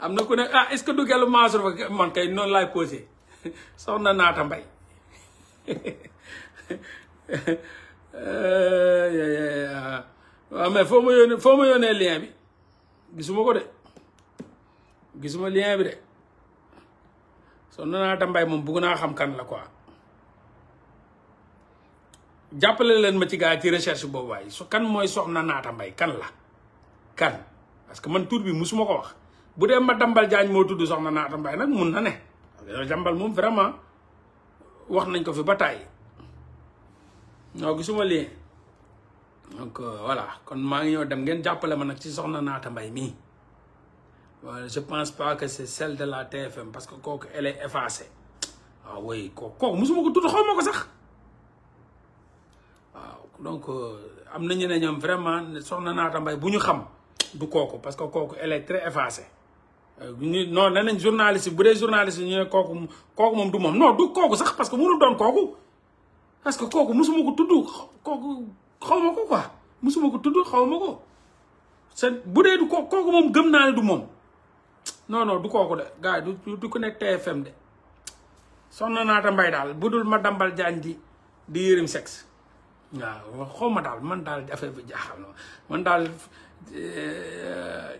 am na ku ne ah est-ce que du gelu Mansour Faye man kay noonu laay posé Eh, ya ya ya ya ya ya, ma yónnee foo ma yónnee lien bi gisuma ko de gisuma lien bi de na naata mbay moom bugg naa xam kan la quoi jappale len ma ci ga ci recherche ya way su kan moy soxna tam bay kan la kan parce que man tour bi musuma ko wax budé ma dambal jaañ moo tudd soxna tam bay nak mun na né jambal moom vraiment wax nañ ko fi ba tàyyi ñoo gisuma lii donc euh, voilà kon ma ngi ñëw dem ngeen jappale ma nak ci soxna Naata Mbaye mii je pense pas que c'est celle de la TFM parce que kooku elle est effacée ah oui, kooku kooku mosuma ko tudd xaw ma sax waaw donc euh, am nañ ñu vraiment soxna nata mbay buñu xam du kooku parce que kooku elle est très effacée ñu non nee nañ journaliste bu dee journaliste ñu ne kooku kooku moom du moom non du kooku sax parce que mënul doon kooku parce que kooku musuma ko tuddu kooku xaw ma ko quoi musuma ko tudd xawma ko sa bu dee du kooku kooku moom gëm naa ne du moom non du kooku de gars yi du du ko nekk TFM de sonna naata mbay daal bu dul ma dambal jaan ji di yërim sexe waaw xaw ma daal man daal affaire bi jaaxal na man daal euh,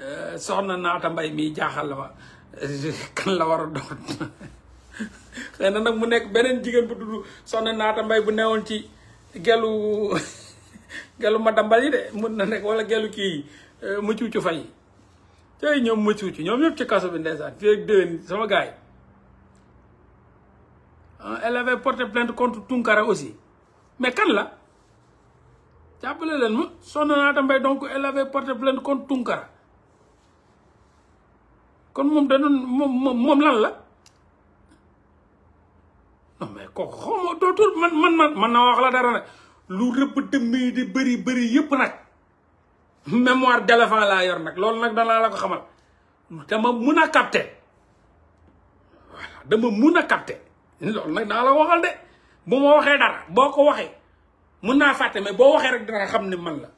Eh, soxna naata mbay mi jaaxal la wa kan la war a doon xëy na nag mu nekk beneen jigéen bu tudd soxna naata mbay bu newoon ci gelu gelu ma dambali de mun na nekk wala gelu kii mu cuucu fay tey ñoom mu cuucu ñoom yëpp ci kaso bi ndeysaan fii ak déwén sama gaay ah, elle avait porté plainte contre Tunkara kan la jàppale leen ma soxna naata mbay donc elle avait porté plainte contre Tunkara kon moom da moom lan la non mais kooku xawma dootul man man man man naa wax la dara nag lu rëbb dëmb di bëri bëri yëpp nag mémoire d'éléphant laa yor nag loolu nag danaa la ko xamal dama mun a capter voilà dama mun a capter loolu nag naa la waxal de bu ma waxee dara boo ko waxee mun naa fàtte mais boo waxee rek dana xam ne man la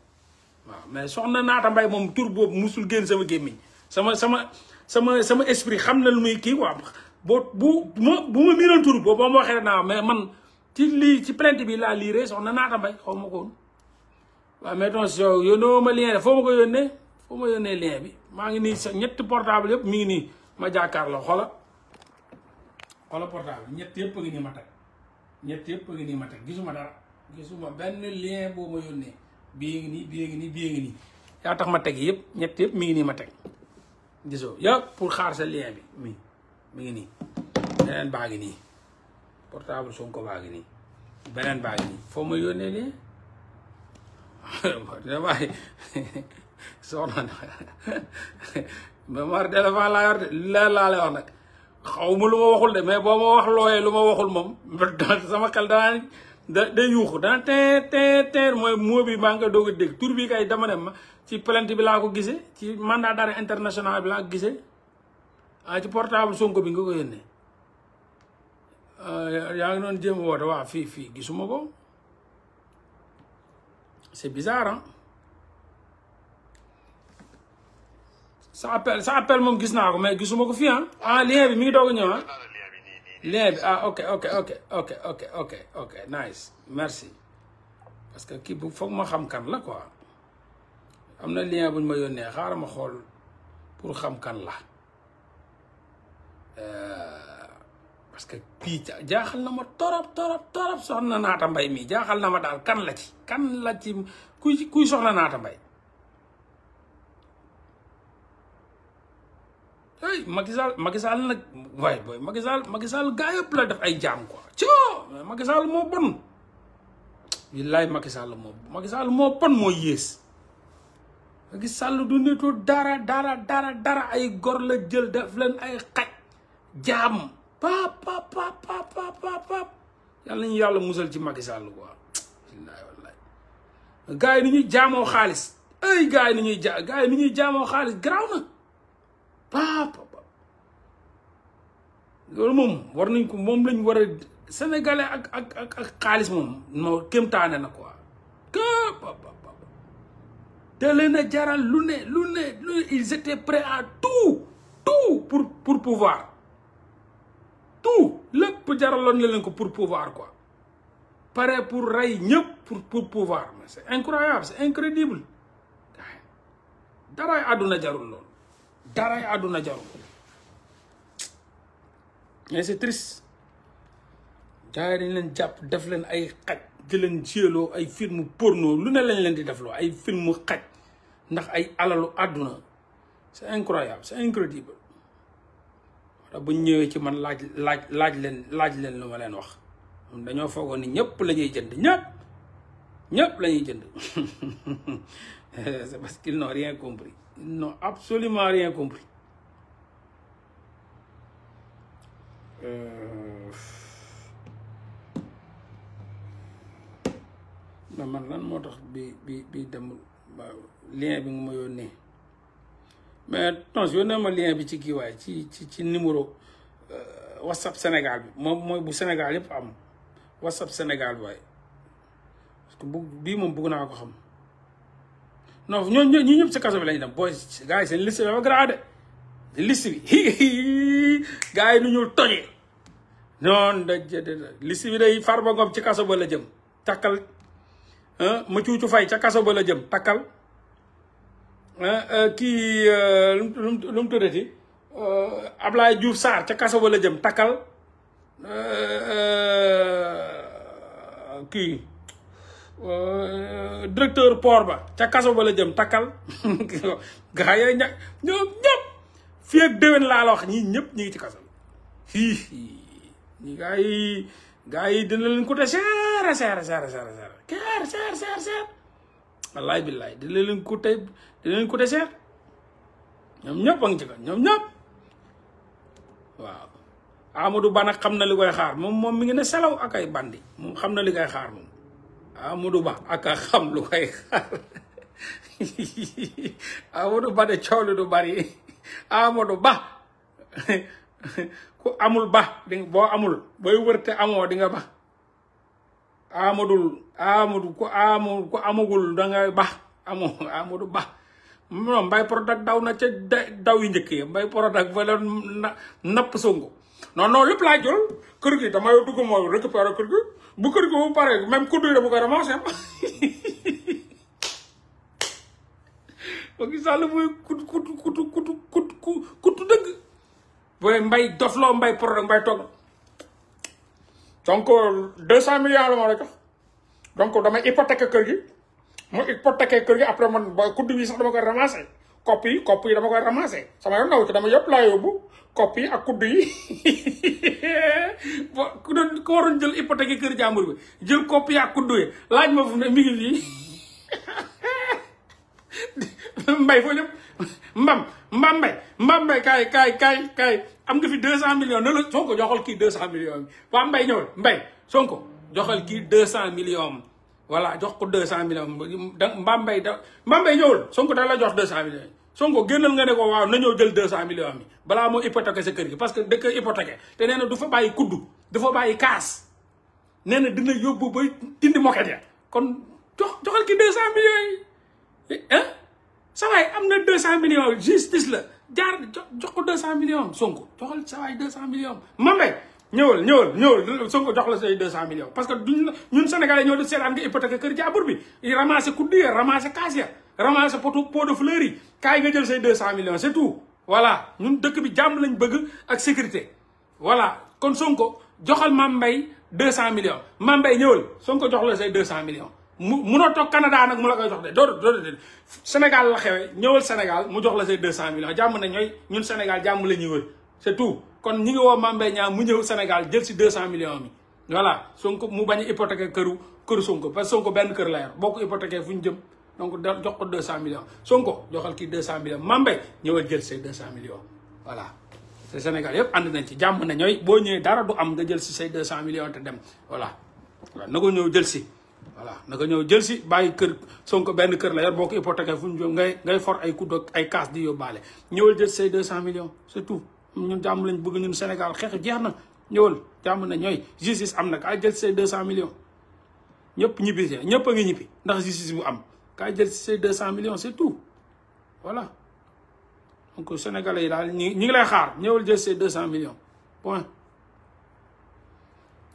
waaw mais soxna Naata Mbaye moom tur boobu musul génn sama gémmiñ sama sama sama sama esprit xam na lu muy kii quoi boo bu ma bu ma miiroon boobu boo ma naa mais man ci lii ci plainte bi laa liiree soxna Naata Mbaye xaw ma ko woon waaw mais donc yow ma lien foo ma ko yónnee foo ma yónnee lien bi maa ngi nii sa ñetti portable yëpp mi ngi nii ma jàkkaarloo xoola xoola portable ñett yëpp a nii ma teg yëpp a ngi nii ma teg lien boo yónnee bii ngi nii yaa tax ma teg yëpp ñett yëpp mi ngi nii ma teg gisoo yëpp pour xaar sa lien bi mi mi ngi nii beneen baa ngi nii portable Sonko baa ngi nii beneen baa ngi nii foo ma yónnee lien dina bàyyi soxna mémoire d'éléphant laa yor de leer laa lay wax nag xaw ma lu ma waxul de mais boo ma wax looyee lu ma waxul moom sama xel danaa da day yuuxu dana teer teer teer mooy moo bi maa nga doog a dégg tur bi kay dama ma ci plainte bi laa ko gise ci mandat d'arrêt international bi laa ko gisee ah ci portable Sonko bi nga ko yónnee ah, yaa ngi doon jéem woote waa fii fii gisuma ko c'est bizarre ah sa appel sa appel moom gis naa ko mais gisuma ko fii ah lien bi mi ngi doog a ñëw lien bi ah ok ok ok ok ok ok ok nice merci parce que kii bu foog ma xam kan la quoi am na lien buñ ma yónnee xaaral ma xool pour xam kan la euh, parce que kii jaaxal na ma torop torop torop soxna naata mbay mi jaaxal na ma daal kan la ci kan la ci kuy kuy soxna naata mbay ay Macky Sall Macky Sall nag waaye booy Macky Sall yëpp la def ay jaam ci Macky Sall moo bon billaay Macky Sall moo Macky Sall moo bon moo yées du nitu dara dara dara ay gor la jël def ay xaj jaam pap pap pap pap pap yàlla ñu musal ci Macky Sall quoi billaay wallaay gars yi ni ñuy jaamoo xaalis ay gars yi ni jaamoo xaalis garaaw Papa, loolu moom war nañ ko mom lañ wara sénégalais ak ak ak ak xaalis moom no na quoi Papa, te leen a jaral lu né lu né ils étaient prêts à tout tout pour pour pouvoir tout lépp jaraloon na leen ko pour pouvoir quoi prêt pour ray ñëpp pour pour pouvoir mais c'est incroyable c'est incroyable daraay àdduna jarul loolu daray àdduna jaru mais c'est triste gars dañ leen jàpp def leen ay xaj di leen jéeloo ay film porno lu ne lañ leen di defloo ay film xaj ndax ay alalu àdduna c'est incroyable c'est incroyable da bu ñëwee ci man laaj laaj laaj leen laaj leen lu ma leen wax dañoo foogoon ni ñëpp lañuy ñuy jënd ñëpp ñëpp la jënd c'est parce qu'ils n'ont rien compris. Ils n'ont absolument rien compris. Euh... mais man lan moo tax bi bi bi demul lien bi nga ma yónnee mais yónnee ma lien bi ci kii waaye ci ci ci numéro euh, whatsapp Sénégal bi moom mooy bu Sénégal yëpp am whatsapp Sénégal waaye parce que bu bii moom bëgg naa ko xam non ñoo ñi ñëpp kaso bi lañ dem booy gars yi seen liste bi dafa gradé liste yi nu ñu tojee noon da liste bi day Ngom ci kaso ba la jëm takkal ma cuucu ca kaso ba jëm takkal euh, kii euh, lu lu mu tuddati euh, Ablaye Diouf Sarr ca kaso ba la jëm takkal kii Eh, directeur port ba ca kasso ba la jëm takal gaa yooyu ña ñop fi ak dewen la la wax ñi ñep ñi ci kasso hi ñi gaa yi gaa yi dina leen coûté cher cher cher cher cher cher cher cher ser wallahi billahi dina leen coûté dina leen ko cher ñoom ñëpp a ngi ci ko ñom ñop waaw Amadou bana xamna li koy xaar mom mom mi ngi ne selaw akay bandi mom xamna li koy xaar mom Amadou Ba ak a xam lu koy xaar Amadou Ba de coow li du bari Amadou Ba ku amul ba boo amul booy wërte amoo di nga ba amadul amadu ku amul ku amagul da nga ba amoo Amadou Ba non mbay Prodac daw na ca daw yu njëkk yi mbay Prodac fa napp songu non non lépp kër gi damay dugg mooy récupérer kër gi bu kër ko bu pare même ku duy bu ko ma am Macky Sall mooy kut kut kut kut kut kut dëgg booy mbay dofloo mbay problème mbay togg donc deux cent millions la ma la jox donc damay hypothèque kër gi mu hypothèque kër gi après man booy kudd bi sax dama ko ramassé kopp yi kopp yi dama koy ramasser sama yoon naw ci dama yëpp laa yóbbu kopp yi ak kudd yi ku doon ko waroon jël hypothèque yi kër jàmbur bi jël kopp yi ak kudd yi laaj ma fu mu ne mi ngi fii mbay foo jëm mbam mbam mbay mbam mbay kaay kaay kaay kaay am nga fi deux cent millions ne la Sonko joxal kii deux cent millions waa mbay ñëwal mbay Sonko joxal kii deux cent millions voilà jox ko deux cent millions da mbambay da mbambay ñëwul Sonko da la jox deux cent millions Sonko génnal nga ne ko waaw na ñëw jël deux cent millions mi balaa moo hypothéquer sa kër gi parce que dëkk hypothéquer te nee du fa bàyyi kudd du fa bàyyi kaas nee na dina yóbbu ba dindi moket ya kon jox joxal ki deux cent millions yi ah eh, sawaay am na deux la jaar jox ko deux cent millions Sonko joxal sawaay deux cent millions parce que duñ ñun Sénégalais ñoo di seetaan nga hypothéquer kër jaabur bi ramasser kudd ya ramasser kaas ya ramasser potu pot de fleur yi kay nga jël say 200 millions c'est tout voilà ñun dëkk bi jamm lañ bëgg ak sécurité voilà kon Sonko joxal mam bay 200 millions mam bay ñëwul Sonko jox say 200 millions mu munoo toog Canada nak mu la koy jox dé do do de Sénégal la xewé ñëwul Sénégal mu jox say 200 millions jamm na ñoy ñun Sénégal jamm la ñëwul c'est tout kon ñi ngi wo mam bay Niang mu ñëw Sénégal jël si 200 millions mi voilà Sonko mu bañ a hypothéquer këru këru Sonko parce que Sonko ben keur la yar hypothéquer jëm donc da jox ko 200 millions Sonko joxal kii 200 millions Mambay ñëwal jël say 200 millions voilà. te Sénégal yëpp ànd nañ ci jàmm na boo ñëwee dara du am nga jël si say 200 millions te dem voilà waaw na ñëw jël si. voilà na ñëw jël si bàyyi kër Sonko benn kër la yor boo ko hypothéqué fu ñu ngay ngay for ay kudd ay kaas di yóbbaale ñëwal jël say 200 millions surtout ñun jàmm lañ bëgg ñun Sénégal xeex jeex na ñëwal jàmm na ñooy justice am na ka jël say cent millions ñëpp ñibbi ñëpp a ngi ñibbi ndax justice bu am. Quand il dit 200 millions, c'est tout. Voilà. Donc, au Sénégal, il a ni les rares, ni le 200 millions. Point.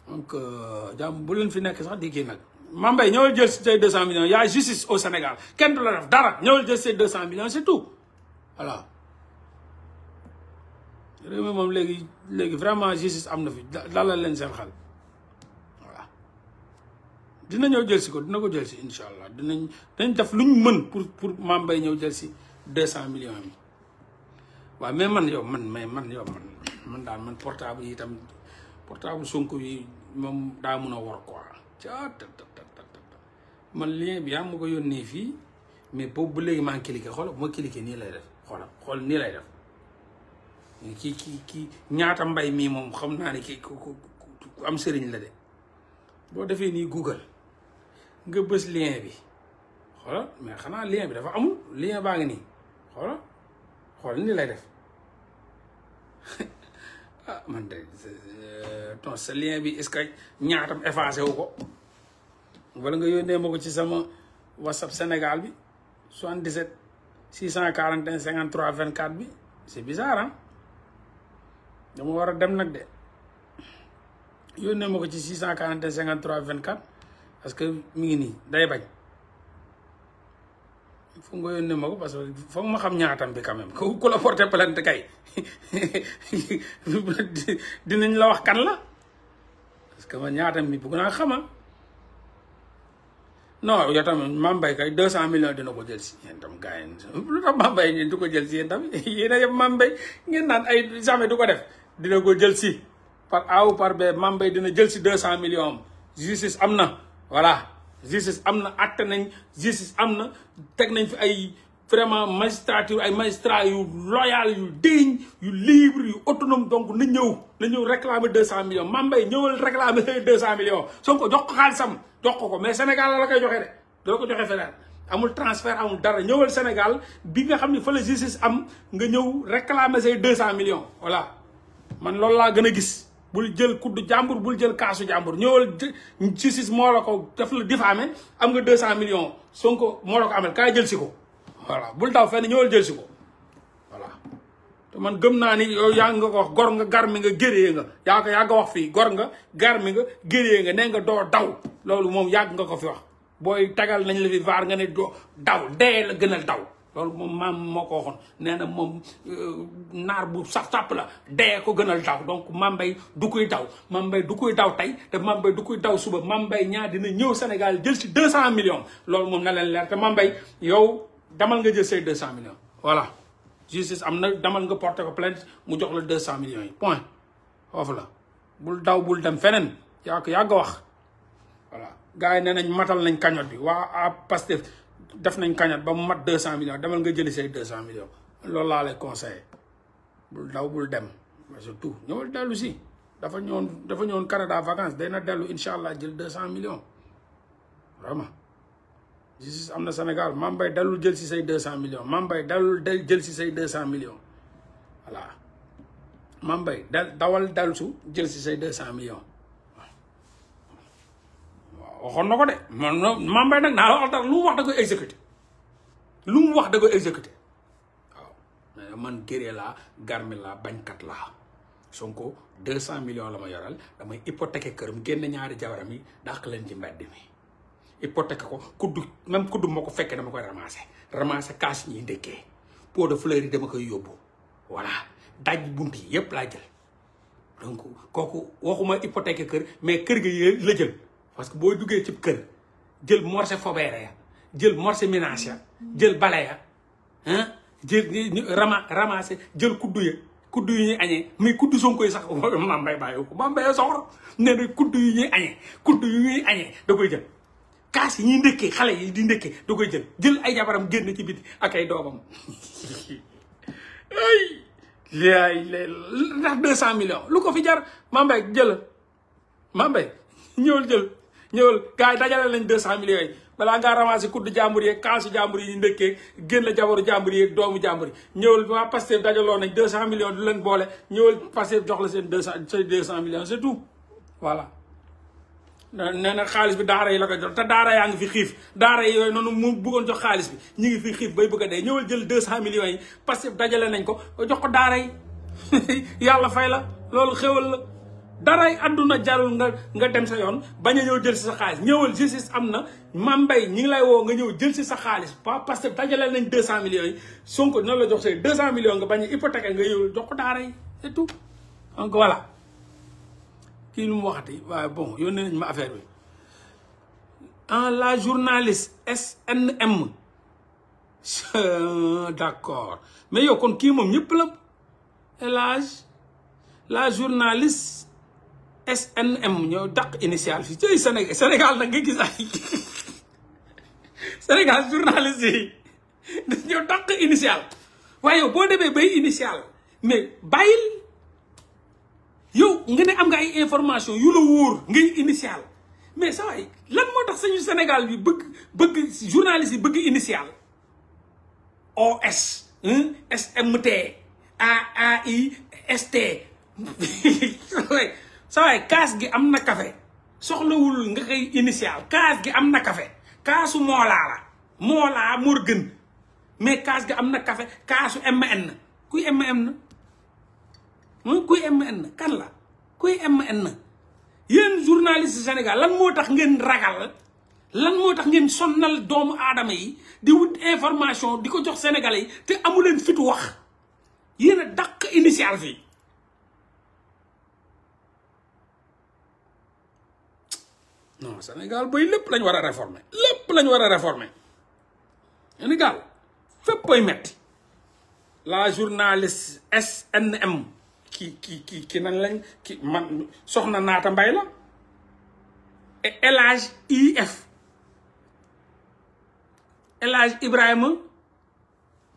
Donc, je ne sais pas si vous avez dit que vous Mambay, ñoo ci 200 millions, il y a justice au Sénégal. Kenn dula def dara, ñoo jël ci 200 millions, c'est tout. Voilà. vraiment, mom légui légui vraiment justice amna fi. Dalal leen seen xal. dina ñëw jël si ko dina ko jël si incha allah dinañ dinañ lu luñ mën pour pour Mame Mbaye ñëw jël si deux cent million yi waaw mais man yow man mais man yow man man daal man portable yi tam portable Sonko yi moom daa mun a war quoi caa man lien bi yaa ma ko yónnee fii mais boobu ba léegi maa ngi cliqué xoolal ma cliqué nii lay def xoolal xool nii lay def kii kii kii ñaata mbay mii moom xam naa ne kii ku am sëriñ la de boo defee nii Google. nga bës lien bi xoola mais xanaa lien bi dafa amul lien baa ngi nii xoola xool ni lay def ah man de euh, ton sa lien bi est-ce que ñaatam effacé wu ko wala nga yónnee ma ko ci sama whatsapp Sénégal bi 77 641 vingt 24 bi c'est bizarre ah dama war a dem nag de yónnee ma ko ci 641 vingt 24. parce que mi ngi nii day bañ fu nga yónnee ma ko parce que foog ma xam ñaatam bi quand même ku la porté plainte kay dinañ la wax kan la parce que ma ñaatam bi bëgg naa xama non yow tamit mambay kay deux cent millions dina ko jël si yéen tam gars yi lu tax mambay ngeen ko jël naan ay jamais du ko def dina ko jël si par A ou par B mambay dina jël si deux cent millions justice am na voilà justice am na àtte nañ justice am na teg nañ fi ay vraiment magistrature ay magistrat yu loyal yu digne yu libre yu autonome donc na ñëw na ñëw réclamer deux cent millions mambay ñëwal réclamer say deux cent millions soo ko jox ko am jox ko ko mais Sénégal la la koy joxee de doo ko joxee feneen amul transfert amul dara ñëwal Sénégal bi nga xam ni fa la justice am nga ñëw réclamer say deux cent million voilà man loolu laa gën a gis bul jël kuddu jàmbur bul jël kaasu jàmbur ñëwal justice moo la ko daf la diffamé am nga deux cent million Sonko moo la ko amel kaay jël si ko voilà bul daw fenn ñëwal jël si ko voilà te man gëm naa ni yow yaa nga ko wax gor nga gar mi nga géree nga yaa yaa nga wax fii gor nga gar mi nga géree nga nee nga doo daw loolu moom yàgg nga ko fi wax booy tagal nañ la fi vaar nga ne doo daw dee la gënal daw loolu moom maam moo ko waxoon nee na moom euh, naar bu sax sàpp la dee ko gënal daw donc Mame Mbaye du koy daw Mame Mbaye du koy daw tey te Mame du koy daw suba Mame ñaar dina ñëw Sénégal jël si deux cent million loolu moom na leen leer te Mame yow damal nga jël say deux cent millions voilà justice am na damal nga porté ko plainte mu jox la deux cent millions yi point foofu la bul daw bul dem feneen yaa ko yàgg wax voilà gars yi nee nañ matal nañ cagnotte bi waa Pastef def nañ kañat ba mu mat deux cent millions demal nga jëli say deux cent millions loolu laa lay conseillé bul daw bul dem surtout ñëwal dellu si dafa ñëwoon dafa ñëwoon Canada vacances day na dellu incha allah jël deux cent million vraiment justice am na Sénégal Mame Mbaye jël si say deux cent million Mame Mbaye dellul del jël si say deux cent millions voilà Mame Mbaye dawal dellu su jël si say deux cent million waxoon na ko de man Mame Mbaye nag naa lu mu wax da koy exécuté lu mu wax da koy exécuté man géré laa garmi laa bañkat laa Sonko deux cent millions la ma yoral damay kër këram génn ñaari jabaram yi dàq leen ci mbedd mi hypothèque ko kudd même kudd moo ko fekkee dama koy ramassé ramassé kaas ñuy ndékkee pot de fleur yi dama koy yóbbu voilà daj bunt yépp laa jël donc kooku waxuma hypothèque kër mais kër gi la jël parce que boo duggee cib kër jël morcé fobeere ya jël morcé ménage ya jël bale ya ah jël rama ramassé jël kuddu ya kuddu yu ñuy añee mais kuddu sonko yi sax maam bay bàyyi ko maam soxor nee na kuddu yu ñuy kuddu yi ñuy ndëkkee xale yi di ndëkkee da jël jël ay jabaram génn ci biti ak ay doomam ay laay lay ndax cent millions lu ko fi jar maam bay jël maam bay ñëwal jël ñëwal gars yi dajale lañ deux cent millions yi balaa ngaa ramassé kuddu jàmbur yeeg kaasu jàmbur yi ndëkkee génn jabaru jàmbur yeeg doomu jàmbur yi ñëwal waa Pastef dajaloo nañ deux cent millions du leen boole ñëwal Pastef jox bi daara yi la ko jox daara yaa ngi fi xiif daara yi yooyu noonu mu bëggoon jox xaalis bi ñu ngi fi xiif bay bëgg a dee ñëwal jël deux cent millions dajale nañ ko jox ko daara yi yàlla fay la loolu xéwal la daray àdduna jarul nga nga dem sa yoon bañ a ñëw jël si sa xaalis ñëwal justice am na Mame mbay ñi ngi lay wow nga ñëw jël si sa xaalis pas parce que dajaleel nañ 200 millions yi Sonko dina la jox say 200 millions nga a hypothèque nga ñëw jox ko daara yi c'est tout. donc voilà kii lu mu waxati waaye bon yónnee ma affaire bi en la journaliste SNM d'accord mais yow kon kii moom ñëpp la El Hadj la journaliste. SNM ñoo dàq initial fii Sénégal Sénégal nag nga gis ay Sénégal journaliste yi dañoo dàq initial waaye yow boo demee bay initial mais bàyyil yow nga ne am nga ay information yu la wóor ngay initial mais sa lan moo tax sañu Sénégal bi bëgg bëgg journaliste yi bëgg initial OS SMT AAI ST sawaay kaas gi am na café soxlawul nga koy initial kaas gi am na kafe kaasu moolaa la moolaa mor gën mais kaas gi am na kafe kaasu mn kuy mn na hmm, kuy mn kan la kuy mn na yéen journaliste Sénégal lan moo tax ngeen ragal lan moo tax ngeen sonnal doomu aadama yi di wut information di ko jox sénégalais yi te amuleen fit wax yéen a dàq initial fii non Sénégal bay lépp lañ war a réformer lépp lañ war a réformer Sénégal fépp ay metti la journaliste SNM ki ki ki ki nan lañ ki man soxna naata mbay la et El IF El Ibrahim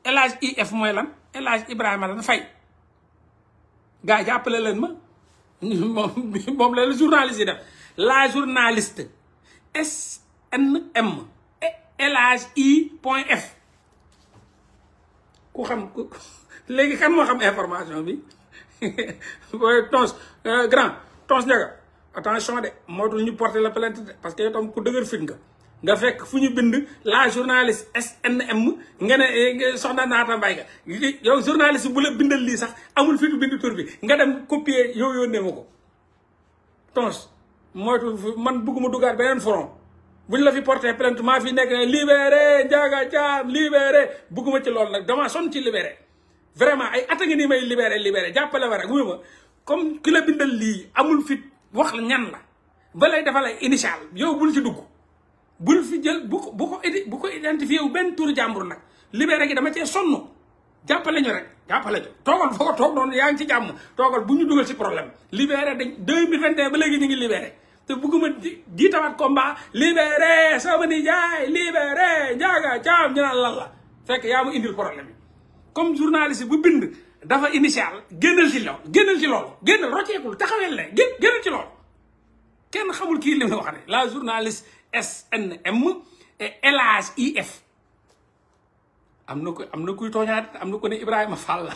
Ibrahima IF mooy lan El Hadj Ibrahima lan fay gars yi jàppale leen ma moom moom la journaliste yi la journaliste snm elage point f ku xam léegi kan moo xam information bi booy tons euh, grand tons njaga attention de moo mootul ñu porté la plainte de parce que yow tam ku dëgër fit nga nga fekk fu ñu bind la journaliste snm nga ne eh, soxna naata mbay nga yow journaliste bu la bindal lii sax amul fitu bind tur bi nga dem copier yow yónnee ma ko tons moytu man bëgguma duggaat benen front buñ la fi porter plainte ma fi nek libéré Ndiaga Thiam libéré bëgguma ci lool nak dama son ci libéré vraiment ay atta a ngi nii may libéré libéré jappalé wara rek comme ki la bindal li amul fit wax la ñan la ba lay dafa lay initial yow buñ ci dugg buñ fi jël bu ko bu ko bu ko identifié wu ben tour jambour nak libéré gi dama ci sonu jappalé ñu rek jappalé ñu togal foo ko non yaang ci jamm togal buñu duggal ci problème libéré 2021 ba légui ñi ngi libéré te bugguma jiitamaat combat libéré sama nijaay libéré njaaga caam ñu naan fekk yaa mu indil problème bi comme journaliste bu bind dafa initial génnal ci loolu génnal ci loolu génnal le gén génnal ci kenn xamul kii li muy wax ne la SNM et LHIF am na ko am na kuy tooñaat am na ko ne Ibrahima Fall la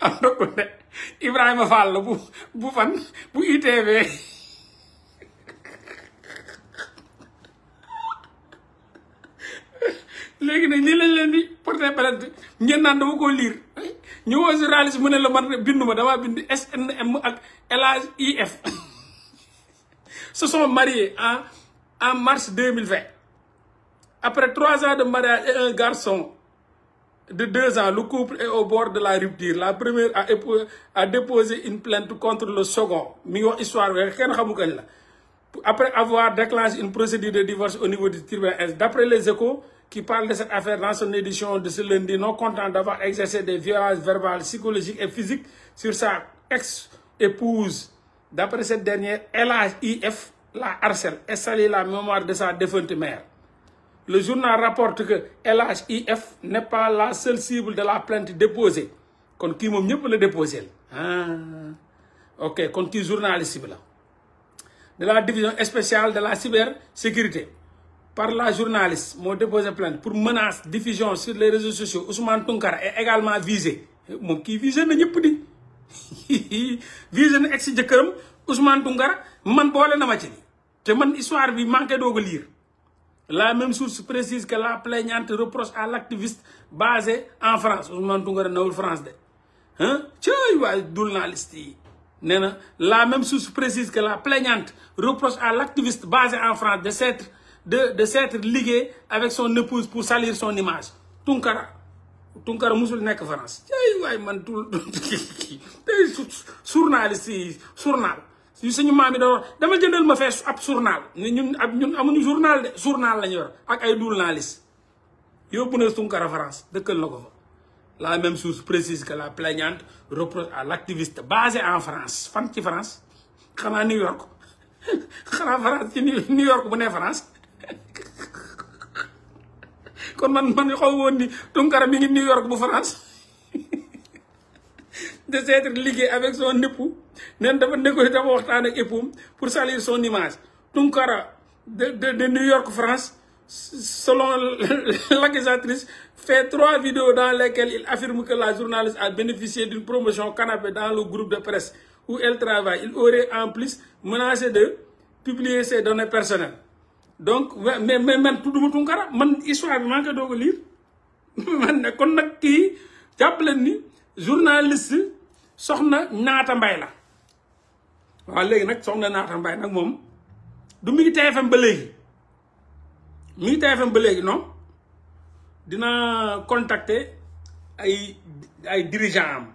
am na ko ne Ibrahima Fall bu bu fan bu ITV léegi nag lii lañ leen di porter plainte ngeen naan dama koo liir ñëwoo journaliste mu ne la man bindu ma damaa bind SNM ak LHIF se sont mariés en en mars deux mille vingt après trois ans de mariage un garçon. de deux ans, le couple est au bord de la rupture. La première a, déposé une plainte contre le second. Après avoir déclenché une procédure de divorce au niveau du tribunal, d'après les échos qui parlent de cette affaire dans son édition de ce lundi, non content d'avoir exercé des violences verbales, psychologiques et physiques sur sa ex-épouse, d'après cette dernière, LHIF la harcèle et salit la mémoire de sa défunte mère. Le journal rapporte que LHIF n'est pas la seule cible de la plainte déposée kon qui moom ñëpp le déposé ah ok kon qui journaliste cible de la division spéciale de la cybersécurité par la journaliste moo déposé plainte pour menace diffusion sur les réseaux sociaux Ousmane Tounkara est également visé qui qui visé na ñëpp pas visé na ex jëkkëram Ousmane Tounkara man boole na ma ci Je man histoire bi manqué doo lire la même source précise que la plaignante reproche à l'activiste basé en France Ousmane Tounkara nawul France de hein cëy waay journaliste la même source précise que la plaignante reproche à l'activiste basé en France de s'être de de s'être ligué avec son épouse pour salir son image Tounkara Tounkara musul que France cëy waay man tul journaliste journal je suis yi dama journal journal journal la yor ak la même source précise que la plaignante reproche à l'activiste basé en France fan France à New York France New York France kon man man xaw York, New York bu France de s'être ligué avec son époux neen dafa négocié dafa waxtaan pour salir son image Tunkara de de New York France selon l'accusatrice fait trois vidéos dans lesquelles il affirme que la journaliste a bénéficié d'une promotion canapé dans le groupe de presse où elle travaille il aurait en plus menacé de publier ses données personnelles donc mais mais le monde Tunkara man histoire man maa dogo a lire man kon nak ki jàpp journaliste soxna nata Mbaye waaw léegi nag naa Naata Mbaye nag moom du mi ngi TFM ba léegi mi ngi TFM ba léegi non dina contacter ay ay dirigeant am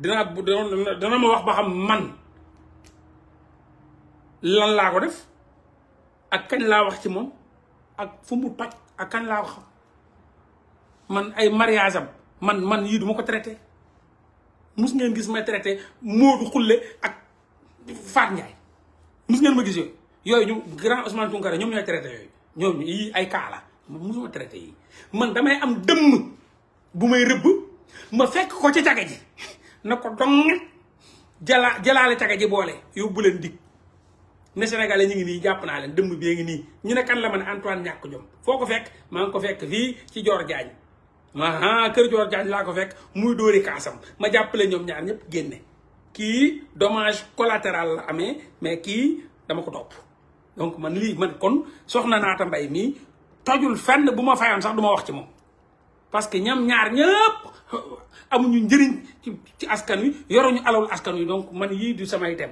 dina dana ma wax ba xam man lan laa ko def ak kañ laa wax ci moom ak fu mu ak kañ laa wax man ay mariage am man man yii duma ko traité mus ngeen gis may traité Modou Xulle ak Faat Ndiaye mus ngeen ma gis yooyu ñu grand Ousmane Tounkara ñoom ñooy traité yooyu ñoom yii ay kaa traité man damay am dëmm bu may rëbb ma fekk ko ci caga ji na ko dong jala jalaale caga ji boole yóbbu leen dig ne Sénégalais ñu ngi nii jàpp naa leen dëmm bee ngi nii ñu ne kan la man Antoine ñàkk ñoom foo ko fekk maa ngi ko fekk fii ci Dior Diagne ma kër joor Diagne laa ko fekk muy dóori kaasam ma jàppale ñoom ñaar ñëpp génne kii domage collatéral la amee mais kii dama ko topp donc man lii man kon soxna naata mbay nii tojul fenn bu ma fayoon sax du ma wax ci moom parce que ñam ñaar ñëpp amuñu njëriñ ci askan wi yoruñu alawul askan wi donc man yii du samay tem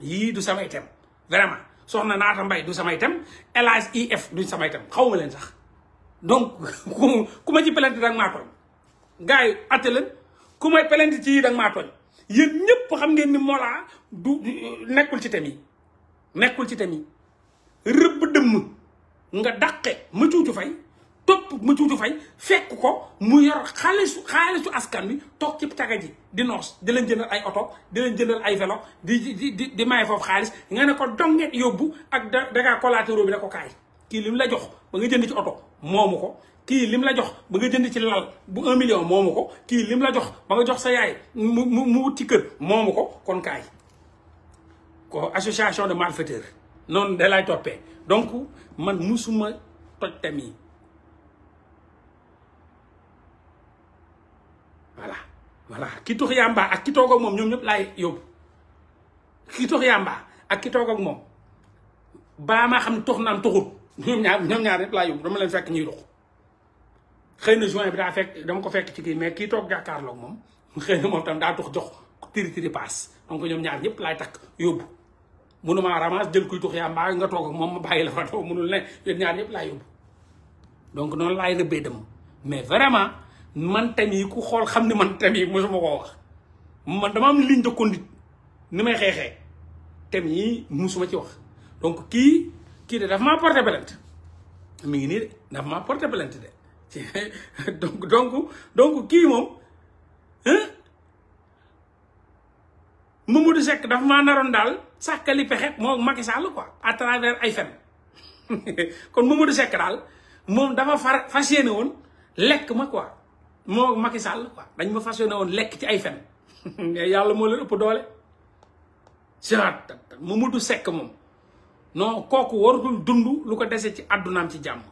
yii du samay tem vraiment soxna naata mbay du samay tem LHIF du samay tem xaw ma leen sax donc ku ma ci plainte danga maa tooñ gars yi leen ku may plainte ci yii danga maa tooñ yéen ñëpp xam ngeen ni Mollah du nekkul ci tamit nekkul ci tamit rëbb dëmm nga dàqe ma cuucu fay topp ma cuucu fay fekk ko mu yor xaalisu xaalisu askan bi toog ci caga ji di noos di leen jëndal ay oto di leen jëndal ay vélo di di di di maye foofu xaalis nga ne ko donget yóbbu ak da dangaa collatéro bi la ko kaay kii li mu la jox ba nga jënd ci oto moomu ko kii lim la jox ba nga jënd ci lal bu un million moomu ko kii lim la jox ba nga jox sa yaay mu mu mu wut ci kër moomu ko kon kaay ko association de malfaiteurs noonu da lay toppee donc man musuma toj tam yi voilà voilà ki tux yàmba ak ki toog ak moom ñoom ñëpp laay yóbbu ki tux yàmba ak ki toog ak moom baa maa xam tux naan tuxut ñoom ñaar ñoom ñaar ñëpp laay yóbbu dama leen fekk ñuy dox xëy na juin bi daa fekk dama ko fekk ci kii mais kii toog jàkkaarloog moom xëy na moom tam daa jox jox tiri tiri paas donc ñoom ñaar ñëpp laay takk yóbbu mënuma ramas jël kuy tux yaa mbaa nga toog moom ma bàyyi la fa taw mënul ne yéen ñaar ñëpp laay donc noonu laay rëbbee dem mais vraiment man tamit ku xool xam ne man tamit mosuma koo wax man dama liñ ligne de ni may xeexee thème yi mosuma ci wax donc kii kii de dafa ma porté plainte mi ngi nii de dafa maa porté plainte de donc donc donc mom hein Mamadou sek daf ma naron dal sakali pexe mo Macky Sall quoi à travers ay femme kon Mamadou sek dal mom dafa fasiyene won lek ma quoi mo Macky Sall quoi dañ ma fasiyene won lek ci ay fen yàlla moo leen ëpp doole jaat Mamadou sek mom non koku warutul dundu lu ko dese ci adunaam ci jamm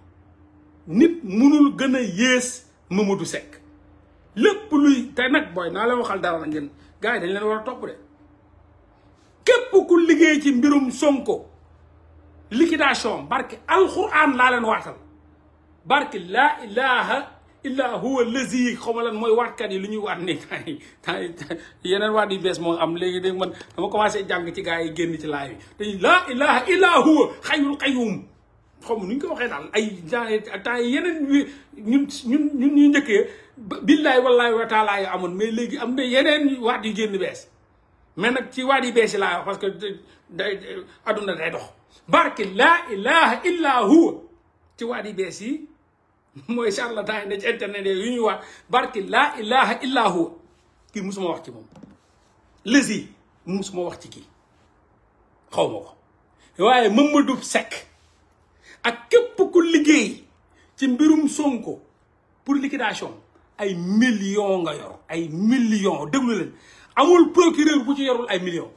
nit munul gën a yées Mamadou Seck lépp luy te nag booy naa leen waxal dara na ngeen gars yi dañ leen war a topp de képp ku liggéey ci mbirum Sonko liquidation barke alxuraan laa leen waatal barki laa ilaha illa huwa lazi xaw ma lan mooy waatkat yi lu ñuy waat ne temps yi temps yeneen waat yu bees moo am léegi day man dama commencé jàng ci gars yi génn ci laay bi dañ laa ilaha illa huwa xayul xayum xaw ma nu ñu ko waxee daal ay genre temps yeneen ñun ñun ñun ñu njëkkee billaay wallaay wa taala yu amoon mais léegi am na yeneen waat yu génn bees mais nag ci waat yi bees yi laa wax parce que day adduna day dox barke laa ilaha illa ci waat yi bees yi mooy charlatan yi ne ci internet yu ñuy wax barke laa ilaha illa huwa kii musuma wax ci moom lësi musuma wax ci kii xaw ma ko waaye Mamadou Seck ak képp ku liggéey ci mbirum Sonko pour liquidation ay millions nga yor ay millions déglu leen amul procureur bu ci yorul ay millions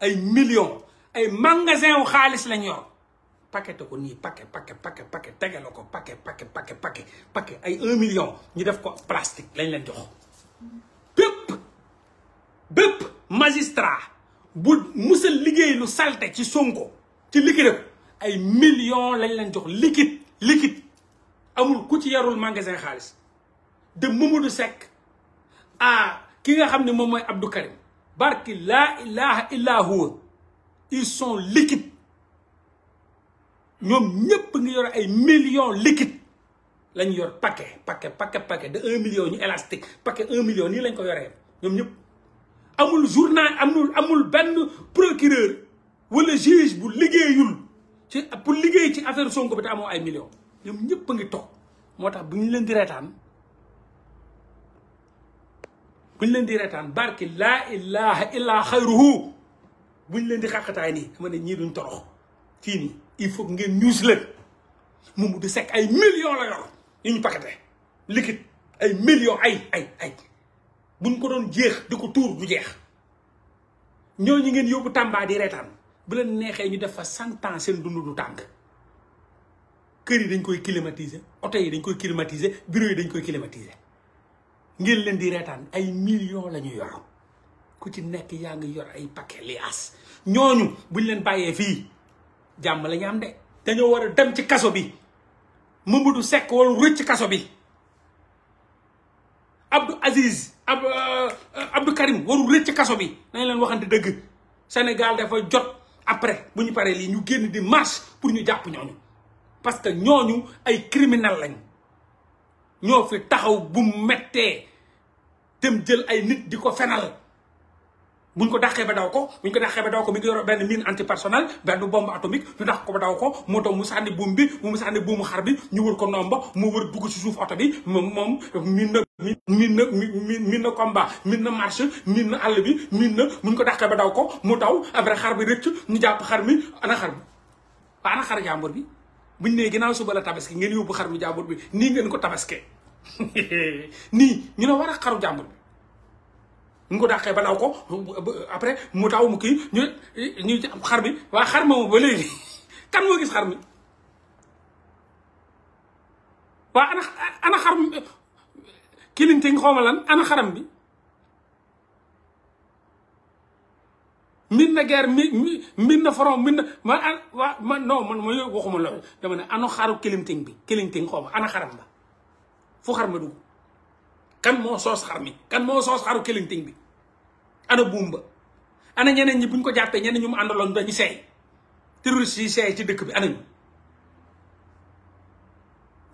ay millions ay magasin wu xaalis lañ yor paquet ko nii paquet paquet paquet paquet tegale ko paquet paquet paquet paquet paquet ay un million ñu def ko plastique lañ leen jox bépp bépp magistrat bu musa liggéey lu salte ci Sonko ci liquide ay millions lañ leen jox liquide liquide amul ku ci yarul magasin xaalis de Mamadou Seck ah ki nga xam ne moom mooy Abdou Karim barki laa ilaha illa huwa ils sont liquides ñoom ñëpp ngi yor ay millions liquide lañ yor paquet paquet paquet paquet de un million ñu élastique paquet un million ni lañ ko yoree ñoom ñëpp amul journal amul amul benn procureur wala juge bu liggéeyul ci pour liggéey ci affaire Sonko bi te amoo ay millions ñoom ñëpp a ngi toog moo tax bu ñu leen di reetaan bu leen di reetaan barki laa ilaha illa xayruhu bu ñu leen di xàqataay nii dama ne ñii duñ torox kii nii il faut ngeen ñuus leen moomu di sekk ay millions la yor yu ñu paquete liquide ay millions ay ay ay buñ ko doon jeex di ko tuur du jeex ñoo ñu ngeen yóbbu Tamba di reetaan bu leen neexee ñu def fa cent ans seen dund du tànk kër yi dañ koy climatiser oto yi dañ koy climatiser bureau yi dañ koy climatiser ngir leen di reetaan ay millions la ñu yor ku ci nekk yaa ngi yor ay paquet liaas ñooñu buñ leen bàyyee fii jàmm la ñu am de dañoo war a dem ci kaso bi Mamadou Seck wala rëcc kaso bi Abdou Aziz ab euh, Abdou Karim waru rëcc kaso bi dañ leen waxante dëgg Sénégal dafa jot après buñu paré li ñu génn di marche pour ñu japp ñooñu parce que ñooñu ay criminel lañ ñoo fi taxaw bu metté dem jël ay nit di fénal buñ ko daxé ba daw ko buñ ko daxé ba daw ko mi ngi yor benn mine antipersonnel benn bombe atomique ñu dax ko ba daw ko moto mu sandi bombe bi mu sandi bombe xar bi ñu wër ko nomba mu wër dugg ci suuf auto bi mom mine minna minna combat minna marche minna na minna bi minna muñ ko daxé ba daw ko mu daw après xar bi recc ñu japp xar mi ana xar bi ana xar jàmbur bi buñ né ginaaw suba la tabaski ngeen yóbbu xar mi jàmbur bi ni ngeen ko tabaské ni ñu ne wara xaru jàmbur bi ñu ko daxé ba daw ko après mu taw mu ki ñu ñu xar bi wa xar moomu ba léegi kan mo gis xar mi wa ana ana xar kilinte nga xawma lan ana xaram bi mbir na guerre mbir na front mbir na man wa man non man mooy waxuma dama ne ano xaru kilinting bi kilinting xawma ana xaram ba fu xar ma dugg kan moo soos xar mi kan moo soos xaru kilinting bi ana buum ba ana ñeneen ñi buñ ko jàppee ñeneen ñu mu àndaloon dañu seey terroriste yi seey ci dëkk bi ana ñu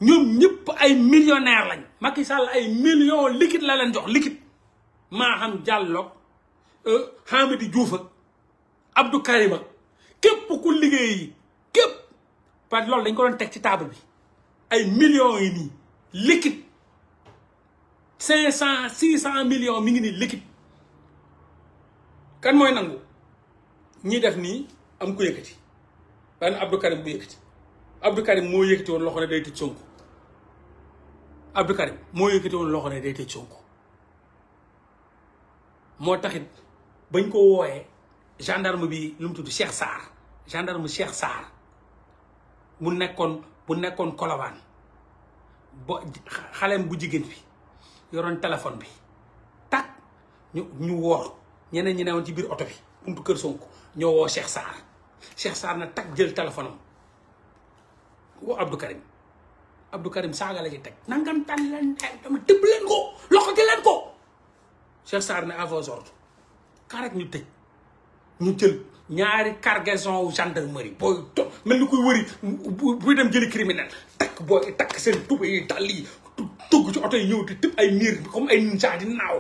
ñoom ñëpp ay millionnaire lañ Macky ay million liquide la leen jox liquide maa xam Diallo euh, Hamidi Diouf ak Abdou Karima képp ku liggéey képp parce loolu dañ ko doon teg ci table bi ay millions yi nii liquide cinq cent six cent millions mi ngi nii liquide kan mooy nangu ñi def nii am ku yëkkati benn Abdou Karim bu yëkkati Abdou moo yëkkati woon loxo ne day tëj Sonko abdou karim mo yëkkati won loxone day tëj sonko mo taxit bañ ko woyé gendarme bi lu mu tudd cheikh sar gendarme cheikh sar mu nekkon bu nekkon kolawan bo xalem bu jigen bi yoron telephone bi tak ñu ñu wor ñeneen ñi neewon ci biir auto bi buntu keur sonko ñoo wo cheikh sar cheikh sar na tak jël telephone am abdou karim Abdou Karim saaga la ci teg nangam tànn leen dama tëbb leen ko loxoti leen ko Cheikh Sarr ne à vos ordres ñu tëj ñu jël ñaari cargaison gendarmerie booy to mel ni kuy wëri buy dem jëli criminel takk booy takk seen tuba yi dal yi tugg ci oto yi ay miir comme ay ninja di naaw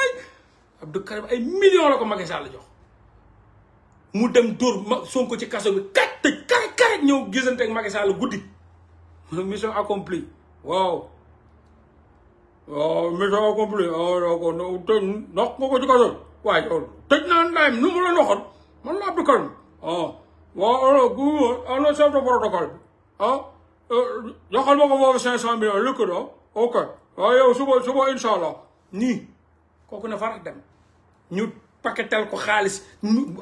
Abdou Karim ay millions la ko Macky Sall jox mu dem dóor Sonko ci kaso bi kat tëj karak karak ñëw gisante ak Macky Sall guddi mission accomplie waaw mission accomplie waaw ah, ko ko ci kaso waaye loolu tëj naa nu mu la noxoon man la Abdou Karim ah waaw gu ana chef de protocole bi ah euh, joxal ma ko foofu cent millions ah, lëkk doo ok waaw ah, yow suba suba incha allah nii kooku ne farax dem ñu paquetal ko xaalis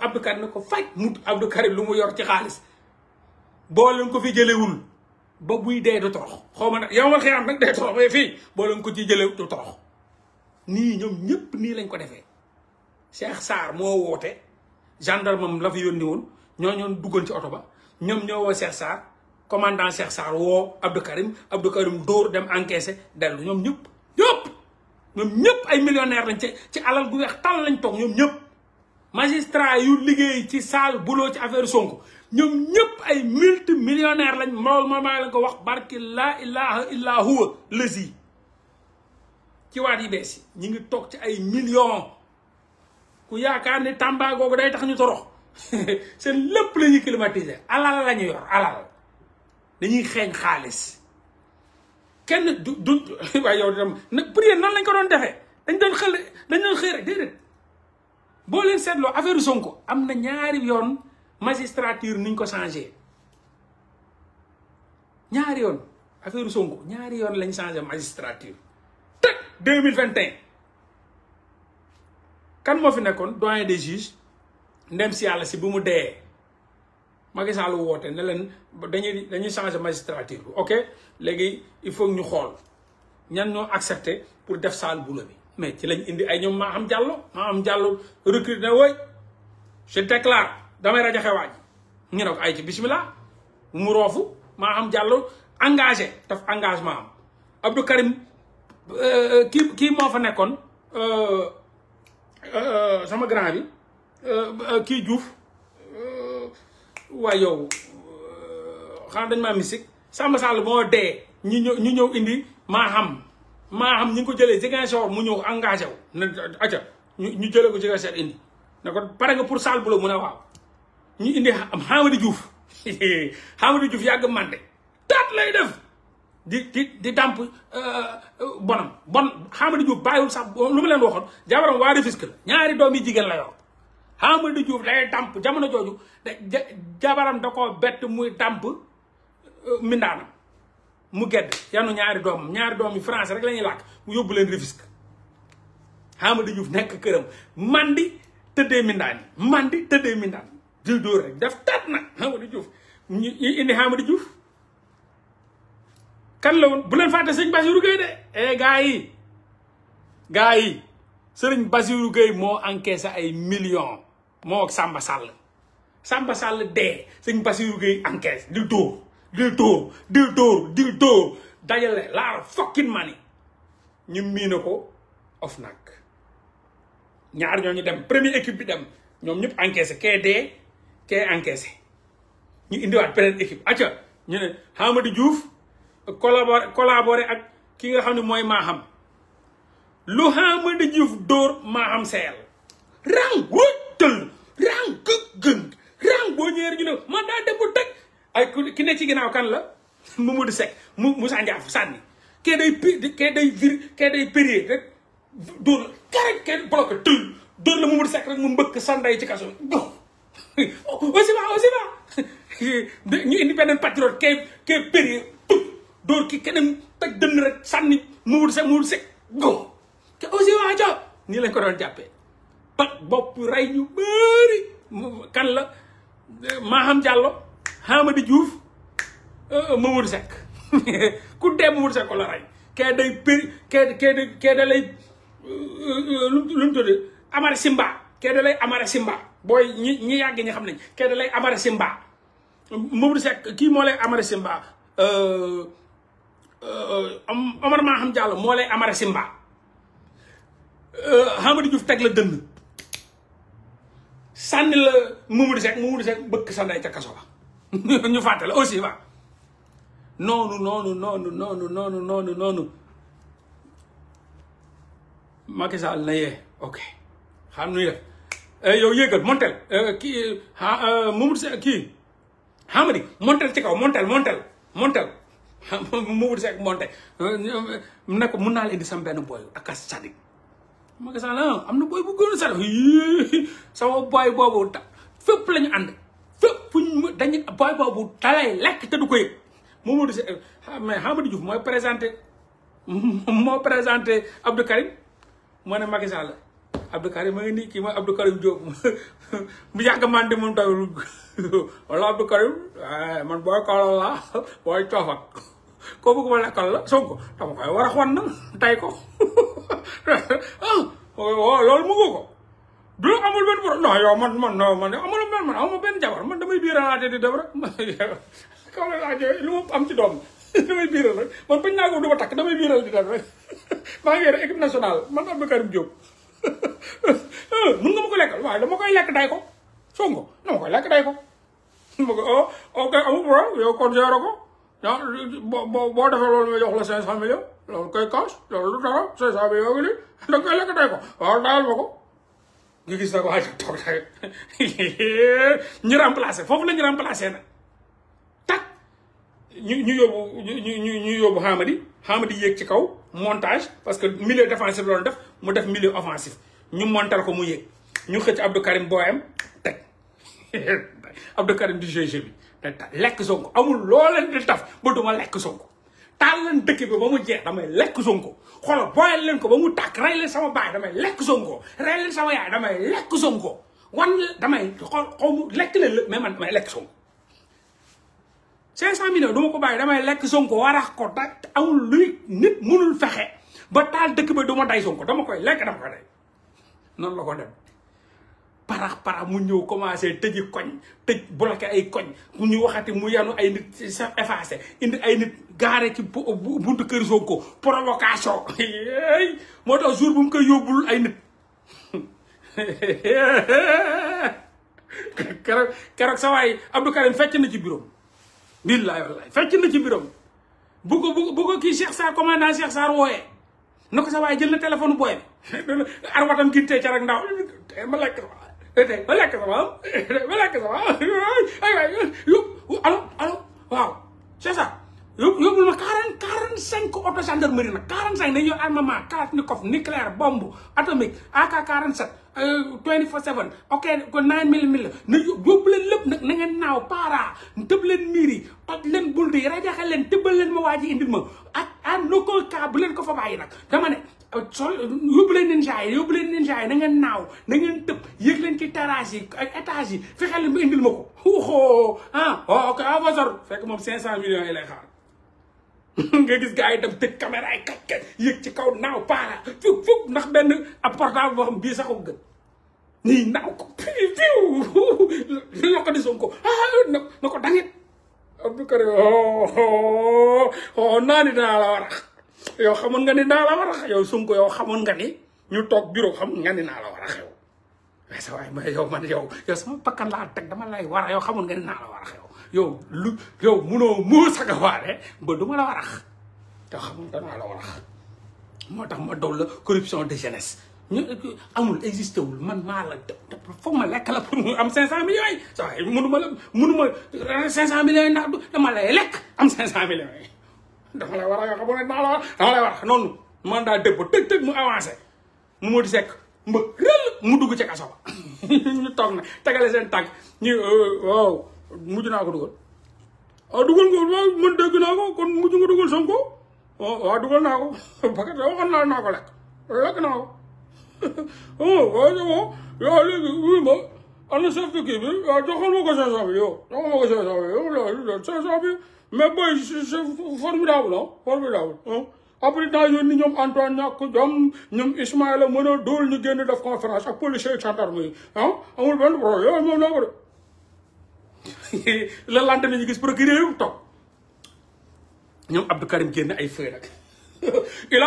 Abdou Karim ne ko faj mu Abdou Karim lu mu yor ci xaalis boo leen ko fi jëlewul ba buy dee du torox xaw ma nag yow man xiyaam nag day torox mais fii boo leen ko ci jëlee du torox nii ñoom ñëpp nii lañ ko defee Cheikh Sarr moo woote gendarme am la fi yónni woon ñoo ñoon duggoon ci oto ba ñoom ñoo woo Cheikh Sarr commandant Cheikh Sarr woo Abdou Karim Abdou Karim dóor dem encaissé dellu ñoom ñëpp ñëpp ñoom ñëpp ay millionnaire lañ ci ci alal gu weex tal lañ toog ñoom ñëpp magistrat yu liggéey ci saal buloo ci affaire Sonko ñoom ñëpp ay multi millionaire lañ mool ma maa la ko wax barki laa ilaha illa huwa lësi ci waat yi bees yi ñu ngi toog ci ay million ku yaakaar ne Tamba googu day tax ñu torox seen lépp la ñuy climatiser alal la yor alal dañuy xeeñ xaalis kenn du du waaye yow itam nan lañ ko doon defee dañ doon xël dañ doon xëy rek déedéet boo leen seetloo affaire Sonko am na ñaari yoon magistrature niñ ko changer ñaari yoon affaire Sonko ñaari yoon lañ changer magistrature teg 2021 kan mo fi nekkon doyen des juges ndem si yalla si bu mu dee Macky Sall woote ne leen dañuy dañuy changer magistrature bi ok léegi il faut ñu xol ñan ñoo accepter pour def sal boulot bi mais ci lañ indi ay ñom ma am jàllo ma am jàllo recruter na je déclare damay rajaxe waaj ñu ne ay ci bismillah mu roofu maa xam jàll engage daf engagement am Abdou Karim euh, ki kii moo fa nekkoon euh, euh, sama grand bi kii Diouf waaye yow xanaa dañ maa misik Samba Sall moo dee ñu ñëw ñu ñëw indi maa xam maa xam ñu ngi ko jëlee Ziguinchor mu ñëw engagé wu na aca ñu jëlee ko Ziguinchor indi ne ko pare nga pour Sall bu mun a waaw ñu indi am Hamady juuf Hamady juuf yàgg mànde taat lay def di di di dàmp euh, euh, bonam bon Hamady Diouf bàyyiwul sax lu ma leen waxoon jabaram waa Rufisque la ñaari doom yi jigéen la yor Hamady Diouf day dàmp jamono jooju da jabaram da koo bett muy dàmp euh, mindaanam mu gedd yanu ñaari doomam ñaari doom yi rek la ñuy làkk mu yóbbu leen Rufisque Hamady Diouf nekk këram mandi tëddee mindaan yi mandi tëddee mindaan di dóor rek daf tat nag Hamady Diouf ñu indi Hamady Diouf kan la woon bu leen fàtte sëñ Basirou Gueye de eh gars yi gars yi sëriñ Basirou Gueye moo encaissé ay millions moo ak Samba Sall Samba Sall dee sëñ Basirou Gueye encaisse di dóor di dóor di dóor di dóor ñu mii na ko of nag ñaar ñoo ñu dem premier équipe bi dem ñoom ñëpp encaissé kee dee kee encaissé ñu wat benen équipe acca ñu ne hamadou Diouf collaborer collaborer ak ki nga xamni moy Maham lu hamadou Diouf ma Maham sel. rang wutul rang gëggën rang bo ñeer ñu ne ma da dem bu tek ay ki ne ci ginaaw kan la Mamadou sek mu Moussa ndiaf sanni ke day ke day vir ke day périer rek dor la carré bloqué tël la Mamadou sek rek mu mbeuk sanday ci kasso aussi va ñu indi beneen patriote kay kay périr ki keneen toj dënn rek sànni muur sa muur sec go te aussi jox nii lañ ko doon jàppee pat bopp rey ñu bëri kan la Maham Diallo juuf Diouf euh, Mamadou Seck ku dee Mamadou Seck ko la rey kee day péri kee da lay euh, euh, lu mu tudd amara simba kee da lay amara simba booy ñi ñi yàgg ñi xam nañ kenn lay amara simba Mamadou Seck kii moo lay amara simba euh, euh, Omar maa xam Diallo moo lay euh, teg la dënn sànni la Mamadou Seck Mamadou Seck bëkk sa ndey ca kaso ba ñu fàtte aussi va noonu noonu noonu noonu noonu noonu noonu Macky na yee ok xam nu Eh, yow yéegal montel eh, kii eh, Mamadou Seck kii Hamadi montel ci kaw montel montel montel Mamadou Seck montel ne mun naa la indi sam benn booy ak sadik ma nga sala am na booy bu gën a sadi sama booy boobu ta fépp la ànd fépp dañu booy boobu dalay lekk te du ko yëg Mamadou Seck mais Hamadi mooy présenté moo présenté Abdou Karim moo ne Macky Sall abdul karim ini kima nii ma karim job, mu yàgg eh, man de moom tamit wala karim man booy kalala boy booy coofak koo bëgg ma lekkal la sonko dama koy war xon na tay ko oh lol mu ko du amul benn borom non nah, yow ya, man man nah, man amul benn man amul benn jabar man damay biiralaatee di def rek man ya. kaw la lu ma am ci doom damay biiral rek man bañ naa ko ma damay biiral di def rek ngi man abdul Karim job. mun nga ma ko lekkal waaye dama koy lekk day ko Sonko dama koy lekk day ko ma ko oh ok amul problème yow kon ko ah boo boo boo defee loolu ma jox la cinq cent millions loolu loolu lu dara lekk day ko waaw ah, dayal ma ko gis na ko waaye toog day ñu remplacé foofu la ñu remplacé na tak ñu ñu yóbbu ñu ñu ñu yóbbu ci kaw montage parce que milieu défensif loolu def mu def milieu offensif ñu montal ko mu yéeg ñu xëcc Abdou Karim booyam teg Abdou Karim di GG bi lekk Sonko amul loo leen di taf ba duma lekk Sonko taal leen dëkk bi ba mu jeex damay lekk Sonko xool booyal leen ko ba mu tàkk rey leen sama baay damay lekk Sonko rey leen sama yaay damay lekk Sonko wan damay xool xaw mu lekk leen mais man damay lekk Sonko 500 millions du ma ko bàyyi damay lekk Sonko warax ko dak amul luy nit munul fexe ba taal dëkk ba du ma day Sonko dama koy lekk dama ko day noonu la ko dem parax parax mu ñëw commencé tëji koñ tëj bloqué ay koñ mu ñuy waxati mu yanu ay nit sa effacé indi ay nit gaare ci buntu kër Sonko provocation moo tax jour bu mu koy yóbbul ay nit keroog keroog sa waay Abdou Karim fecc na ci bureau billaay wallaay fecc na ci mbiram bu ko bu ko kii Cheikh Sarr commandant Cheikh Sarr wooyee na ko sa waaye jël na téléphone booy bi arwatam kii tey ca rek ndaw ma lekk sama tey ma lekk sama ma lekk sama ay waay yób allo allo waaw Cheikh Sarr yób yóbbul ma quarante quarante cinq auto Euh, twenty four seven ok kon nine millimètres la na yóbbu leen lépp na ngeen naaw para tëb leen miir yi toj leen bunt yi rajaxe leen tëbbal leen ma waa ji indil ma ak en aucun cas bu leen ko fa bàyyi nag dama ne euh, sol yóbbu leen ninja yi leen ninja yi na ngeen naaw na ngeen tëb yéeg leen ci terrasse yi ak étage yi fexe leen mu indil ma ko wuxoo ah ok avasor fekk moom cinq cent million yi lay xaar nga gis gars yi dem tëj caméra yi kat kat ci kaw naaw para fukk fukk ndax benn ab portable boo xam bii saxu ñuy naaw ko piw piw loko di Sonko ah, a na ko dangit Abdou Karim o oh, oh, oh, naa ni dinaa la warax yow xamoon nga ni dinaa la warax yow Sonko xamoon nga ni ñu toog bureau xamoon nga ni naa la warax yow sama pakkan laa teg dama lay warax yow xamoon nga ni naa la warax yow lu yow munoo muus ak a waale ba du la warax yow xamoon nga naa la warax moo tax ma dool la corruption de jeunesse ñu amul existé wul man maa la foog ma lekk la pour mu am 500 millions yi saa yi mënuma la mënuma 500 ah, millions yi ndax du dama lay lekk am 500 millions yi. dama lay war a yoo xam ne dama la war dama lay war a noonu mandat dépôt tëg tëg mu avancé mu moo di sekk mbëg rël mu dugg ci kaso ba ñu toog na tegale seen tànk ñu euh, waaw mujj naa ko dugal. ah dugal nga waaw man dégg naa ko kon mujj nga dugal Sonko waaw oh, ah, dugal naa ko parce que waxoon naa naa ko lekk lekk naa ko. waaw waaw waaw léegi wuyu ma am na chef de kii bi waaw joxal ma bi yow joxal ma ko 500 bi yow boy formidable ah formidable ah. après daa yónni ñoom Antoine ñàkk jom ñoom Ismaïla mën a dóol ñu def conférence ak policier ak gendarme yi amul benn problème yow moom naa ko de. le lendemain ñu gis procureur yëpp toog ñoom Abdou Karim génn ay feuilles nag il a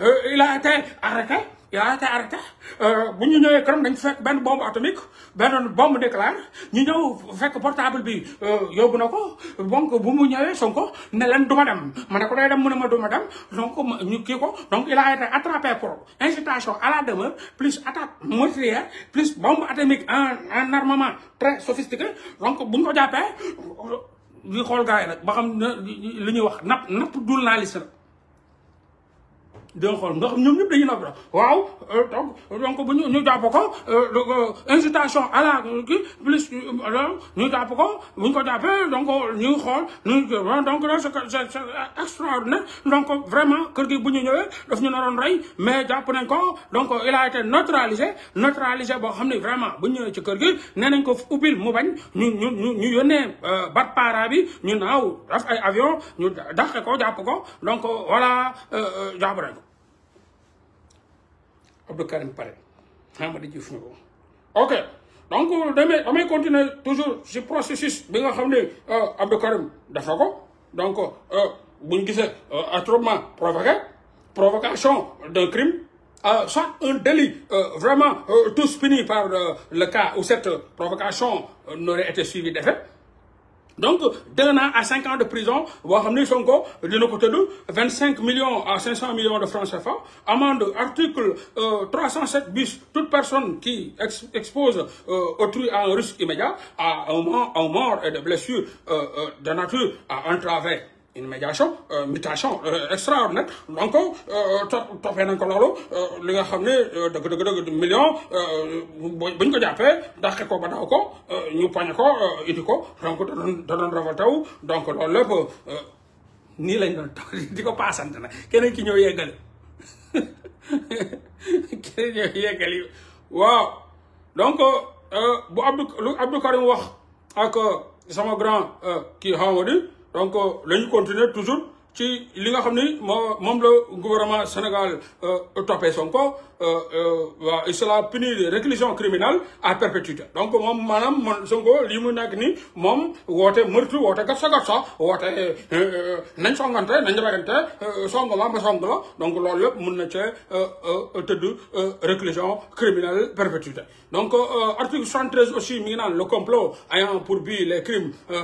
euh, yow arrêté arrêté euh, bu ñu ñëwee ka këram dañ fekk benn bombe atomique benn bombe nucléaire ñu ñëw fekk portable bi euh, yóbbu na ko donc bu mu ñëwee Sonko ne leen du ma dem ma ne ko day dem mu ne ma du ma dem donc ñu kii ko donc il a été attrapé pour incitation à la demeure plus attaque meurtrière plus bombe atomique en en armement très sophistiqué donc bu ñu ko jàppee ñu xool gars yi nag ba xam li ñuy wax napp napp journaliste la doo xool nga ñoom ñëpp dañuy noppi waaw euh, donc donc bu ñu ñu jàpp ko euh, euh, incitation à la kii plus ñu jàpp ko bu ñu ko jàpp donc ñu xool nu donc c'est extraordinaire donc vraiment kër gi bu ñu ñëwee daf ñu naroon rey mais jàpp nañ ko donc il a été neutralisé neutralisé boo xam ne vraiment bu ñu ñëwee ci kër gi nee nañ ko ubbil mu bañ ñu ñu ñu ñu yónnee bat bi ñu naaw daf ay avion ñu ko jàpp ko donc wala jàpp nañ Abdou Karim Paré Hamadi Diouf ok donc on continue toujours ce processus bi nga xam euh, Abdou Karim d'accord. ko donc euh, bu euh, attroupement provoqué provocation d'un crime soit un délit vraiment tous punis par le cas où cette provocation n'aurait été suivie d'effet donc d'un an à cinq ans de prison 25 Sonko de nos côtés, vingt millions à 500 millions de francs CFA amende article 307 euh, bis toute personne qui expose euh, autrui à un risque immédiat à un mort et de blessures euh, de nature à un travail. une médiation euh, mutation euh, extraordinaire donc euh, toppee nañ ko li nga xam ne dëgg dëgg dëgg million buñ ko jàppee dàqe ko ba daw ko ñu poñe ko indi ko donc doon révolté wu donc loolu lépp nii lañ doon di ko paasante nag keneen ki ñëw yeggali keneen ñëw yeggali waaw donc bu Abdou Karim wax ak sama grand kii xaw donc lañu continuer toujours ci li nga xam ni moo moom la gouvernement Sénégal euh, toppee Sonko euh, euh, waaw il sera puni de réclusion criminelle à perpétuité donc moom maanaam man Sonko lii mu nekk ni moom woote meurtre woote gat sa gat woote nañ songante nañ ragante song la ma la donc loolu lépp mun na cee tëdd réclusion criminelle perpétuité Donc, euh, euh, article 73 aussi, le complot ayant pour but les crimes euh,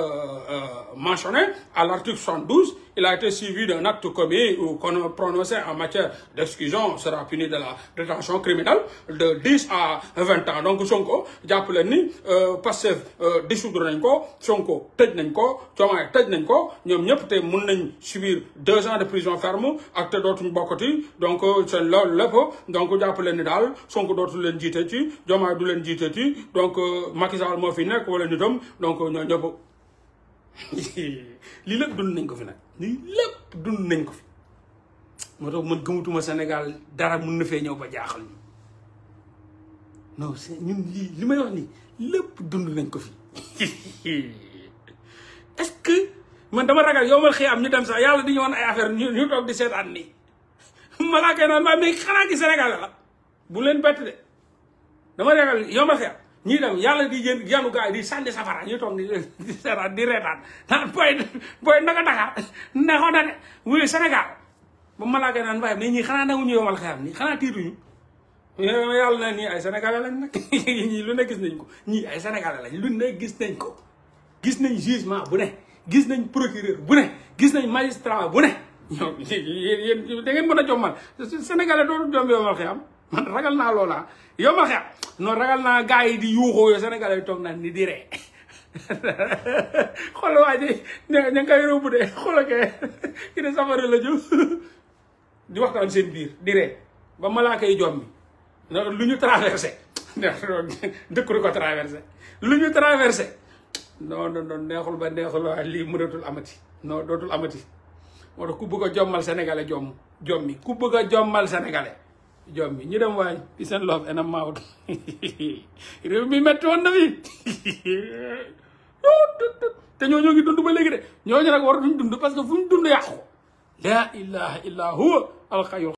mentionnés, à l'article 72, il a été suivi d'un acte commis ou qu'on prononcé en matière d'exclusion sera puni de la détention criminelle de 10 à 20 ans. Donc, Sonko, Diapolani, Passef, dissoudre Nenko, Sonko, Tej Nenko, Tchouan Tej Nenko, nous, Nyop, Te Mounen subir deux ans de prison ferme, acte d'autres Mbokoti, donc, c'est là, donc, ni Dal, Sonko d'autres Lenjitechi, Djamay du leen donc euh, Macky Sall moo fi nek wala nitam donc euh, ñoo ñop li lepp dund nañ ko fi nak li lepp dund nañ ko fi moo tax man gëmutuma Sénégal dara mun na fee ñëw ba jaaxal ñu non c'est ñun li may wax ni lepp dund nañ ko fi est-ce que man dama ragal yowal xiyam ñu dem sax yalla di ñu woon ay affaire ñu ñu toog di seetaan nii malaaka naan maa mais xana ci Sénégal la bu len bett de dama ragal yomal xeer ñuy yàlla di jën yanu gars yi di sànni safara ñu toog di seetaan di reetaan naan booy booy naka Dakar neexoon na de wuyu Sénégal ba ma laa koy naan nii xanaa tiituñu eh, yàlla nii ay sénégalais lu ne gis nañ ko ñii ay gis nañ ko gis nañ jugement bu ne gis nañ procureur bu ne gis nañ magistrat bu ne ñoom yéen da ngeen mën a jommal sénégalais doo jomb yomal xeer am man ragal naa loola yow ma xeex non ragal naa gars yi di yuuxoo yo Sénégal yi toog naan ni di ree xool waa ji ña nga koy romb de xoolal kay ki ne safara la jëm di waxtaan seen biir di ree ba malaaka yi jommi lu ñu traversé dëkk du lu ñu traversé non non non neexul ba neexul waaye lii mënatul amati non dootul amati moo tax ku bëgg a jommal sénégalais jomm jommi ku bëgg a jommal sénégalais jom bi ñu dem waay bi seen loof enam maawut réew mi metti woon na te ñoo ñoo ngi dund ba léegi de ñooñu nag war duñ dund parce que fu ñu dund yàqu la ilaha illa huwa alxayul